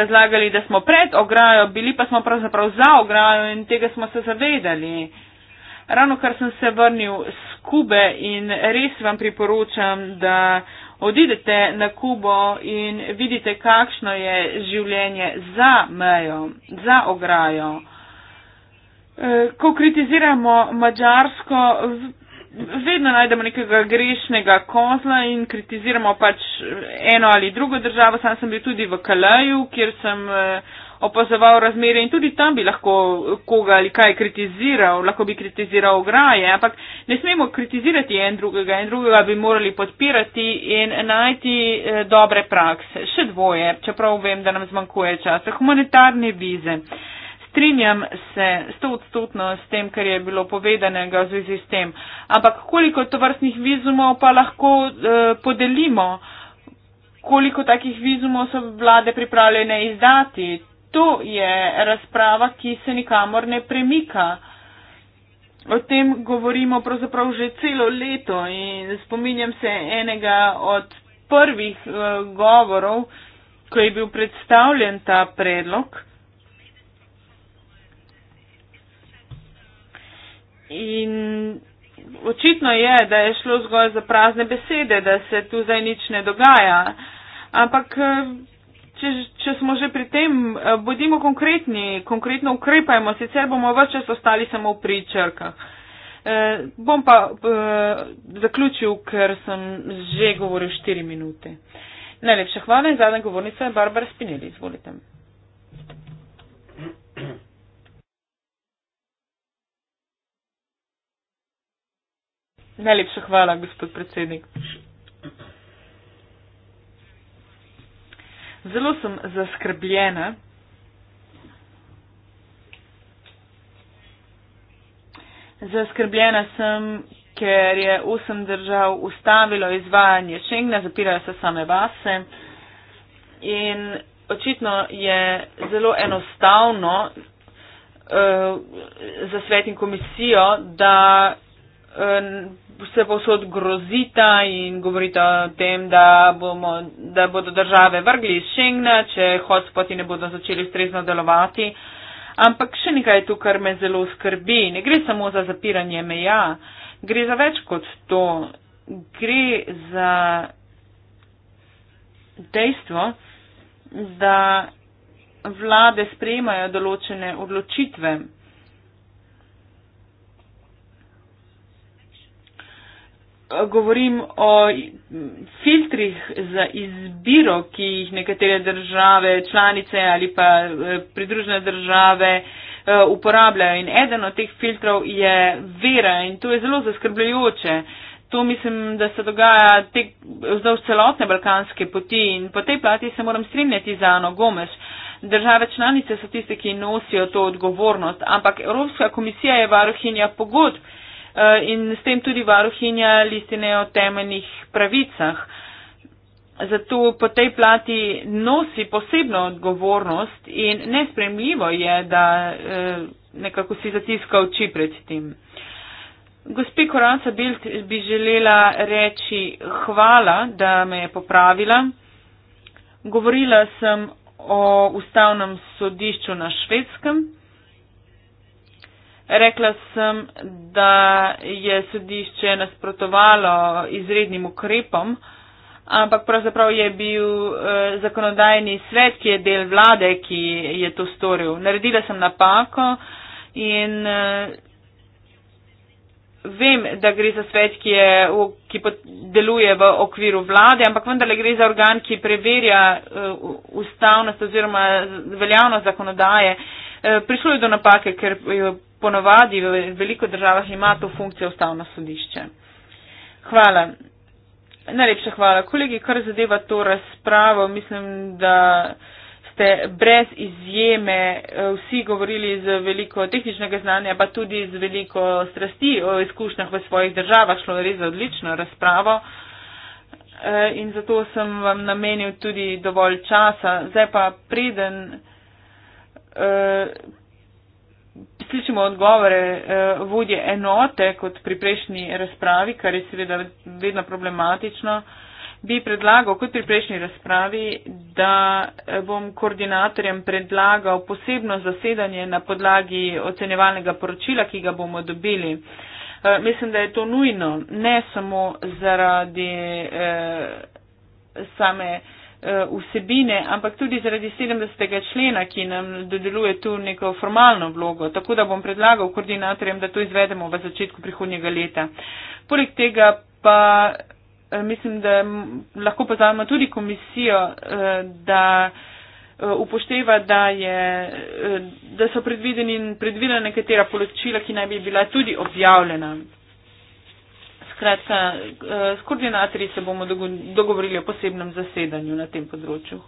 razlagali, da smo pred ograjo, bili pa smo pravzaprav za ograjo in tega smo se zavedali. Uh, Ravno kar sem se vrnil s Kube in res vam priporočam, da odidete na Kubo in vidite, kakšno je življenje za mejo, za ograjo. E, ko kritiziramo Mačarsko, vedno najdemo nekega grešnega kozla in kritiziramo pač eno ali drugo državo. Sam sem bil tudi v Kalaju, kjer sem eh, opazoval razmere in tudi tam bi lahko koga ali kaj kritiziral, lahko bi kritiziral ograje, ampak ne smemo kritizirati en drugega, en drugega bi morali podpirati in najti eh, dobre prakse. Še dvoje, čeprav vem, da nam zmanjkuje časa. Humanitarne vize. Strinjam se stotstotno s tem, kar je bilo povedanega v zvezi s tem, ampak koliko to vrstnih vizumov pa lahko eh, podelimo, koliko takih vizumov so vlade pripravljene izdati, tu je razprava, ki se nikamor ne premika. O tem govorimo pravzaprav že celo leto in spominjam se enega od prvih eh, govorov, ko je bil predstavljen ta predlog. In očitno je, da je šlo zgolj za prazne besede, da se tu zdaj nič ne dogaja. Ampak eh, če, če smo že pri tem, eh, bodimo konkretni, konkretno ukrepajmo, sicer bomo vse čas ostali samo v pričrkah. Eh, bom pa eh, zaključil, ker sem že govoril štiri minute. Najlepša hvala in zadnja govornica je Barbara Spinelli. Izvolite. Najlepša hvala, gospod predsednik. Zelo sem zaskrbljena. Zaskrbljena sem, ker je osem držav ustavilo izvajanje šengna, zapirajo se same vase in očitno je zelo enostavno uh, za svet in komisijo, da Eh, se posod grozita in govorita o tem, da, bomo, da bodo države vrgli iz Schengna, če hotspoti ne bodo začeli strezno delovati. Ampak še nekaj je tu, kar me zelo skrbi. Ne gre samo za zapiranje meja, gre za več kot to. Gre za dejstvo, da vlade sprejemajo določene odločitve. govorim o filtrih za izbiro, ki jih nekatere države, članice ali pa eh, pridružene države eh, uporabljajo. In eden od teh filtrov je vera in to je zelo zaskrbljujoče. To mislim, da se dogaja vzdolž celotne balkanske poti in po tej plati se moram strinjati za Ano Gomes. Države članice so tiste, ki nosijo to odgovornost, ampak Evropska komisija je varohinja pogodb. Eh, in s tem tudi varuhinja listine o temeljnih pravicah. Zato po tej plati nosi posebno odgovornost in nespremljivo je, da eh, nekako si zatiska oči pred tim. Gospi Koranca Bilt bi želela reči hvala, da me je popravila. Govorila sem o ustavnem sodišču na švedskem. Rekla sem, da je sodišče nasprotovalo izrednim ukrepom, ampak pravzaprav je bil eh, zakonodajni svet, ki je del vlade, ki je to storil. Naredila sem napako in eh, vem, da gre za svet, ki, je, ki deluje v okviru vlade, ampak vendarle gre za organ, ki preverja eh, ustavnost oziroma veljavnost zakonodaje. Prišlo je do napake, ker ponovadi v veliko državah ima to funkcijo ustavno sodišče. Hvala. Najlepša hvala. Kolegi, kar zadeva to razpravo, mislim, da ste brez izjeme eh, vsi govorili z veliko tehničnega znanja, pa tudi z veliko strasti o izkušnjah v svojih državah. Šlo je res za odlično razpravo. Eh, in zato sem vam namenil tudi dovolj časa. Zdaj pa preden, eh, slišimo odgovore eh, vodje enote kot pri prejšnji razpravi, kar je seveda vedno problematično, bi predlagal kot pri prejšnji razpravi, da eh, bom koordinatorjem predlagal posebno zasedanje na podlagi ocenevalnega poročila, ki ga bomo dobili. Eh, mislim, da je to nujno, ne samo zaradi eh, same. Eh, vsebine, ampak tudi zaradi 70. člena, ki nam dodeluje tu neko formalno vlogo. Tako da bom predlagal koordinatorjem, da to izvedemo v začetku prihodnjega leta. Poleg tega pa eh, mislim, da lahko pozovemo tudi komisijo, eh, da upošteva, da, je, da so predvidene nekatera poročila, ki naj bi bila tudi objavljena. Skratka, eh, s koordinatorji se bomo dogovorili o posebnem zasedanju na tem področju.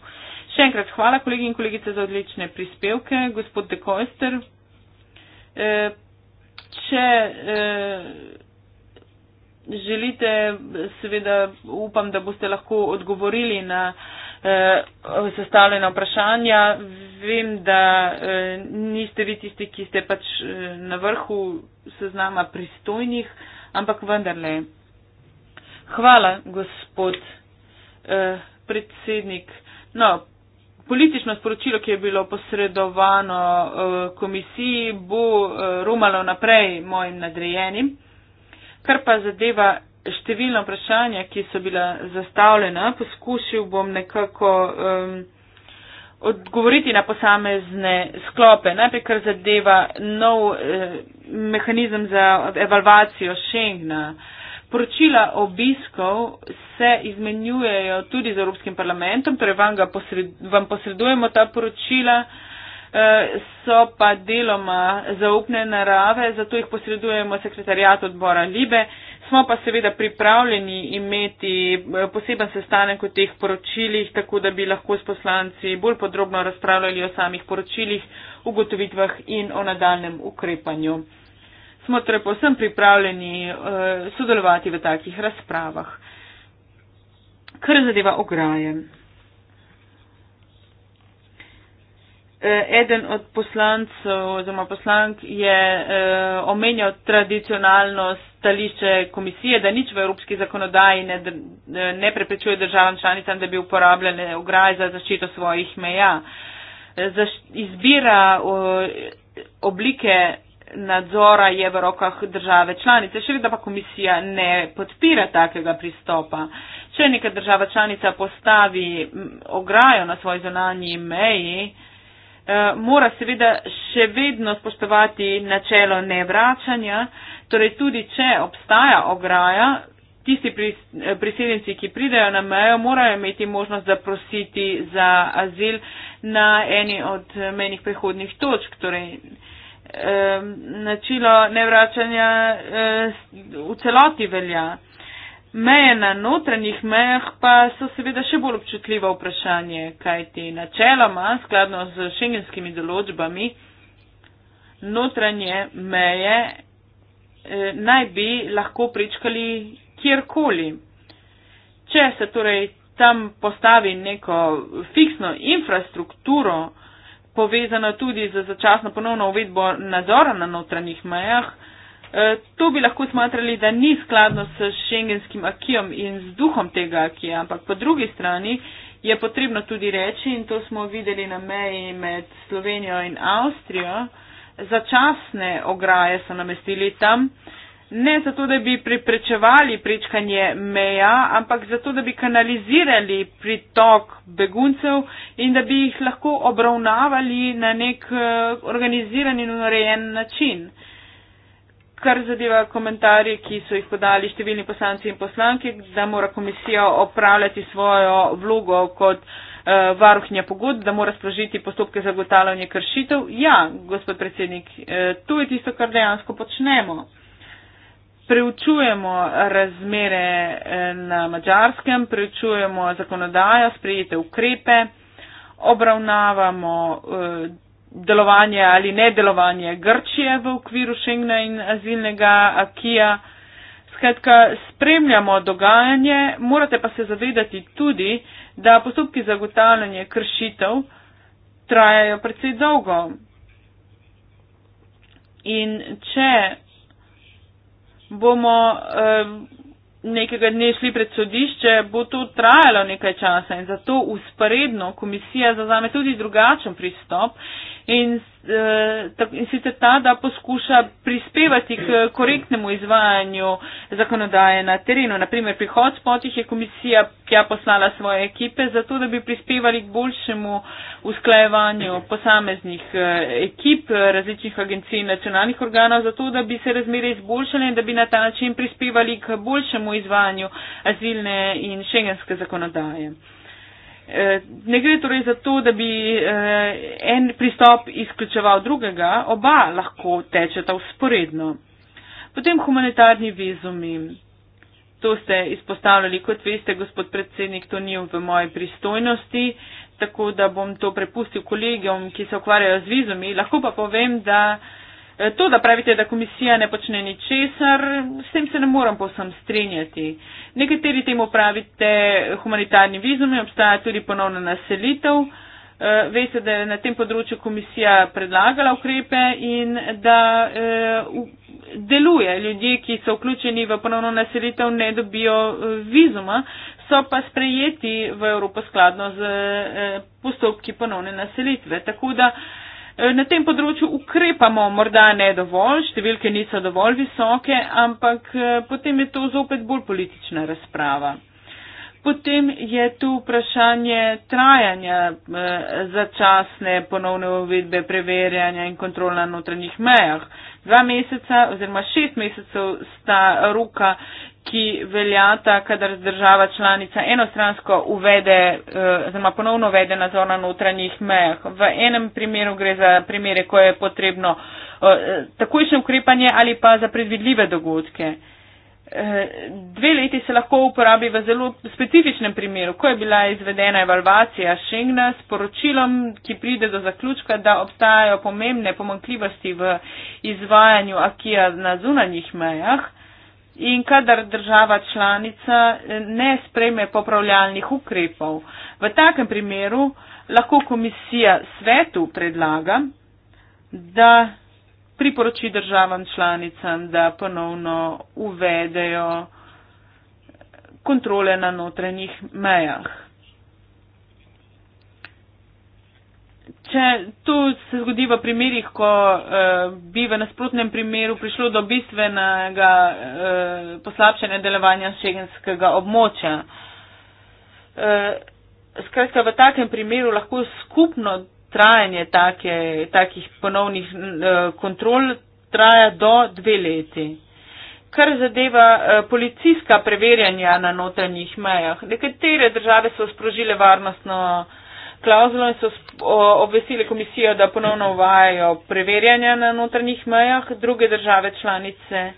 Še enkrat hvala kolegi in kolegice za odlične prispevke. Gospod De Koester, eh, če eh, želite, seveda upam, da boste lahko odgovorili na sestavljena vprašanja. Vem, da niste vi tisti, ki ste pač na vrhu seznama pristojnih ampak vendarle. Hvala, gospod eh, predsednik. No, Politično sporočilo, ki je bilo posredovano eh, komisiji, bo eh, rumalo naprej mojim nadrejenim. Kar pa zadeva številna vprašanja, ki so bila zastavljena, poskušal bom nekako um, odgovoriti na posamezne sklope. Najprej, kar zadeva nov eh, mehanizem za evalvacijo Schengna. Poročila obiskov se izmenjujejo tudi z Evropskim parlamentom, torej vam, posred, vam posredujemo ta poročila, eh, so pa deloma zaupne narave, zato jih posredujemo sekretarijat odbora Libe. Eh, smo pa seveda pripravljeni imeti eh, poseben sestanek o teh poročilih, tako da bi lahko s poslanci bolj podrobno razpravljali o samih poročilih, ugotovitvah in o nadaljem ukrepanju. Smo torej posebno pripravljeni eh, sodelovati v takih razpravah. Kar zadeva ograje. Eh, eden od poslancev oziroma poslank je eh, omenjal tradicionalno stališče komisije, da nič v evropski zakonodaji ne, eh, ne preprečuje državam članicam, da bi uporabljale ograje za zaščito svojih meja. Eh, Zaš, izbira eh, oblike nadzora je v rokah države članice, še vedno pa komisija ne podpira takega pristopa. Če neka država članica postavi ograjo na svoji zonanji meji, eh, Eh, mora seveda še vedno spoštovati načelo nevračanja, torej tudi če obstaja ograja, tisti eh, priseljenci, ki pridejo na mejo, morajo imeti možnost zaprositi za azil na eni od menih prihodnih točk. Torej, eh, Načelo nevračanja v celoti velja. Meje na notranjih mejah pa so seveda še bolj občutljivo vprašanje, kajti načeloma, skladno z šengenskimi določbami, notranje meje eh, naj bi lahko pričkali kjerkoli. Če se torej tam postavi neko fiksno infrastrukturo, povezano tudi z začasno ponovno uvedbo nadzora na notranjih mejah, Eh, to bi lahko smatrali, da ni skladno s šengenskim akijom in z duhom tega akija, ampak po drugi strani je potrebno tudi reči, in to smo videli na meji med Slovenijo in Avstrijo, začasne ograje so namestili tam, ne zato, da bi preprečevali prečkanje meja, ampak zato, da bi kanalizirali pritok beguncev in da bi jih lahko obravnavali na nek eh, organiziran in urejen način. Uh, kar zadeva komentarje, ki so jih podali številni poslanci in poslanki, da mora komisija opravljati svojo vlogo kot uh, eh, varuhnja pogod, da mora sprožiti postopke zagotavljanja kršitev. Ja, gospod predsednik, uh, eh, tu je tisto, kar dejansko počnemo. Preučujemo razmere eh, na mačarskem, preučujemo zakonodajo, sprejete ukrepe, obravnavamo delovanje ali nedelovanje Grčije v okviru Schengna in azilnega akija. Skratka, spremljamo dogajanje, morate pa se zavedati tudi, da postopki zagotavljanja kršitev trajajo predvsej dolgo. In če bomo eh, nekega dne šli pred sodišče, bo to trajalo nekaj časa in zato usporedno komisija zazame tudi drugačen pristop in, eh, in sicer ta, da poskuša prispevati k korektnemu izvajanju zakonodaje na terenu. Naprimer, pri hotspotih je komisija tja poslala svoje ekipe, zato da bi prispevali k boljšemu usklajevanju posameznih eh, ekip eh, različnih agencij in nacionalnih organov, zato da bi se razmere izboljšale in da bi na ta način prispevali k boljšemu izvajanju azilne in šengenske zakonodaje. Eh, ne gre torej za to, da bi eh, en pristop izključeval drugega, oba lahko tečeta usporedno. Potem humanitarni vizumi. To ste izpostavljali, kot veste, gospod predsednik, to ni v moji pristojnosti, tako da bom to prepustil kolegom, ki se ukvarjajo z vizumi. Lahko pa povem, da. Eh, to, da pravite, da komisija ne počne ničesar, s tem se ne moram povsem strinjati. Nekateri temu pravite humanitarni vizum in obstaja tudi ponovna naselitev. Eh, veste, da je na tem področju komisija predlagala ukrepe in da eh, deluje. Ljudje, ki so vključeni v ponovno naselitev, ne dobijo vizuma, so pa sprejeti v Evropo skladno z postopki ponovne naselitve. Tako da Eh, na tem področju ukrepamo morda ne dovolj, številke niso dovolj visoke, ampak eh, potem je to zopet bolj politična razprava. Potem je tu vprašanje trajanja eh, začasne ponovne uvedbe preverjanja in kontrola na notranjih mejah. Dva meseca oziroma šest mesecev sta roka, ki veljata, kadar država članica enostransko uvede, eh, oziroma ponovno uvede nadzor na notranjih mejah. V enem primeru gre za primere, ko je potrebno eh, takojšnje ukrepanje ali pa za predvidljive dogodke. Eh, dve leti se lahko uporabi v zelo specifičnem primeru, ko je bila izvedena evalvacija Schengna s poročilom, ki pride do zaključka, da obstajajo pomembne pomankljivosti v izvajanju akija na zunanjih mejah in kadar država članica eh, ne spreme popravljalnih ukrepov. V takem primeru lahko komisija svetu predlaga, da priporoči državam članicam, da ponovno uvedejo kontrole na notranjih mejah. Če to se zgodi v primerih, ko eh, bi v nasprotnem primeru prišlo do bistvenega eh, poslabšanja delovanja šengenskega območja. Eh, skratka, v takem primeru lahko skupno trajanje take, takih ponovnih eh, kontrol traja do dve leti. Kar zadeva eh, policijska preverjanja na notranjih mejah. Nekatere države so sprožile varnostno klauzulo in so obvestili komisijo, da ponovno uvajajo preverjanja na notranjih mejah. Druge države članice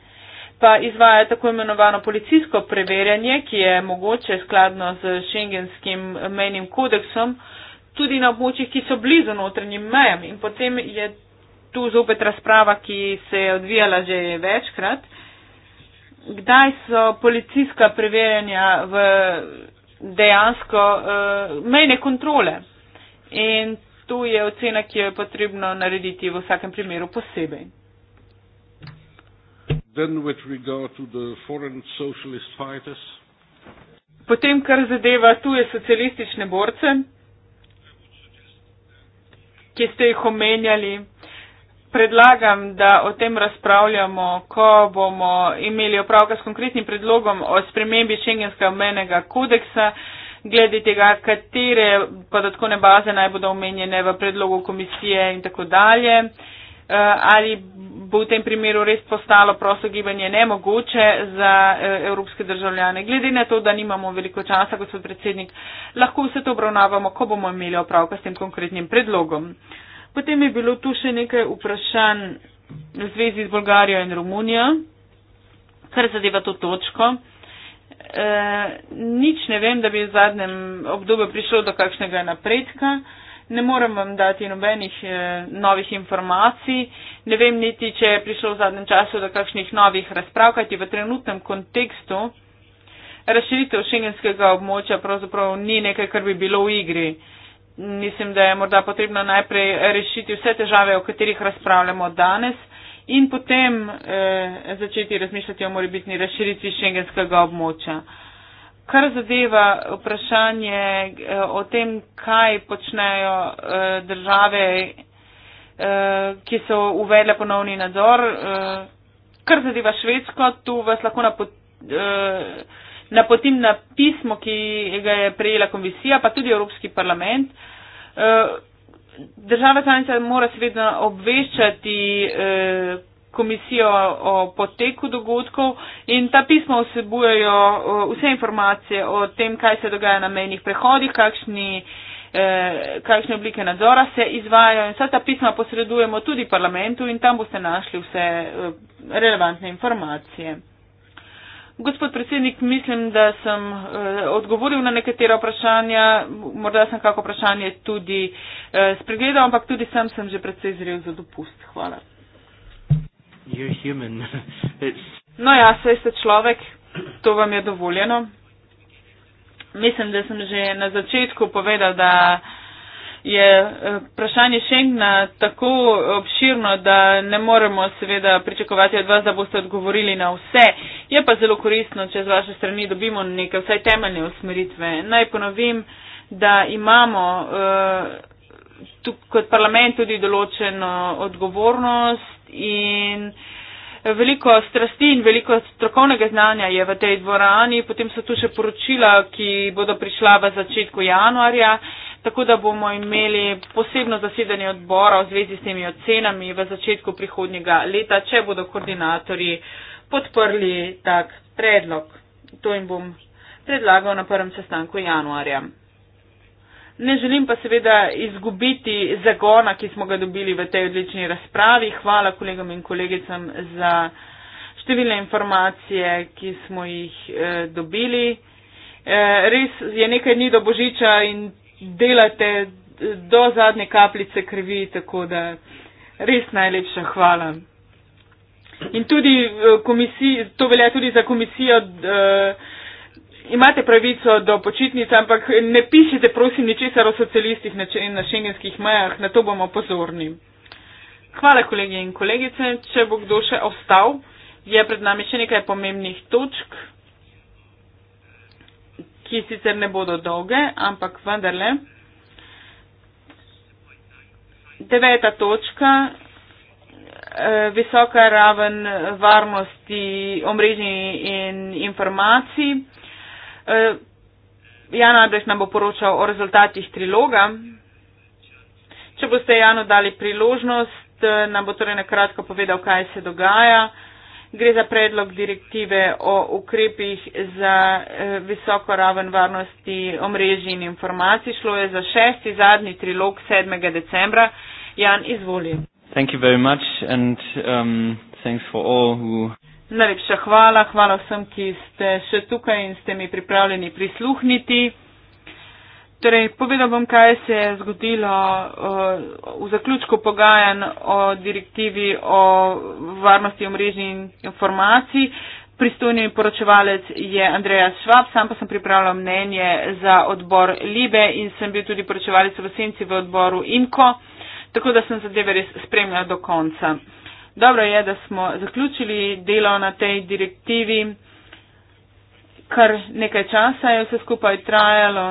pa izvajajo tako imenovano policijsko preverjanje, ki je mogoče skladno z šengenskim menim kodeksom, tudi na območjih, ki so blizu notranjim mejam. In potem je tu zopet razprava, ki se je odvijala že večkrat. Kdaj so policijska preverjanja v dejansko uh, mejne kontrole? in tu je ocena, ki jo je potrebno narediti v vsakem primeru posebej. Potem, kar zadeva tuje socialistične borce, ki ste jih omenjali, predlagam, da o tem razpravljamo, ko bomo imeli opravka s konkretnim predlogom o spremembi šengenskega omenjenega kodeksa. Uh, glede tega, katere podatkovne baze naj bodo omenjene v predlogu komisije in tako dalje. Eh, ali bo v tem primeru res postalo prosto gibanje nemogoče za eh, evropske državljane? Glede na to, da nimamo veliko časa, gospod predsednik, lahko vse to obravnavamo, ko bomo imeli opravka s tem konkretnim predlogom. Potem je bilo tu še nekaj vprašanj v zvezi z Bolgarijo in Romunijo, kar zadeva to točko eh, nič ne vem, da bi v zadnjem obdobju prišlo do kakšnega napredka. Ne morem vam dati nobenih eh, novih informacij. Ne vem niti, če je prišlo v zadnjem času do kakšnih novih razprav, kajti v trenutnem kontekstu razširitev šengenskega območja pravzaprav ni nekaj, kar bi bilo v igri. Mislim, da je morda potrebno najprej rešiti vse težave, o katerih razpravljamo danes in potem eh, začeti razmišljati o morebitni razširitvi šengenskega območja. Kar zadeva vprašanje eh, o tem, kaj počnejo eh, države, eh, ki so uvedle ponovni nadzor, eh, kar zadeva Švedsko, tu vas lahko napot, eh, napotim na pismo, ki ga je prejela komisija, pa tudi Evropski parlament. Eh, država članica mora seveda obveščati eh, komisijo o poteku dogodkov in ta pisma vsebujejo eh, vse informacije o tem, kaj se dogaja na mejnih prehodih, kakšni, eh, kakšne oblike nadzora se izvajajo in vsa ta pisma posredujemo tudi parlamentu in tam boste našli vse relevantne informacije. Gospod predsednik, mislim, da sem eh, odgovoril na nekatera vprašanja, morda sem kako vprašanje tudi eh, spregledal, ampak tudi sam sem že predvsej zrel za dopust. Hvala. No ja, saj ste človek, to vam je dovoljeno. Mislim, da sem že na začetku povedal, da eh, je eh, vprašanje Schengna tako obširno, da ne moremo seveda pričakovati od vas, da boste odgovorili na vse. Je pa zelo koristno, če z vaše strani dobimo neke vsaj temeljne usmeritve. Naj ponovim, da imamo eh, kot parlament tudi določeno odgovornost in Veliko strasti in veliko strokovnega znanja je v tej dvorani, potem so tu še poročila, ki bodo prišla v začetku januarja. Uh, tako da bomo imeli posebno zasedanje odbora v zvezi s temi ocenami v začetku prihodnjega leta, če bodo koordinatorji podprli tak predlog. To jim bom predlagal na prvem sestanku januarja. Ne želim pa seveda izgubiti zagona, ki smo ga dobili v tej odlični razpravi. Hvala kolegom in kolegicam za številne informacije, ki smo jih eh, dobili. Eh, res je nekaj dni do božiča in delate do zadnje kapljice krvi, tako da res najlepša hvala. In tudi eh, komisija, to velja tudi za komisijo, uh, imate pravico do počitnic, ampak ne pišite prosim ničesar o socialistih na, na šengenskih mejah, na to bomo pozorni. Hvala kolegi in kolegice, če bo kdo še ostal, je pred nami še nekaj pomembnih točk ki sicer ne bodo dolge, ampak vendarle. Deveta točka, eh, visoka raven varnosti omrežij in informacij. Eh, Jan Adres nam bo poročal o rezultatih triloga. Če boste Janu dali priložnost, eh, nam bo torej na kratko povedal, kaj se dogaja. Gre za predlog direktive o ukrepih za eh, visoko raven varnosti omrežij in informacij. Šlo je za šesti zadnji trilog 7. decembra. Jan, izvoli. Um, Najlepša hvala, hvala vsem, ki ste še tukaj in ste mi pripravljeni prisluhniti. Torej, povedal bom, kaj se je zgodilo uh, v zaključku pogajanj o direktivi o varnosti omrežij in informacij. Pristojni poročevalec je Andreja Švab, sam pa sem pripravljal mnenje za odbor Libe in sem bil tudi poročevalec v senci v odboru Inko, tako da sem zadeve res spremljal do konca. Dobro je, da smo zaključili delo na tej direktivi. Kar nekaj časa je vse skupaj trajalo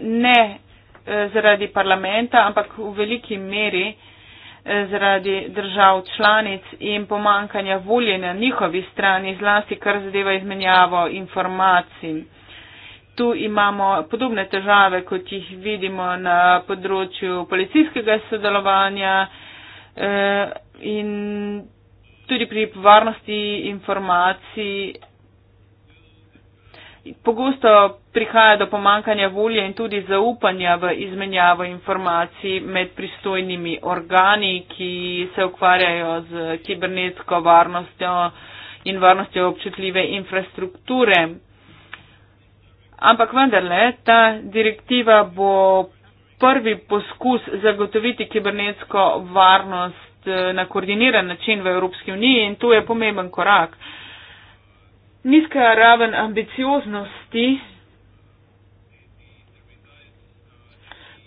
ne eh, zaradi parlamenta, ampak v veliki meri eh, zaradi držav članic in pomankanja volje na njihovi strani, zlasti kar zadeva izmenjavo informacij. Tu imamo podobne težave, kot jih vidimo na področju policijskega sodelovanja eh, in tudi pri varnosti informacij pogosto prihaja do pomankanja volje in tudi zaupanja v izmenjavo informacij med pristojnimi organi, ki se ukvarjajo z kibernetsko varnostjo in varnostjo občutljive infrastrukture. Ampak vendarle, ta direktiva bo prvi poskus zagotoviti kibernetsko varnost eh, na koordiniran način v Evropski uniji in to je pomemben korak. Uh, nizka raven ambicioznosti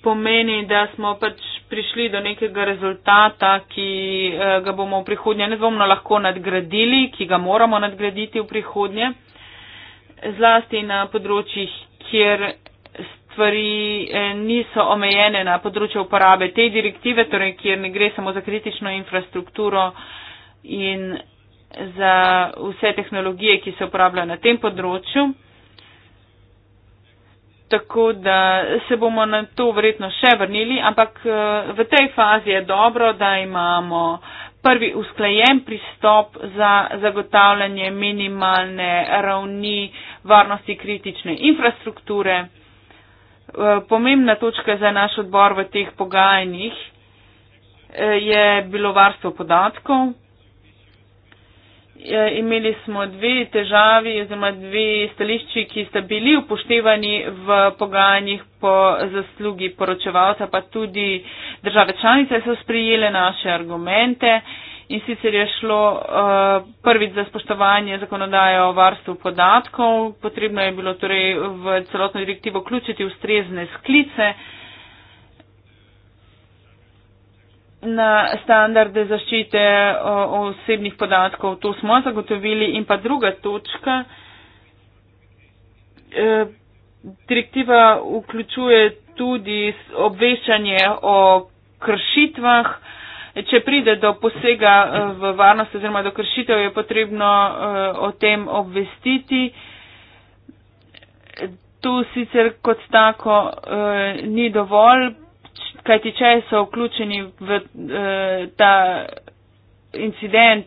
pomeni, da smo pač prišli do nekega rezultata, ki eh, ga bomo v prihodnje nedvomno lahko nadgradili, ki ga moramo nadgraditi v prihodnje, zlasti na področjih, kjer stvari eh, niso omejene na področju uporabe te direktive, torej kjer ne gre samo za kritično infrastrukturo in za vse tehnologije, ki se uporabljajo na tem področju. Tako da se bomo na to verjetno še vrnili, ampak eh, v tej fazi je dobro, da imamo prvi usklajen pristop za zagotavljanje minimalne ravni varnosti kritične infrastrukture. Eh, pomembna točka za naš odbor v teh pogajanjih eh, je bilo varstvo podatkov. Eh, imeli smo dve težavi oziroma dve stališči, ki sta bili upoštevani v pogajanjih po zaslugi poročevalca, pa tudi države članice so sprijele naše argumente. In sicer je šlo eh, prvič za spoštovanje zakonodaje o varstvu podatkov, potrebno je bilo torej v celotno direktivo vključiti ustrezne sklice. na standarde zaščite osebnih podatkov. To smo zagotovili. In pa druga točka, e, direktiva vključuje tudi obveščanje o kršitvah. Če pride do posega e, v varnost oziroma do kršitev, je potrebno e, o tem obvestiti. Tu sicer kot tako ni dovolj kajti če so vključeni v uh, ta incident,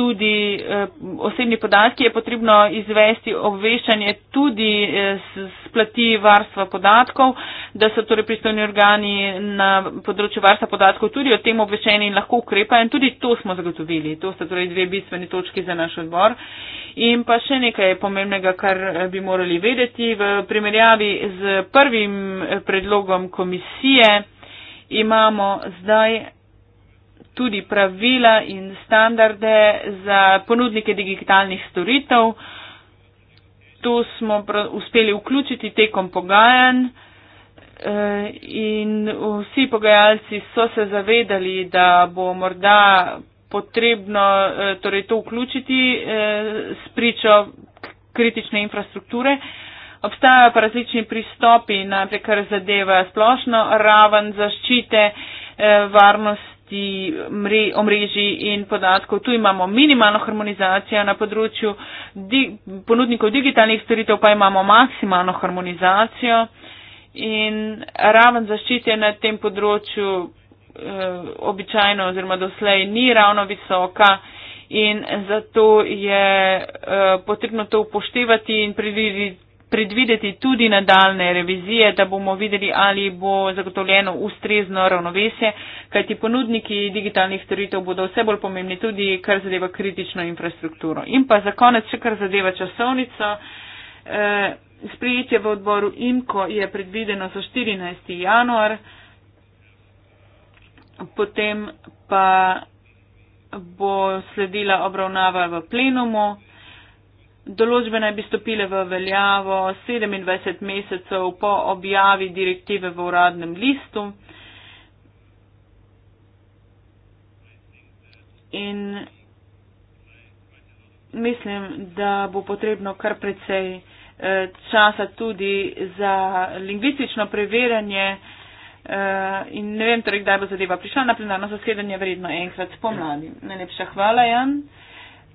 tudi eh, osebni podatki, je potrebno izvesti obveščanje tudi eh, splati varstva podatkov, da so torej pristojni organi na področju varstva podatkov tudi o tem obveščeni in lahko ukrepajo. In tudi to smo zagotovili. To sta torej dve bistveni točki za naš odbor. In pa še nekaj pomembnega, kar eh, bi morali vedeti. V primerjavi z prvim eh, predlogom komisije imamo zdaj tudi pravila in standarde za ponudnike digitalnih storitev. To smo uspeli vključiti tekom pogajanj eh, in vsi pogajalci so se zavedali, da bo morda potrebno eh, torej, to vključiti eh, s pričo kritične infrastrukture. Obstajajo pa različni pristopi, naprej kar zadeva splošno raven zaščite, varnost ti mre, omrežji in podatkov. Tu imamo minimalno harmonizacijo, na področju di, ponudnikov digitalnih storitev pa imamo maksimalno harmonizacijo in raven zaščite na tem področju eh, običajno oziroma doslej ni ravno visoka in zato je eh, potrebno to upoštevati in predvideti predvideti tudi nadaljne revizije, da bomo videli, ali bo zagotovljeno ustrezno ravnovesje, kajti ponudniki digitalnih storitev bodo vse bolj pomembni tudi, kar zadeva kritično infrastrukturo. In pa za konec, še kar zadeva časovnico, eh, sprejetje v odboru IMKO je predvideno za 14. januar, potem pa bo sledila obravnava v plenumu. Določbe naj bi stopile v veljavo 27 mesecev po objavi direktive v uradnem listu. In mislim, da bo potrebno kar precej eh, časa tudi za lingvistično preverjanje eh, in ne vem torej, kdaj bo zadeva prišla na plenarno zasedanje, vredno enkrat spomladi. Najlepša hvala, Jan.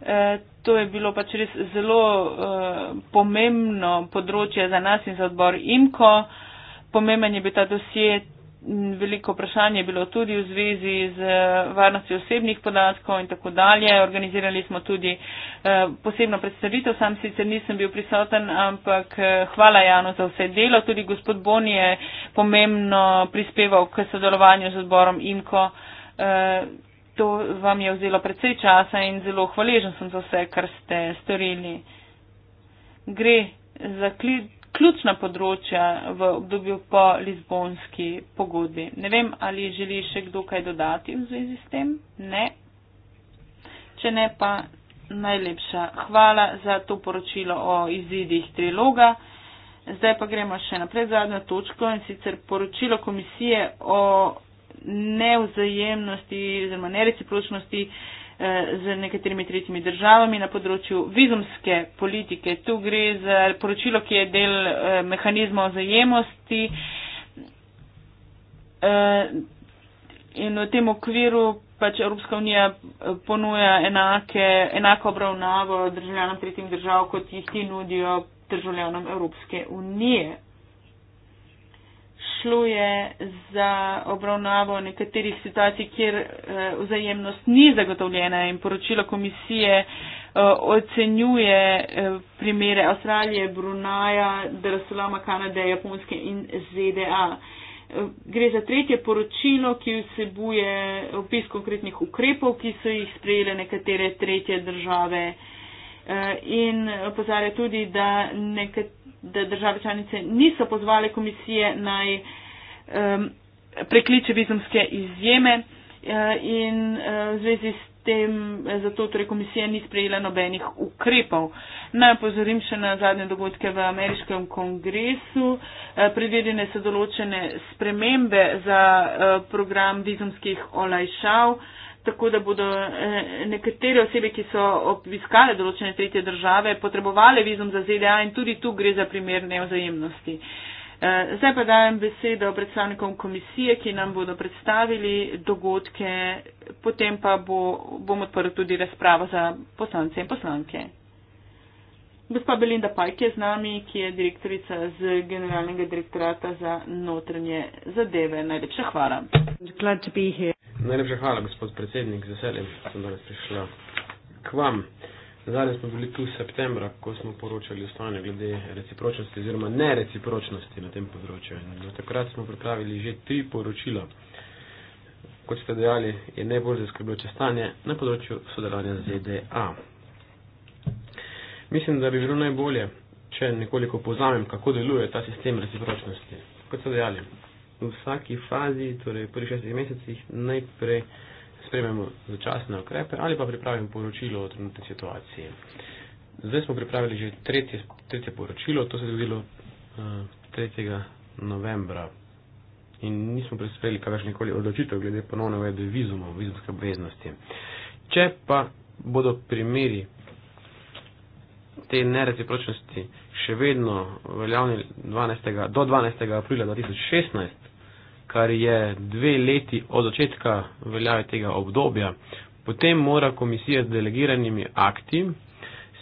Eh, to je bilo pač res zelo eh, pomembno področje za nas in za odbor IMKO. Pomemben je bil ta dosje, veliko vprašanje je bilo tudi v zvezi z eh, varnostjo osebnih podatkov in tako dalje. Organizirali smo tudi posebno predstavitev, sam sicer nisem bil prisoten, ampak hvala Janu za vse delo. Tudi gospod Bon je pomembno prispeval k sodelovanju z odborom IMKO to vam je vzelo precej časa in zelo hvaležen sem za vse, kar ste storili. Gre za ključna področja v obdobju po Lizbonski pogodbi. Ne vem, ali želi še kdo kaj dodati v zvezi s tem. Ne. Če ne, pa najlepša hvala za to poročilo o izidih triloga. Zdaj pa gremo še naprej zadnjo točko in sicer poročilo komisije o neuzajemnosti oziroma nereciprošnosti eh, z nekaterimi tretjimi državami na področju vizumske politike. Tu gre za poročilo, ki je del eh, mehanizma vzajemnosti eh, in v tem okviru pač Evropska unija ponuja enake, enako obravnavo državljanom tretjih držav, kot jih ti nudijo državljanom Evropske unije šlo je za obravnavo nekaterih situacij, kjer eh, vzajemnost ni zagotovljena in poročilo komisije eh, ocenjuje eh, primere Avstralije, Brunaja, Darasulama, Kanade, Japonske in ZDA. Gre za tretje poročilo, ki vsebuje opis konkretnih ukrepov, ki so jih sprejele nekatere tretje države. Eh, in opozarja tudi, da, nekaj, da države članice niso pozvale komisije naj um, prekliče vizumske izjeme eh, in eh, v zvezi s tem, zato torej komisija ni sprejela nobenih ukrepov. Naj opozorim še na zadnje dogodke v ameriškem kongresu. Predvedene so določene spremembe za program vizumskih olajšav tako da bodo eh, nekatere osebe, ki so obiskale določene tretje države, potrebovali vizum za ZDA in tudi tu gre za primer neozajemnosti. Eh, zdaj pa dajem besedo predstavnikom komisije, ki nam bodo predstavili dogodke, potem pa bo, bom odprl tudi razpravo za poslance in poslanke. Gospa Belinda Pajk je z nami, ki je direktorica z Generalnega direktorata za notranje zadeve. Najlepša hvala. Najlepša hvala, gospod predsednik, z veseljem, da sem danes prišla k vam. Zadnje smo bili tu v septembra, ko smo poročali o stanju glede recipročnosti oziroma nerecipročnosti na tem področju. Do takrat smo pripravili že tri poročila. Kot ste dejali, je najbolj zaskrbljujoče stanje na področju sodelovanja z ZDA. Mislim, da bi bilo najbolje, če nekoliko povzamem, kako deluje ta sistem recipročnosti. Kot so dejali, v vsaki fazi, torej prvih šestih mesecih, najprej sprememo začasne okrepe ali pa pripravimo poročilo o trenutni situaciji. Zdaj smo pripravili že tretje, tretje poročilo, to se je zgodilo uh, eh, 3. novembra in nismo prispeli kakršnekoli odločitev glede ponovne uvede vizumov, vizumske obveznosti. Če pa bodo primeri te nereciprečnosti še vedno veljavni 12. do 12. aprila 2016, kar je dve leti od začetka veljave tega obdobja, potem mora komisija z delegiranimi akti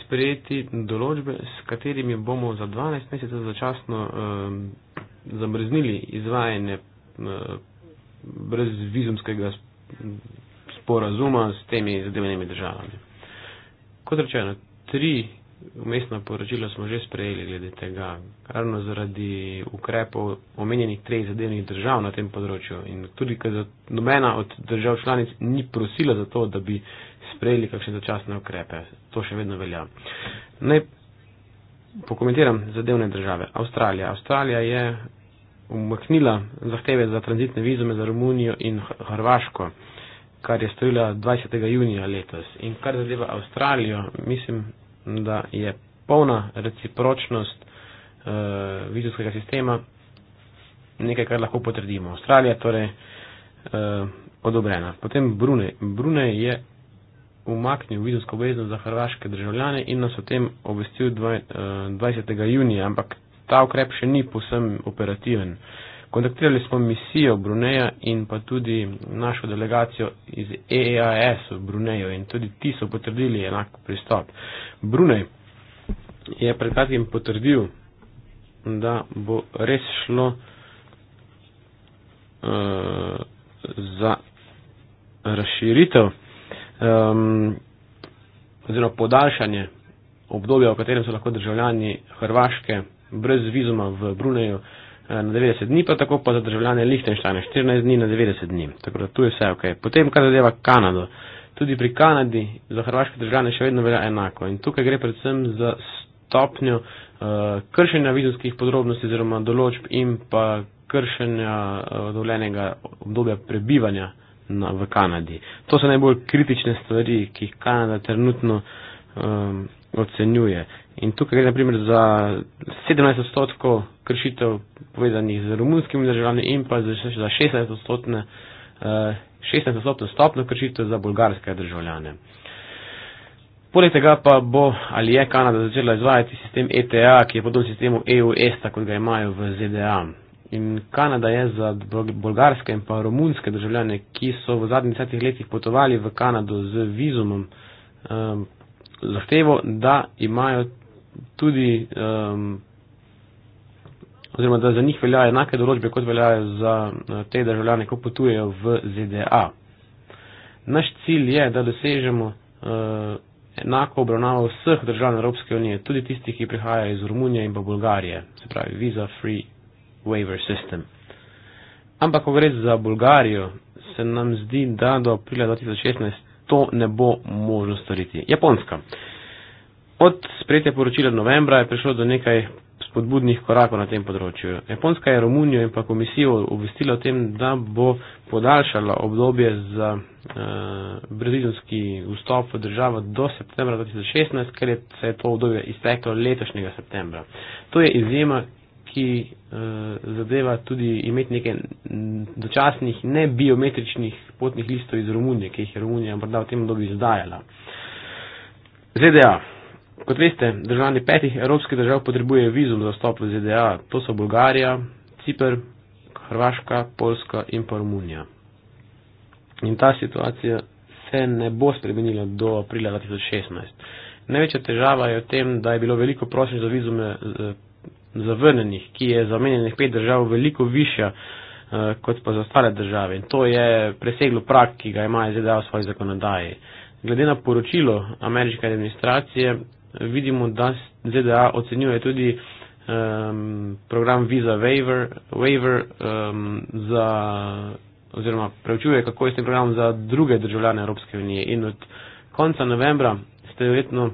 sprejeti določbe, s katerimi bomo za 12 mesecev začasno um, zamrznili izvajanje um, brez vizumskega sporazuma s temi zadevenimi državami. Kot rečeno, tri umestno poročilo smo že sprejeli glede tega, ravno zaradi ukrepov omenjenih treh zadevnih držav na tem področju. In tudi, ker nobena od držav članic ni prosila za to, da bi sprejeli kakšne začasne ukrepe. To še vedno velja. Naj pokomentiram zadevne države. Avstralija. Avstralija je umaknila zahteve za tranzitne vizume za Romunijo in Hrvaško kar je storila 20. junija letos. In kar zadeva Avstralijo, mislim, da je polna recipročnost uh, eh, vizijskega sistema nekaj, kar lahko potrdimo. Avstralija torej uh, odobrena. Potem Brune. Brune je umaknil vizijsko obveznost za hrvaške državljane in nas o tem obvestil dva, uh, 20. junija, ampak ta ukrep še ni posem operativen. Uh, Kontaktirali smo misijo Bruneja in pa tudi našo delegacijo iz EEAS v Bruneju in tudi ti so potrdili enak pristop. Brunej je pred kratkim potrdil, da bo res šlo uh, za razširitev um, oziroma podaljšanje obdobja, v katerem so lahko državljani Hrvaške brez vizuma v Bruneju uh, Eh, na 90 dni, pa tako pa za državljane Lihtenštajna 14 dni na 90 dni. Tako da tu je vse ok. Potem, kar zadeva Kanado. Tudi pri Kanadi za hrvaške državljane še vedno velja enako. In tukaj gre predvsem za stopnjo uh, kršenja vizumskih podrobnosti oziroma določb in pa kršenja uh, dovoljenega obdobja prebivanja na, v Kanadi. To so najbolj kritične stvari, ki jih Kanada trenutno um, ocenjuje. In tukaj gre naprimer za 17 odstotkov kršitev povezanih z rumunskimi državami in pa za 16-odstotne. 16-odstotno eh, stopno kršitev za bolgarske državljane. Poleg tega pa bo ali je Kanada začela izvajati sistem ETA, ki je podoben sistemu EUS, e tako ga imajo v ZDA. In Kanada je za bolgarske in pa romunske državljane, ki so v zadnjih desetih letih potovali v Kanado z vizumom, eh, zahtevo, da imajo tudi eh, oziroma da za njih veljajo enake določbe, kot veljajo za eh, te državljane, ko potujejo v ZDA. Naš cilj je, da dosežemo uh, enako obravnavo vseh držav Evropske unije, tudi tistih, ki prihajajo iz Romunije in pa Bulgarije, se pravi Visa Free Waiver System. Ampak, ko gre za Bulgarijo, se nam zdi, da do aprila 2016 to ne bo možno storiti. Japonska. Od sprejetja poročila novembra je prišlo do nekaj spodbudnih korakov na tem področju. Japonska je Romunijo in pa komisijo obvestila o tem, da bo podaljšala obdobje za eh, brazilski vstop v državo do septembra 2016, ker je, se je to obdobje izteklo letošnjega septembra. To je izjema, ki eh, zadeva tudi imeti nekaj dočasnih nebiometričnih potnih listov iz Romunije, ki jih je Romunija morda v tem obdobju izdajala. ZDA. E Kot veste, državljani petih evropskih držav potrebujejo vizum za vstop v ZDA. To so Bolgarija, Cipr, Hrvaška, Poljska in pa Romunija. In ta situacija se ne bo spremenila do aprila 2016. Največja težava je v tem, da je bilo veliko prošenj za vizume eh, zavrnenih, ki je za omenjenih pet držav veliko višja eh, kot pa za ostale države. In to je preseglo prak, ki ga imajo ZDA v svoji zakonodaji. Glede na poročilo ameriške administracije, vidimo, da ZDA ocenjuje tudi um, program Visa Waiver, waiver um, za, oziroma preučuje, kako je s tem programom za druge državljane Evropske unije. In od konca novembra ste verjetno uh,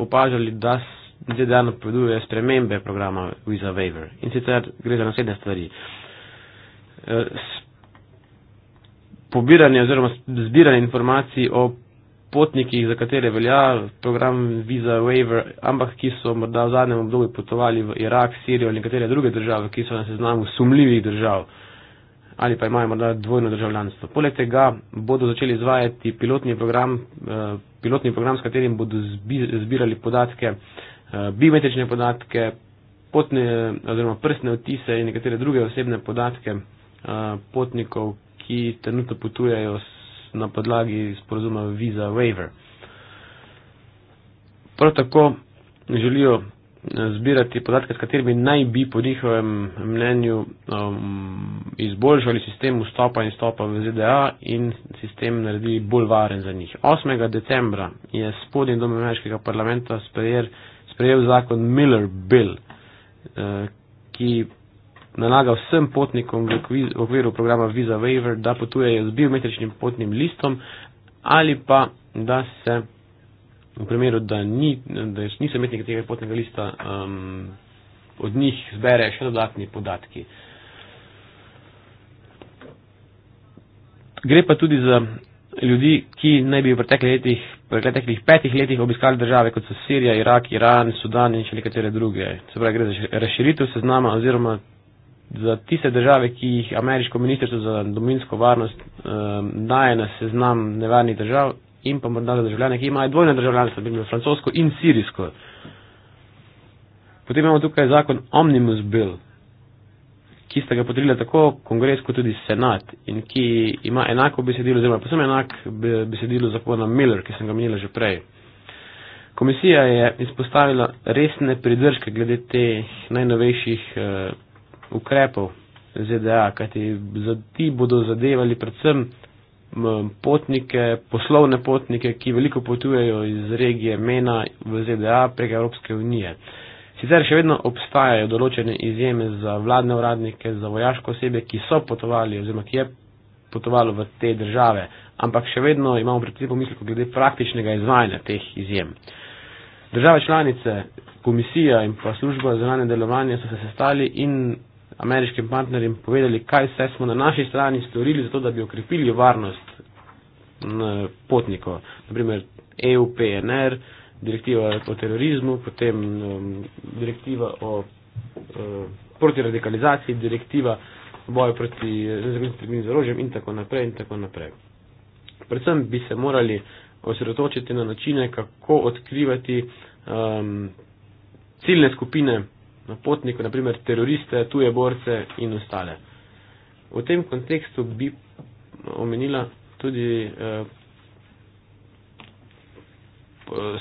opažali, da ZDA napoveduje spremembe programa Visa Waiver. In sicer gre za naslednje stvari. Uh, pobiranje oziroma zbiranje informacij o potnikih, za katere velja program Visa Waiver, ampak ki so morda v zadnjem obdobju potovali v Irak, Sirijo ali nekatere druge države, ki so na seznamu sumljivih držav ali pa imajo morda dvojno državljanstvo. Poleg tega bodo začeli izvajati pilotni program, eh, pilotni program s katerim bodo zbirali podatke, eh, biometrične podatke, potne oziroma prstne otise in nekatere druge osebne podatke eh, potnikov, ki trenutno potujejo s na podlagi sporozuma Visa Waiver. Prav tako želijo eh, zbirati podatke, s katerimi naj bi po njihovem mnenju um, izboljšali sistem vstopa in stopa v ZDA in sistem naredili bolj varen za njih. 8. decembra je spodnji dom ameriškega parlamenta sprejel, sprejel zakon Miller Bill, uh, ki nalaga vsem potnikom v okviru programa Visa Waiver, da potujejo z biometričnim potnim listom ali pa da se v primeru, da, ni, da niso imetniki tega potnega lista, um, od njih zbere še dodatni podatki. Gre pa tudi za ljudi, ki naj bi v preteklih, preteklih petih letih obiskali države, kot so Sirija, Irak, Iran, Sudan in še nekatere druge. Se pravi, gre za razširitev seznama oziroma za tiste države, ki jih ameriško ministrstvo za dominsko varnost eh, daje na seznam nevarnih držav in pa morda za državljane, ki imajo dvojne državljanstvo, primer francosko in sirijsko. Potem imamo tukaj zakon Omnibus Bill, ki sta ga potrdila tako kongres kot tudi senat in ki ima enako besedilo, oziroma posem enako besedilo zakona Miller, ki sem ga menila že prej. Komisija je izpostavila resne pridržke glede teh najnovejših eh, ukrepov ZDA, kajti ti bodo zadevali predvsem potnike, poslovne potnike, ki veliko potujejo iz regije MENA v ZDA prek Evropske unije. Sicer še vedno obstajajo določene izjeme za vladne uradnike, za vojaško osebe, ki so potovali oziroma ki je potovalo v te države, ampak še vedno imamo predvsem pomislek glede praktičnega izvajanja teh izjem. Države članice, komisija in pa služba za zunanje delovanje so se sestali in ameriškim partnerjem povedali, kaj vse smo na naši strani storili, zato da bi okrepili varnost potnikov. Naprimer EU, PNR, direktiva o terorizmu, potem um, direktiva o um, protiradikalizaciji, direktiva o boju proti nezakonitim zarožjem in tako naprej in tako naprej. Predvsem bi se morali osredotočiti na načine, kako odkrivati um, ciljne skupine na potniku, naprimer teroriste, tuje borce in ostale. V tem kontekstu bi omenila tudi eh,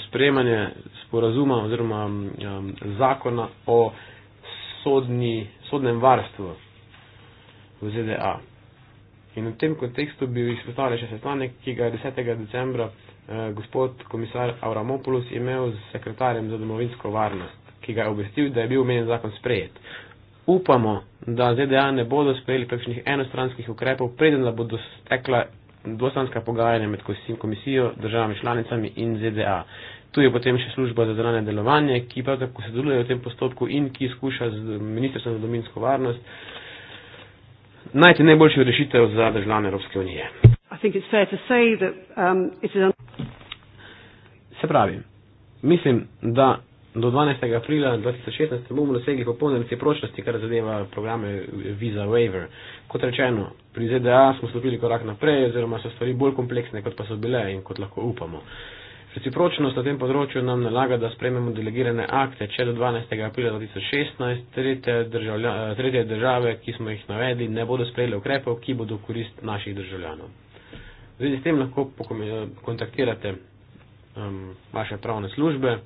sprejemanje sporazuma oziroma eh, zakona o sodni, sodnem varstvu v ZDA. In v tem kontekstu bi izpostavili še sestanek, ki ga je 10. decembra eh, gospod komisar Avramopoulos imel z sekretarjem za domovinsko varnost ki ga je obvestil, da je bil omenjen zakon sprejet. Upamo, da ZDA ne bodo sprejeli kakšnih enostranskih ukrepov, preden da bodo stekla dvostranska pogajanja med komisijo, državami članicami in ZDA. Tu je potem še služba za zelane delovanje, ki prav tako sodeluje v tem postopku in ki skuša z ministrstvom za dominsko varnost najti najboljši rešitev za državljane Evropske unije. That, um, an... Se pravi, mislim, da do 12. aprila 2016 bomo dosegli popolne reciprošnosti, kar zadeva programe Visa Waiver. Kot rečeno, pri ZDA smo stopili korak naprej, oziroma so stvari bolj kompleksne, kot pa so bile in kot lahko upamo. Reciprošnost na tem področju nam nalaga, da sprememo delegirane akte, če do 12. aprila 2016 tretje, državlja, tretje države, ki smo jih navedli, ne bodo sprejeli ukrepov, ki bodo v korist naših državljanov. Zdaj s tem lahko kontaktirate um, vaše pravne službe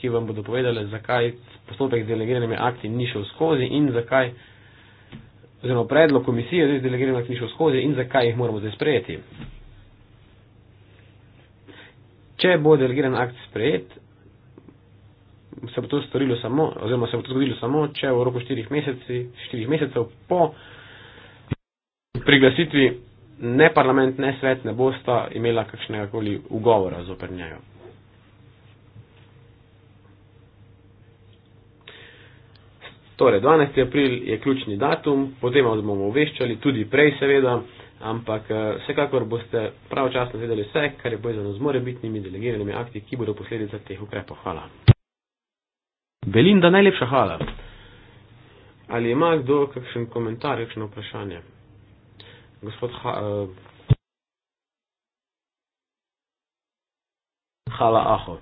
ki vam bodo povedali, zakaj postopek z delegiranimi akti ni šel skozi in zakaj, oziroma predlog komisije z delegiranimi akti ni šel skozi in zakaj jih moramo zdaj sprejeti. Če bo delegiran akt sprejet, se bo to storilo samo, oziroma se bo to zgodilo samo, če v roku štirih, meseci, štirih mesecev po priglasitvi ne parlament, ne svet ne bosta imela kakšnega koli ugovora z oprnjajo. Torej, 12. april je ključni datum, potem vas bomo obveščali, tudi prej seveda, ampak eh, vsekakor boste pravočasno vedeli vse, kar je povezano z morebitnimi delegiranimi akti, ki bodo posledica teh ukrepov. Hvala. Belinda, najlepša hvala. Ali ima kdo kakšen komentar, kakšno vprašanje? Gospod ha, uh, Hala Aho.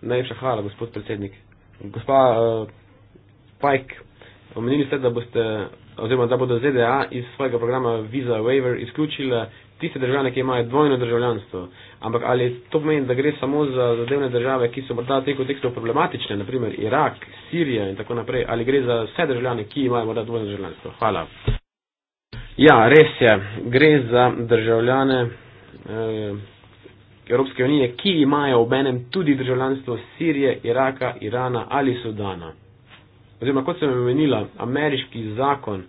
Najlepša hvala, gospod predsednik. Gospa uh, Pike, omenili ste, da boste, oziroma da bodo ZDA iz svojega programa Visa Waiver izključile tiste države, ki imajo dvojno državljanstvo. Ampak ali to pomeni, da gre samo za zadevne države, ki so morda v tem kontekstu problematične, naprimer Irak, Sirija in tako naprej, ali gre za vse državljane, ki imajo morda dvojno državljanstvo? Hvala. Ja, res je, gre za državljane eh, Evropske unije, ki imajo obenem tudi državljanstvo Sirije, Iraka, Irana ali Sudana oziroma kot sem omenila, ameriški zakon,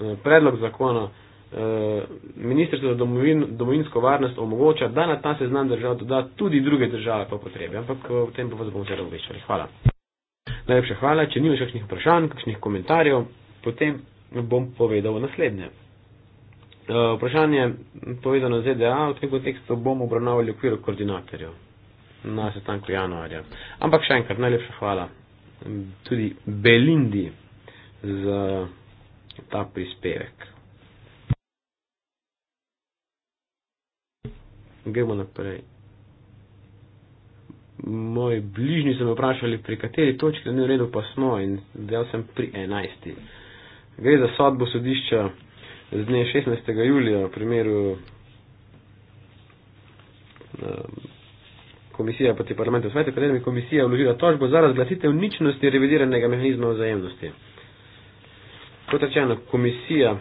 eh, predlog zakona, eh, ministrstvo za domovin, domovinsko varnost omogoča, da na ta seznam držav doda tudi druge države po potrebi. Ampak v eh, tem pa vas bomo zelo obveščali. Hvala. Najlepša hvala. Če nimaš kakšnih vprašanj, kakšnih komentarjev, potem bom povedal naslednje. Vprašanje povezano z ZDA v tem kontekstu bom obravnavali v okviru koordinatorjev na sestanku januarja. Ampak še enkrat najlepša hvala tudi Belindi za ta prispevek. Gremo naprej. Moji bližnji so me vprašali, pri kateri točki ni v redu, pa smo in zdaj sem pri 11. Gre za sodbo sodišča z dne 16. julija v primeru. Um, komisija proti parlamentu Svete akademije komisija vložila tožbo za razglasitev ničnosti revidiranega mehanizma vzajemnosti. Kot rečeno, komisija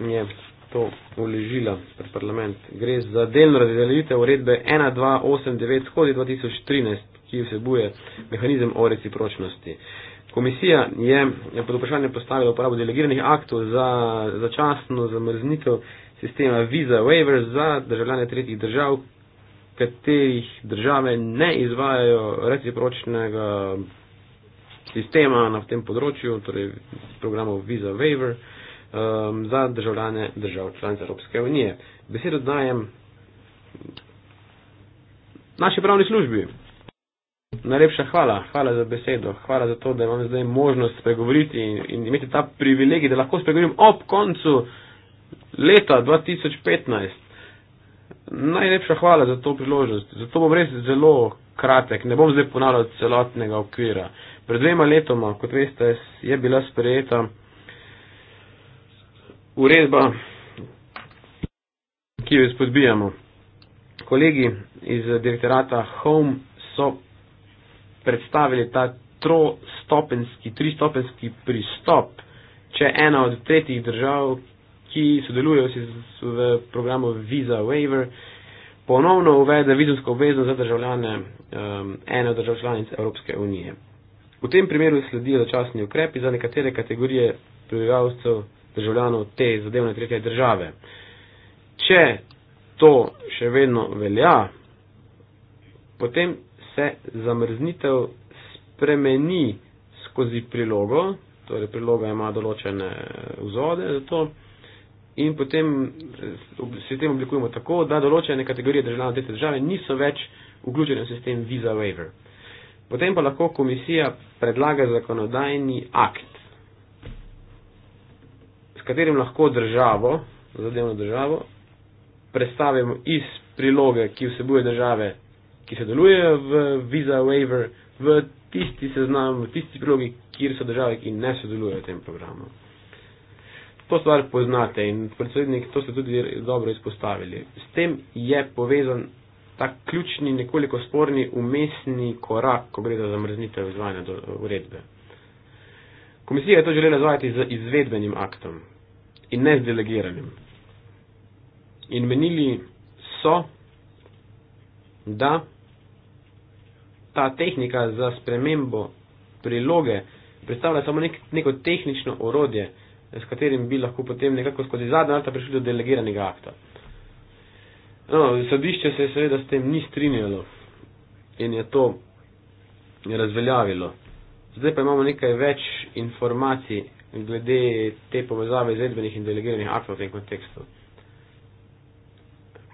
je to vložila pred parlament. Gre za delno razdelitev uredbe 1289 skozi 2013, ki vsebuje mehanizem o recipročnosti. Komisija je pod vprašanje postavila uporabo delegiranih aktov za začasno zamrznitev sistema Visa Waivers za državljane tretjih držav, katerih države ne izvajajo recipročnega sistema na tem področju, torej programov Visa Waiver um, za državljane držav članice Evropske unije. Besedo dajem naši pravni službi. Najlepša hvala, hvala za besedo, hvala za to, da imam zdaj možnost spregovoriti in, in imeti ta privilegij, da lahko spregovorim ob koncu leta 2015 najlepša hvala za to priložnost. Zato bom res zelo kratek, ne bom zdaj ponavljal celotnega okvira. Pred dvema letoma, kot veste, je bila sprejeta uredba, ki jo izpodbijamo. Kolegi iz direktorata Home so predstavili ta trostopenski, tristopenski pristop, če ena od tretjih držav, ki sodelujejo v programu Visa Waiver, ponovno uvede vizumsko obveznost za državljane um, ene od držav članic Evropske unije. V tem primeru sledijo začasni ukrepi za nekatere kategorije prebivalcev državljanov te zadevne tretje države. Če to še vedno velja, potem se zamrznitev spremeni skozi prilogo, torej priloga ima določene vzode za to in potem eh, sistem oblikujemo tako, da določene kategorije državljanov te države niso več vključene v sistem visa waiver. Potem pa lahko komisija predlaga zakonodajni akt, s katerim lahko državo, zadevno državo, predstavimo iz priloge, ki vsebuje države, ki se deluje v visa waiver, v tisti seznam, v tisti prilogi, kjer so države, ki ne sodelujejo v tem programu to stvar poznate in predsednik, to ste tudi dobro izpostavili. S tem je povezan ta ključni, nekoliko sporni umestni korak, ko gre za zamrznitev izvajanja uredbe. Komisija je to želela izvajati z izvedbenim aktom in ne z delegiranjem. In menili so, da ta tehnika za spremembo priloge predstavlja samo nek, neko tehnično orodje, s katerim bi lahko potem nekako skozi zadnja vrata prišli do delegiranega akta. No, sodišče se je seveda s tem ni strinjalo in je to razveljavilo. Zdaj pa imamo nekaj več informacij glede te povezave izvedbenih in delegiranih aktov v tem kontekstu.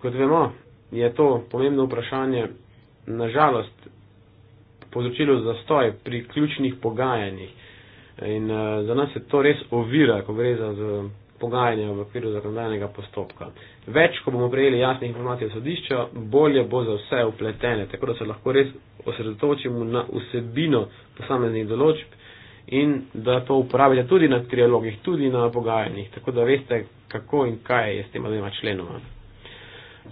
Kot vemo, je to pomembno vprašanje nažalost povzročilo zastoj pri ključnih pogajanjih In uh, za nas je to res ovira, ko gre za pogajanje v okviru zakonodajnega postopka. Več, ko bomo prejeli jasne informacije sodišča, bolje bo za vse upletene, tako da se lahko res osredotočimo na vsebino posameznih določb in da to uporabite tudi na trialogih, tudi na pogajanjih, tako da veste, kako in kaj je s tema dvema členoma.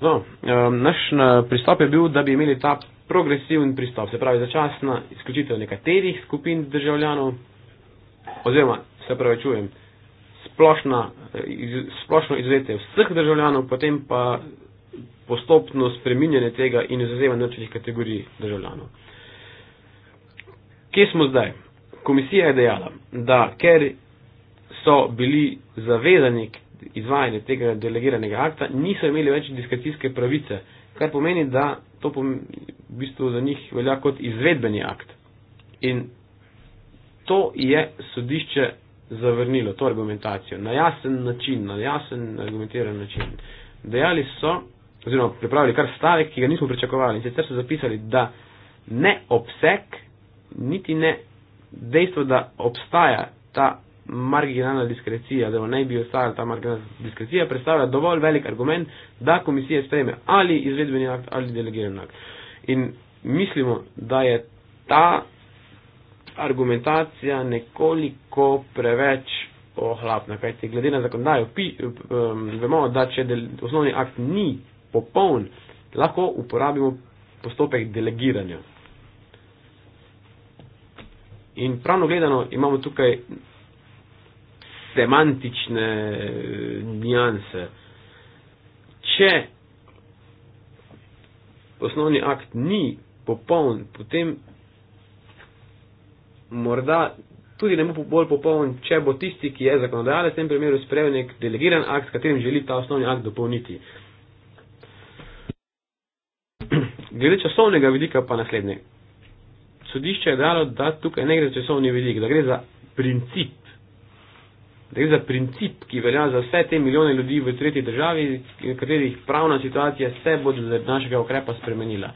No, um, naš na pristop je bil, da bi imeli ta progresivni pristop, se pravi začasna izključitev nekaterih skupin državljanov, oziroma se pravi čujem, splošna, iz, splošno izvete vseh državljanov, potem pa postopno spreminjanje tega in izuzevanje nočnih kategorij državljanov. Kje smo zdaj? Komisija je dejala, da ker so bili zavezani k izvajanju tega delegiranega akta, niso imeli več diskrecijske pravice, kar pomeni, da to pom v bistvu za njih velja kot izvedbeni akt. In to je sodišče zavrnilo, to argumentacijo, na jasen način, na jasen argumentiran način. Dejali so, oziroma pripravili kar stavek, ki ga nismo pričakovali in sicer so zapisali, da ne obseg, niti ne dejstvo, da obstaja ta marginalna diskrecija, da naj bi ostala ta marginalna diskrecija, predstavlja dovolj velik argument, da komisija sprejme ali izvedbeni akt ali delegirani akt. In mislimo, da je ta argumentacija nekoliko preveč ohlapna, kajti glede na zakonodajo um, vemo, da če del, osnovni akt ni popoln, lahko uporabimo postopek delegiranja. In pravno gledano imamo tukaj semantične eh, nijanse. Če osnovni akt ni popoln, potem morda tudi ne bo bolj popoln, če bo tisti, ki je zakonodajalec v tem primeru sprejel nek delegiran akt, s katerim želi ta osnovni akt dopolniti. Glede časovnega vidika pa naslednje. Sodišče je dalo, da tukaj ne gre za časovni vidik, da gre za princip. Da gre za princip, ki velja za vse te milijone ljudi v tretji državi, katerih pravna situacija se bo zaradi našega ukrepa spremenila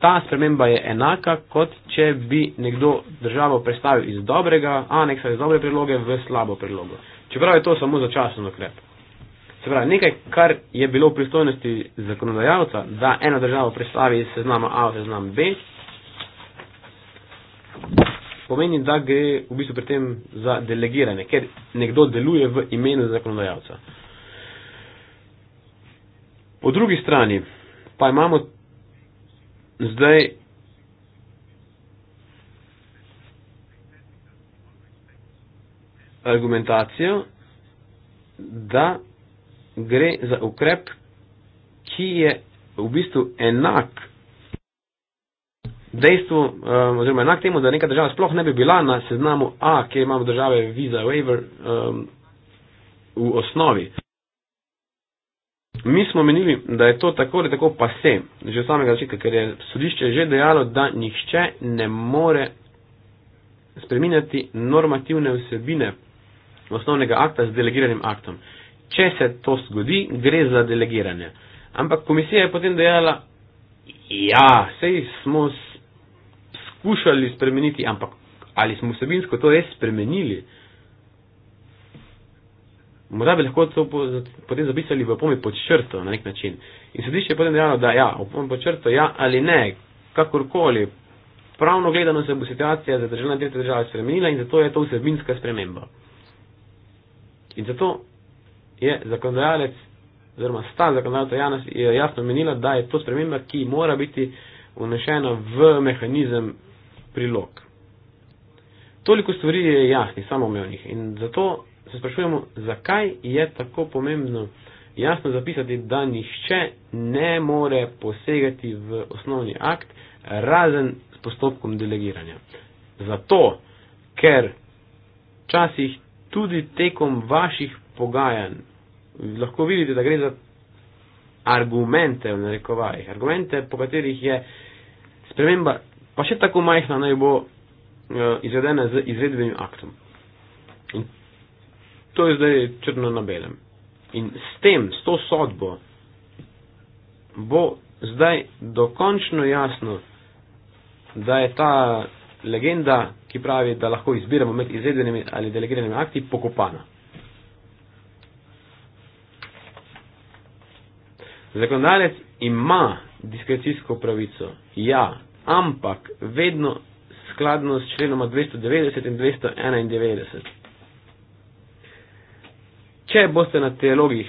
ta sprememba je enaka, kot če bi nekdo državo prestavil iz dobrega aneksa, iz dobre predloge v slabo predlogo. Čeprav je to samo začasen ukrep. Se pravi, nekaj, kar je bilo v pristojnosti zakonodajalca, da eno državo prestavi iz seznama A v seznam B, pomeni, da gre v bistvu pri tem za delegiranje, ker nekdo deluje v imenu zakonodajalca. Po drugi strani pa imamo Zdaj, argumentacijo, da gre za ukrep, ki je v bistvu enak dejstvu, eh, oziroma enak temu, da neka država sploh ne bi bila na seznamu A, kjer imamo države Visa Waiver um, v osnovi. Mi smo menili, da je to tako ali tako pase, že od samega začetka, ker je sodišče že dejalo, da nihče ne more spreminjati normativne vsebine osnovnega akta z delegiranim aktom. Če se to zgodi, gre za delegiranje. Ampak komisija je potem dejala, ja, sej smo skušali spremeniti, ampak ali smo vsebinsko to res spremenili? Uh, morda bi lahko to potem zapisali v opomi pod črto na nek način. In sodišče je potem dejalo, da ja, opomi pod črto, ja ali ne, kakorkoli. Pravno gledano se bo situacija za državljane tretje države spremenila in zato je to vsebinska sprememba. In zato je zakonodajalec, oziroma sta zakonodajalca Janas, je eh, jasno menila, da je to sprememba, ki mora biti vnešena v mehanizem prilog. Toliko stvari je jasnih, samoumevnih in zato se sprašujemo, zakaj je tako pomembno jasno zapisati, da nišče ne more posegati v osnovni akt, razen s postopkom delegiranja. Zato, ker včasih tudi tekom vaših pogajanj lahko vidite, da gre za argumente v narekovajih, argumente, po katerih je sprememba pa še tako majhna naj bo eh, izvedena z izvedbenim aktom to je zdaj črno na belem. In s tem, s to sodbo, bo zdaj dokončno jasno, da je ta legenda, ki pravi, da lahko izbiramo med izvedenimi ali delegiranimi akti, pokopana. Zakonodajalec ima diskrecijsko pravico, ja, ampak vedno skladno s členoma 290 in 291. Če boste na dialogih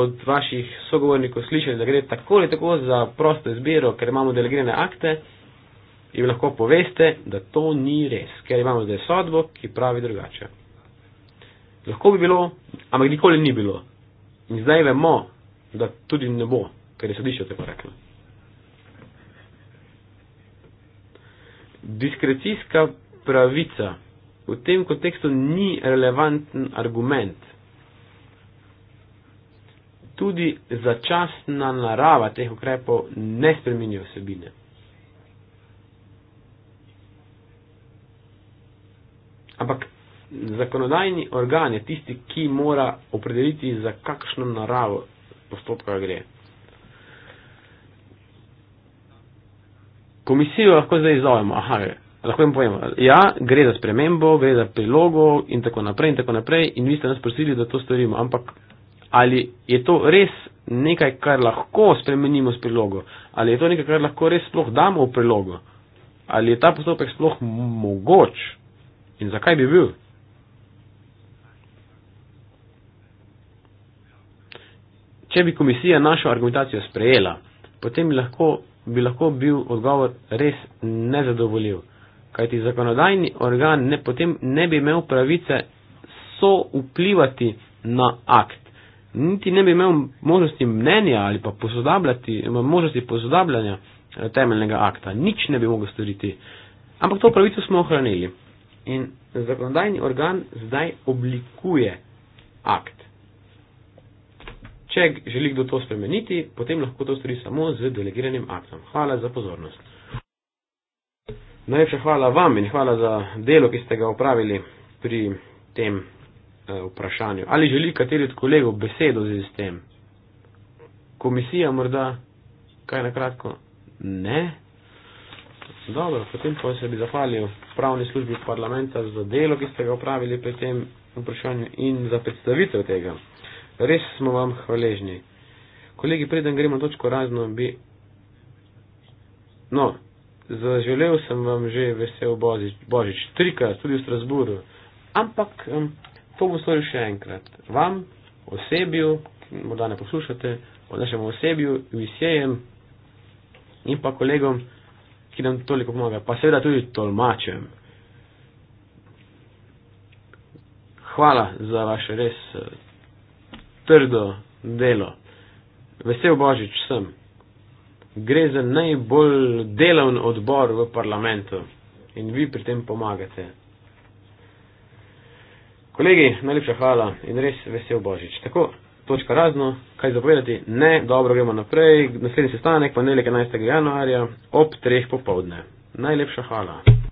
od vaših sogovornikov slišali, da gre tako ali tako za prosto izbiro, ker imamo delegirane akte, jim lahko poveste, da to ni res, ker imamo zdaj sodbo, ki pravi drugače. Lahko bi bilo, ampak nikoli ni bilo. In zdaj vemo, da tudi ne bo, ker je sodišče tako reklo. Diskrecijska pravica v tem kontekstu ni relevanten argument, tudi začasna narava teh ukrepov ne spremeni vsebine. Ampak zakonodajni organ je tisti, ki mora opredeliti, za kakšno naravo postopka gre. Komisijo lahko zdaj izzovemo, aha, lahko jim povemo, ja, gre za spremembo, gre za prilogo in tako naprej in tako naprej in vi ste nas prosili, da to storimo, ampak ali je to res nekaj, kar lahko spremenimo s prilogo, ali je to nekaj, kar lahko res sploh damo v prilogo, ali je ta postopek sploh mogoč in zakaj bi bil. Če bi komisija našo argumentacijo sprejela, potem bi lahko, bi lahko bil odgovor res nezadovoljiv, kajti zakonodajni organ ne, potem ne bi imel pravice so vplivati na akt niti ne bi imel možnosti mnenja ali pa posodabljati, možnosti posodabljanja eh, temeljnega akta. Nič ne bi mogel storiti. Ampak to pravico smo ohranili. In zakonodajni organ zdaj oblikuje akt. Če želi kdo to spremeniti, potem lahko to stori samo z delegiranim aktom. Hvala za pozornost. Najlepša hvala vam in hvala za delo, ki ste ga upravili pri tem. Eh, vprašanju. Ali želi kateri od kolegov besedo z tem? Komisija morda kaj na kratko? Ne. Dobro, potem pa se bi zahvalil pravni službi parlamenta za delo, ki ste ga upravili pri tem vprašanju in za predstavitev tega. Res smo vam hvaležni. Kolegi, preden gremo točko razno, bi. No, zaželel sem vam že vesel božič, božič trikrat, tudi v Strasburu. Ampak. Um, to bo storil še enkrat. Vam, osebju, morda ne poslušate, o našem osebju, visijem in pa kolegom, ki nam toliko pomaga, pa seveda tudi tolmačem. Hvala za vaše res eh, trdo delo. Vesel Božič sem. Gre za najbolj delovni odbor v parlamentu in vi pri tem pomagate. Kolegi, najlepša hvala in res vesel Božič. Tako, točka razno, kaj zapovedati? Ne, dobro, gremo naprej. Naslednji sestanek, ponedeljek 11. januarja ob 3. popovdne. Najlepša hvala.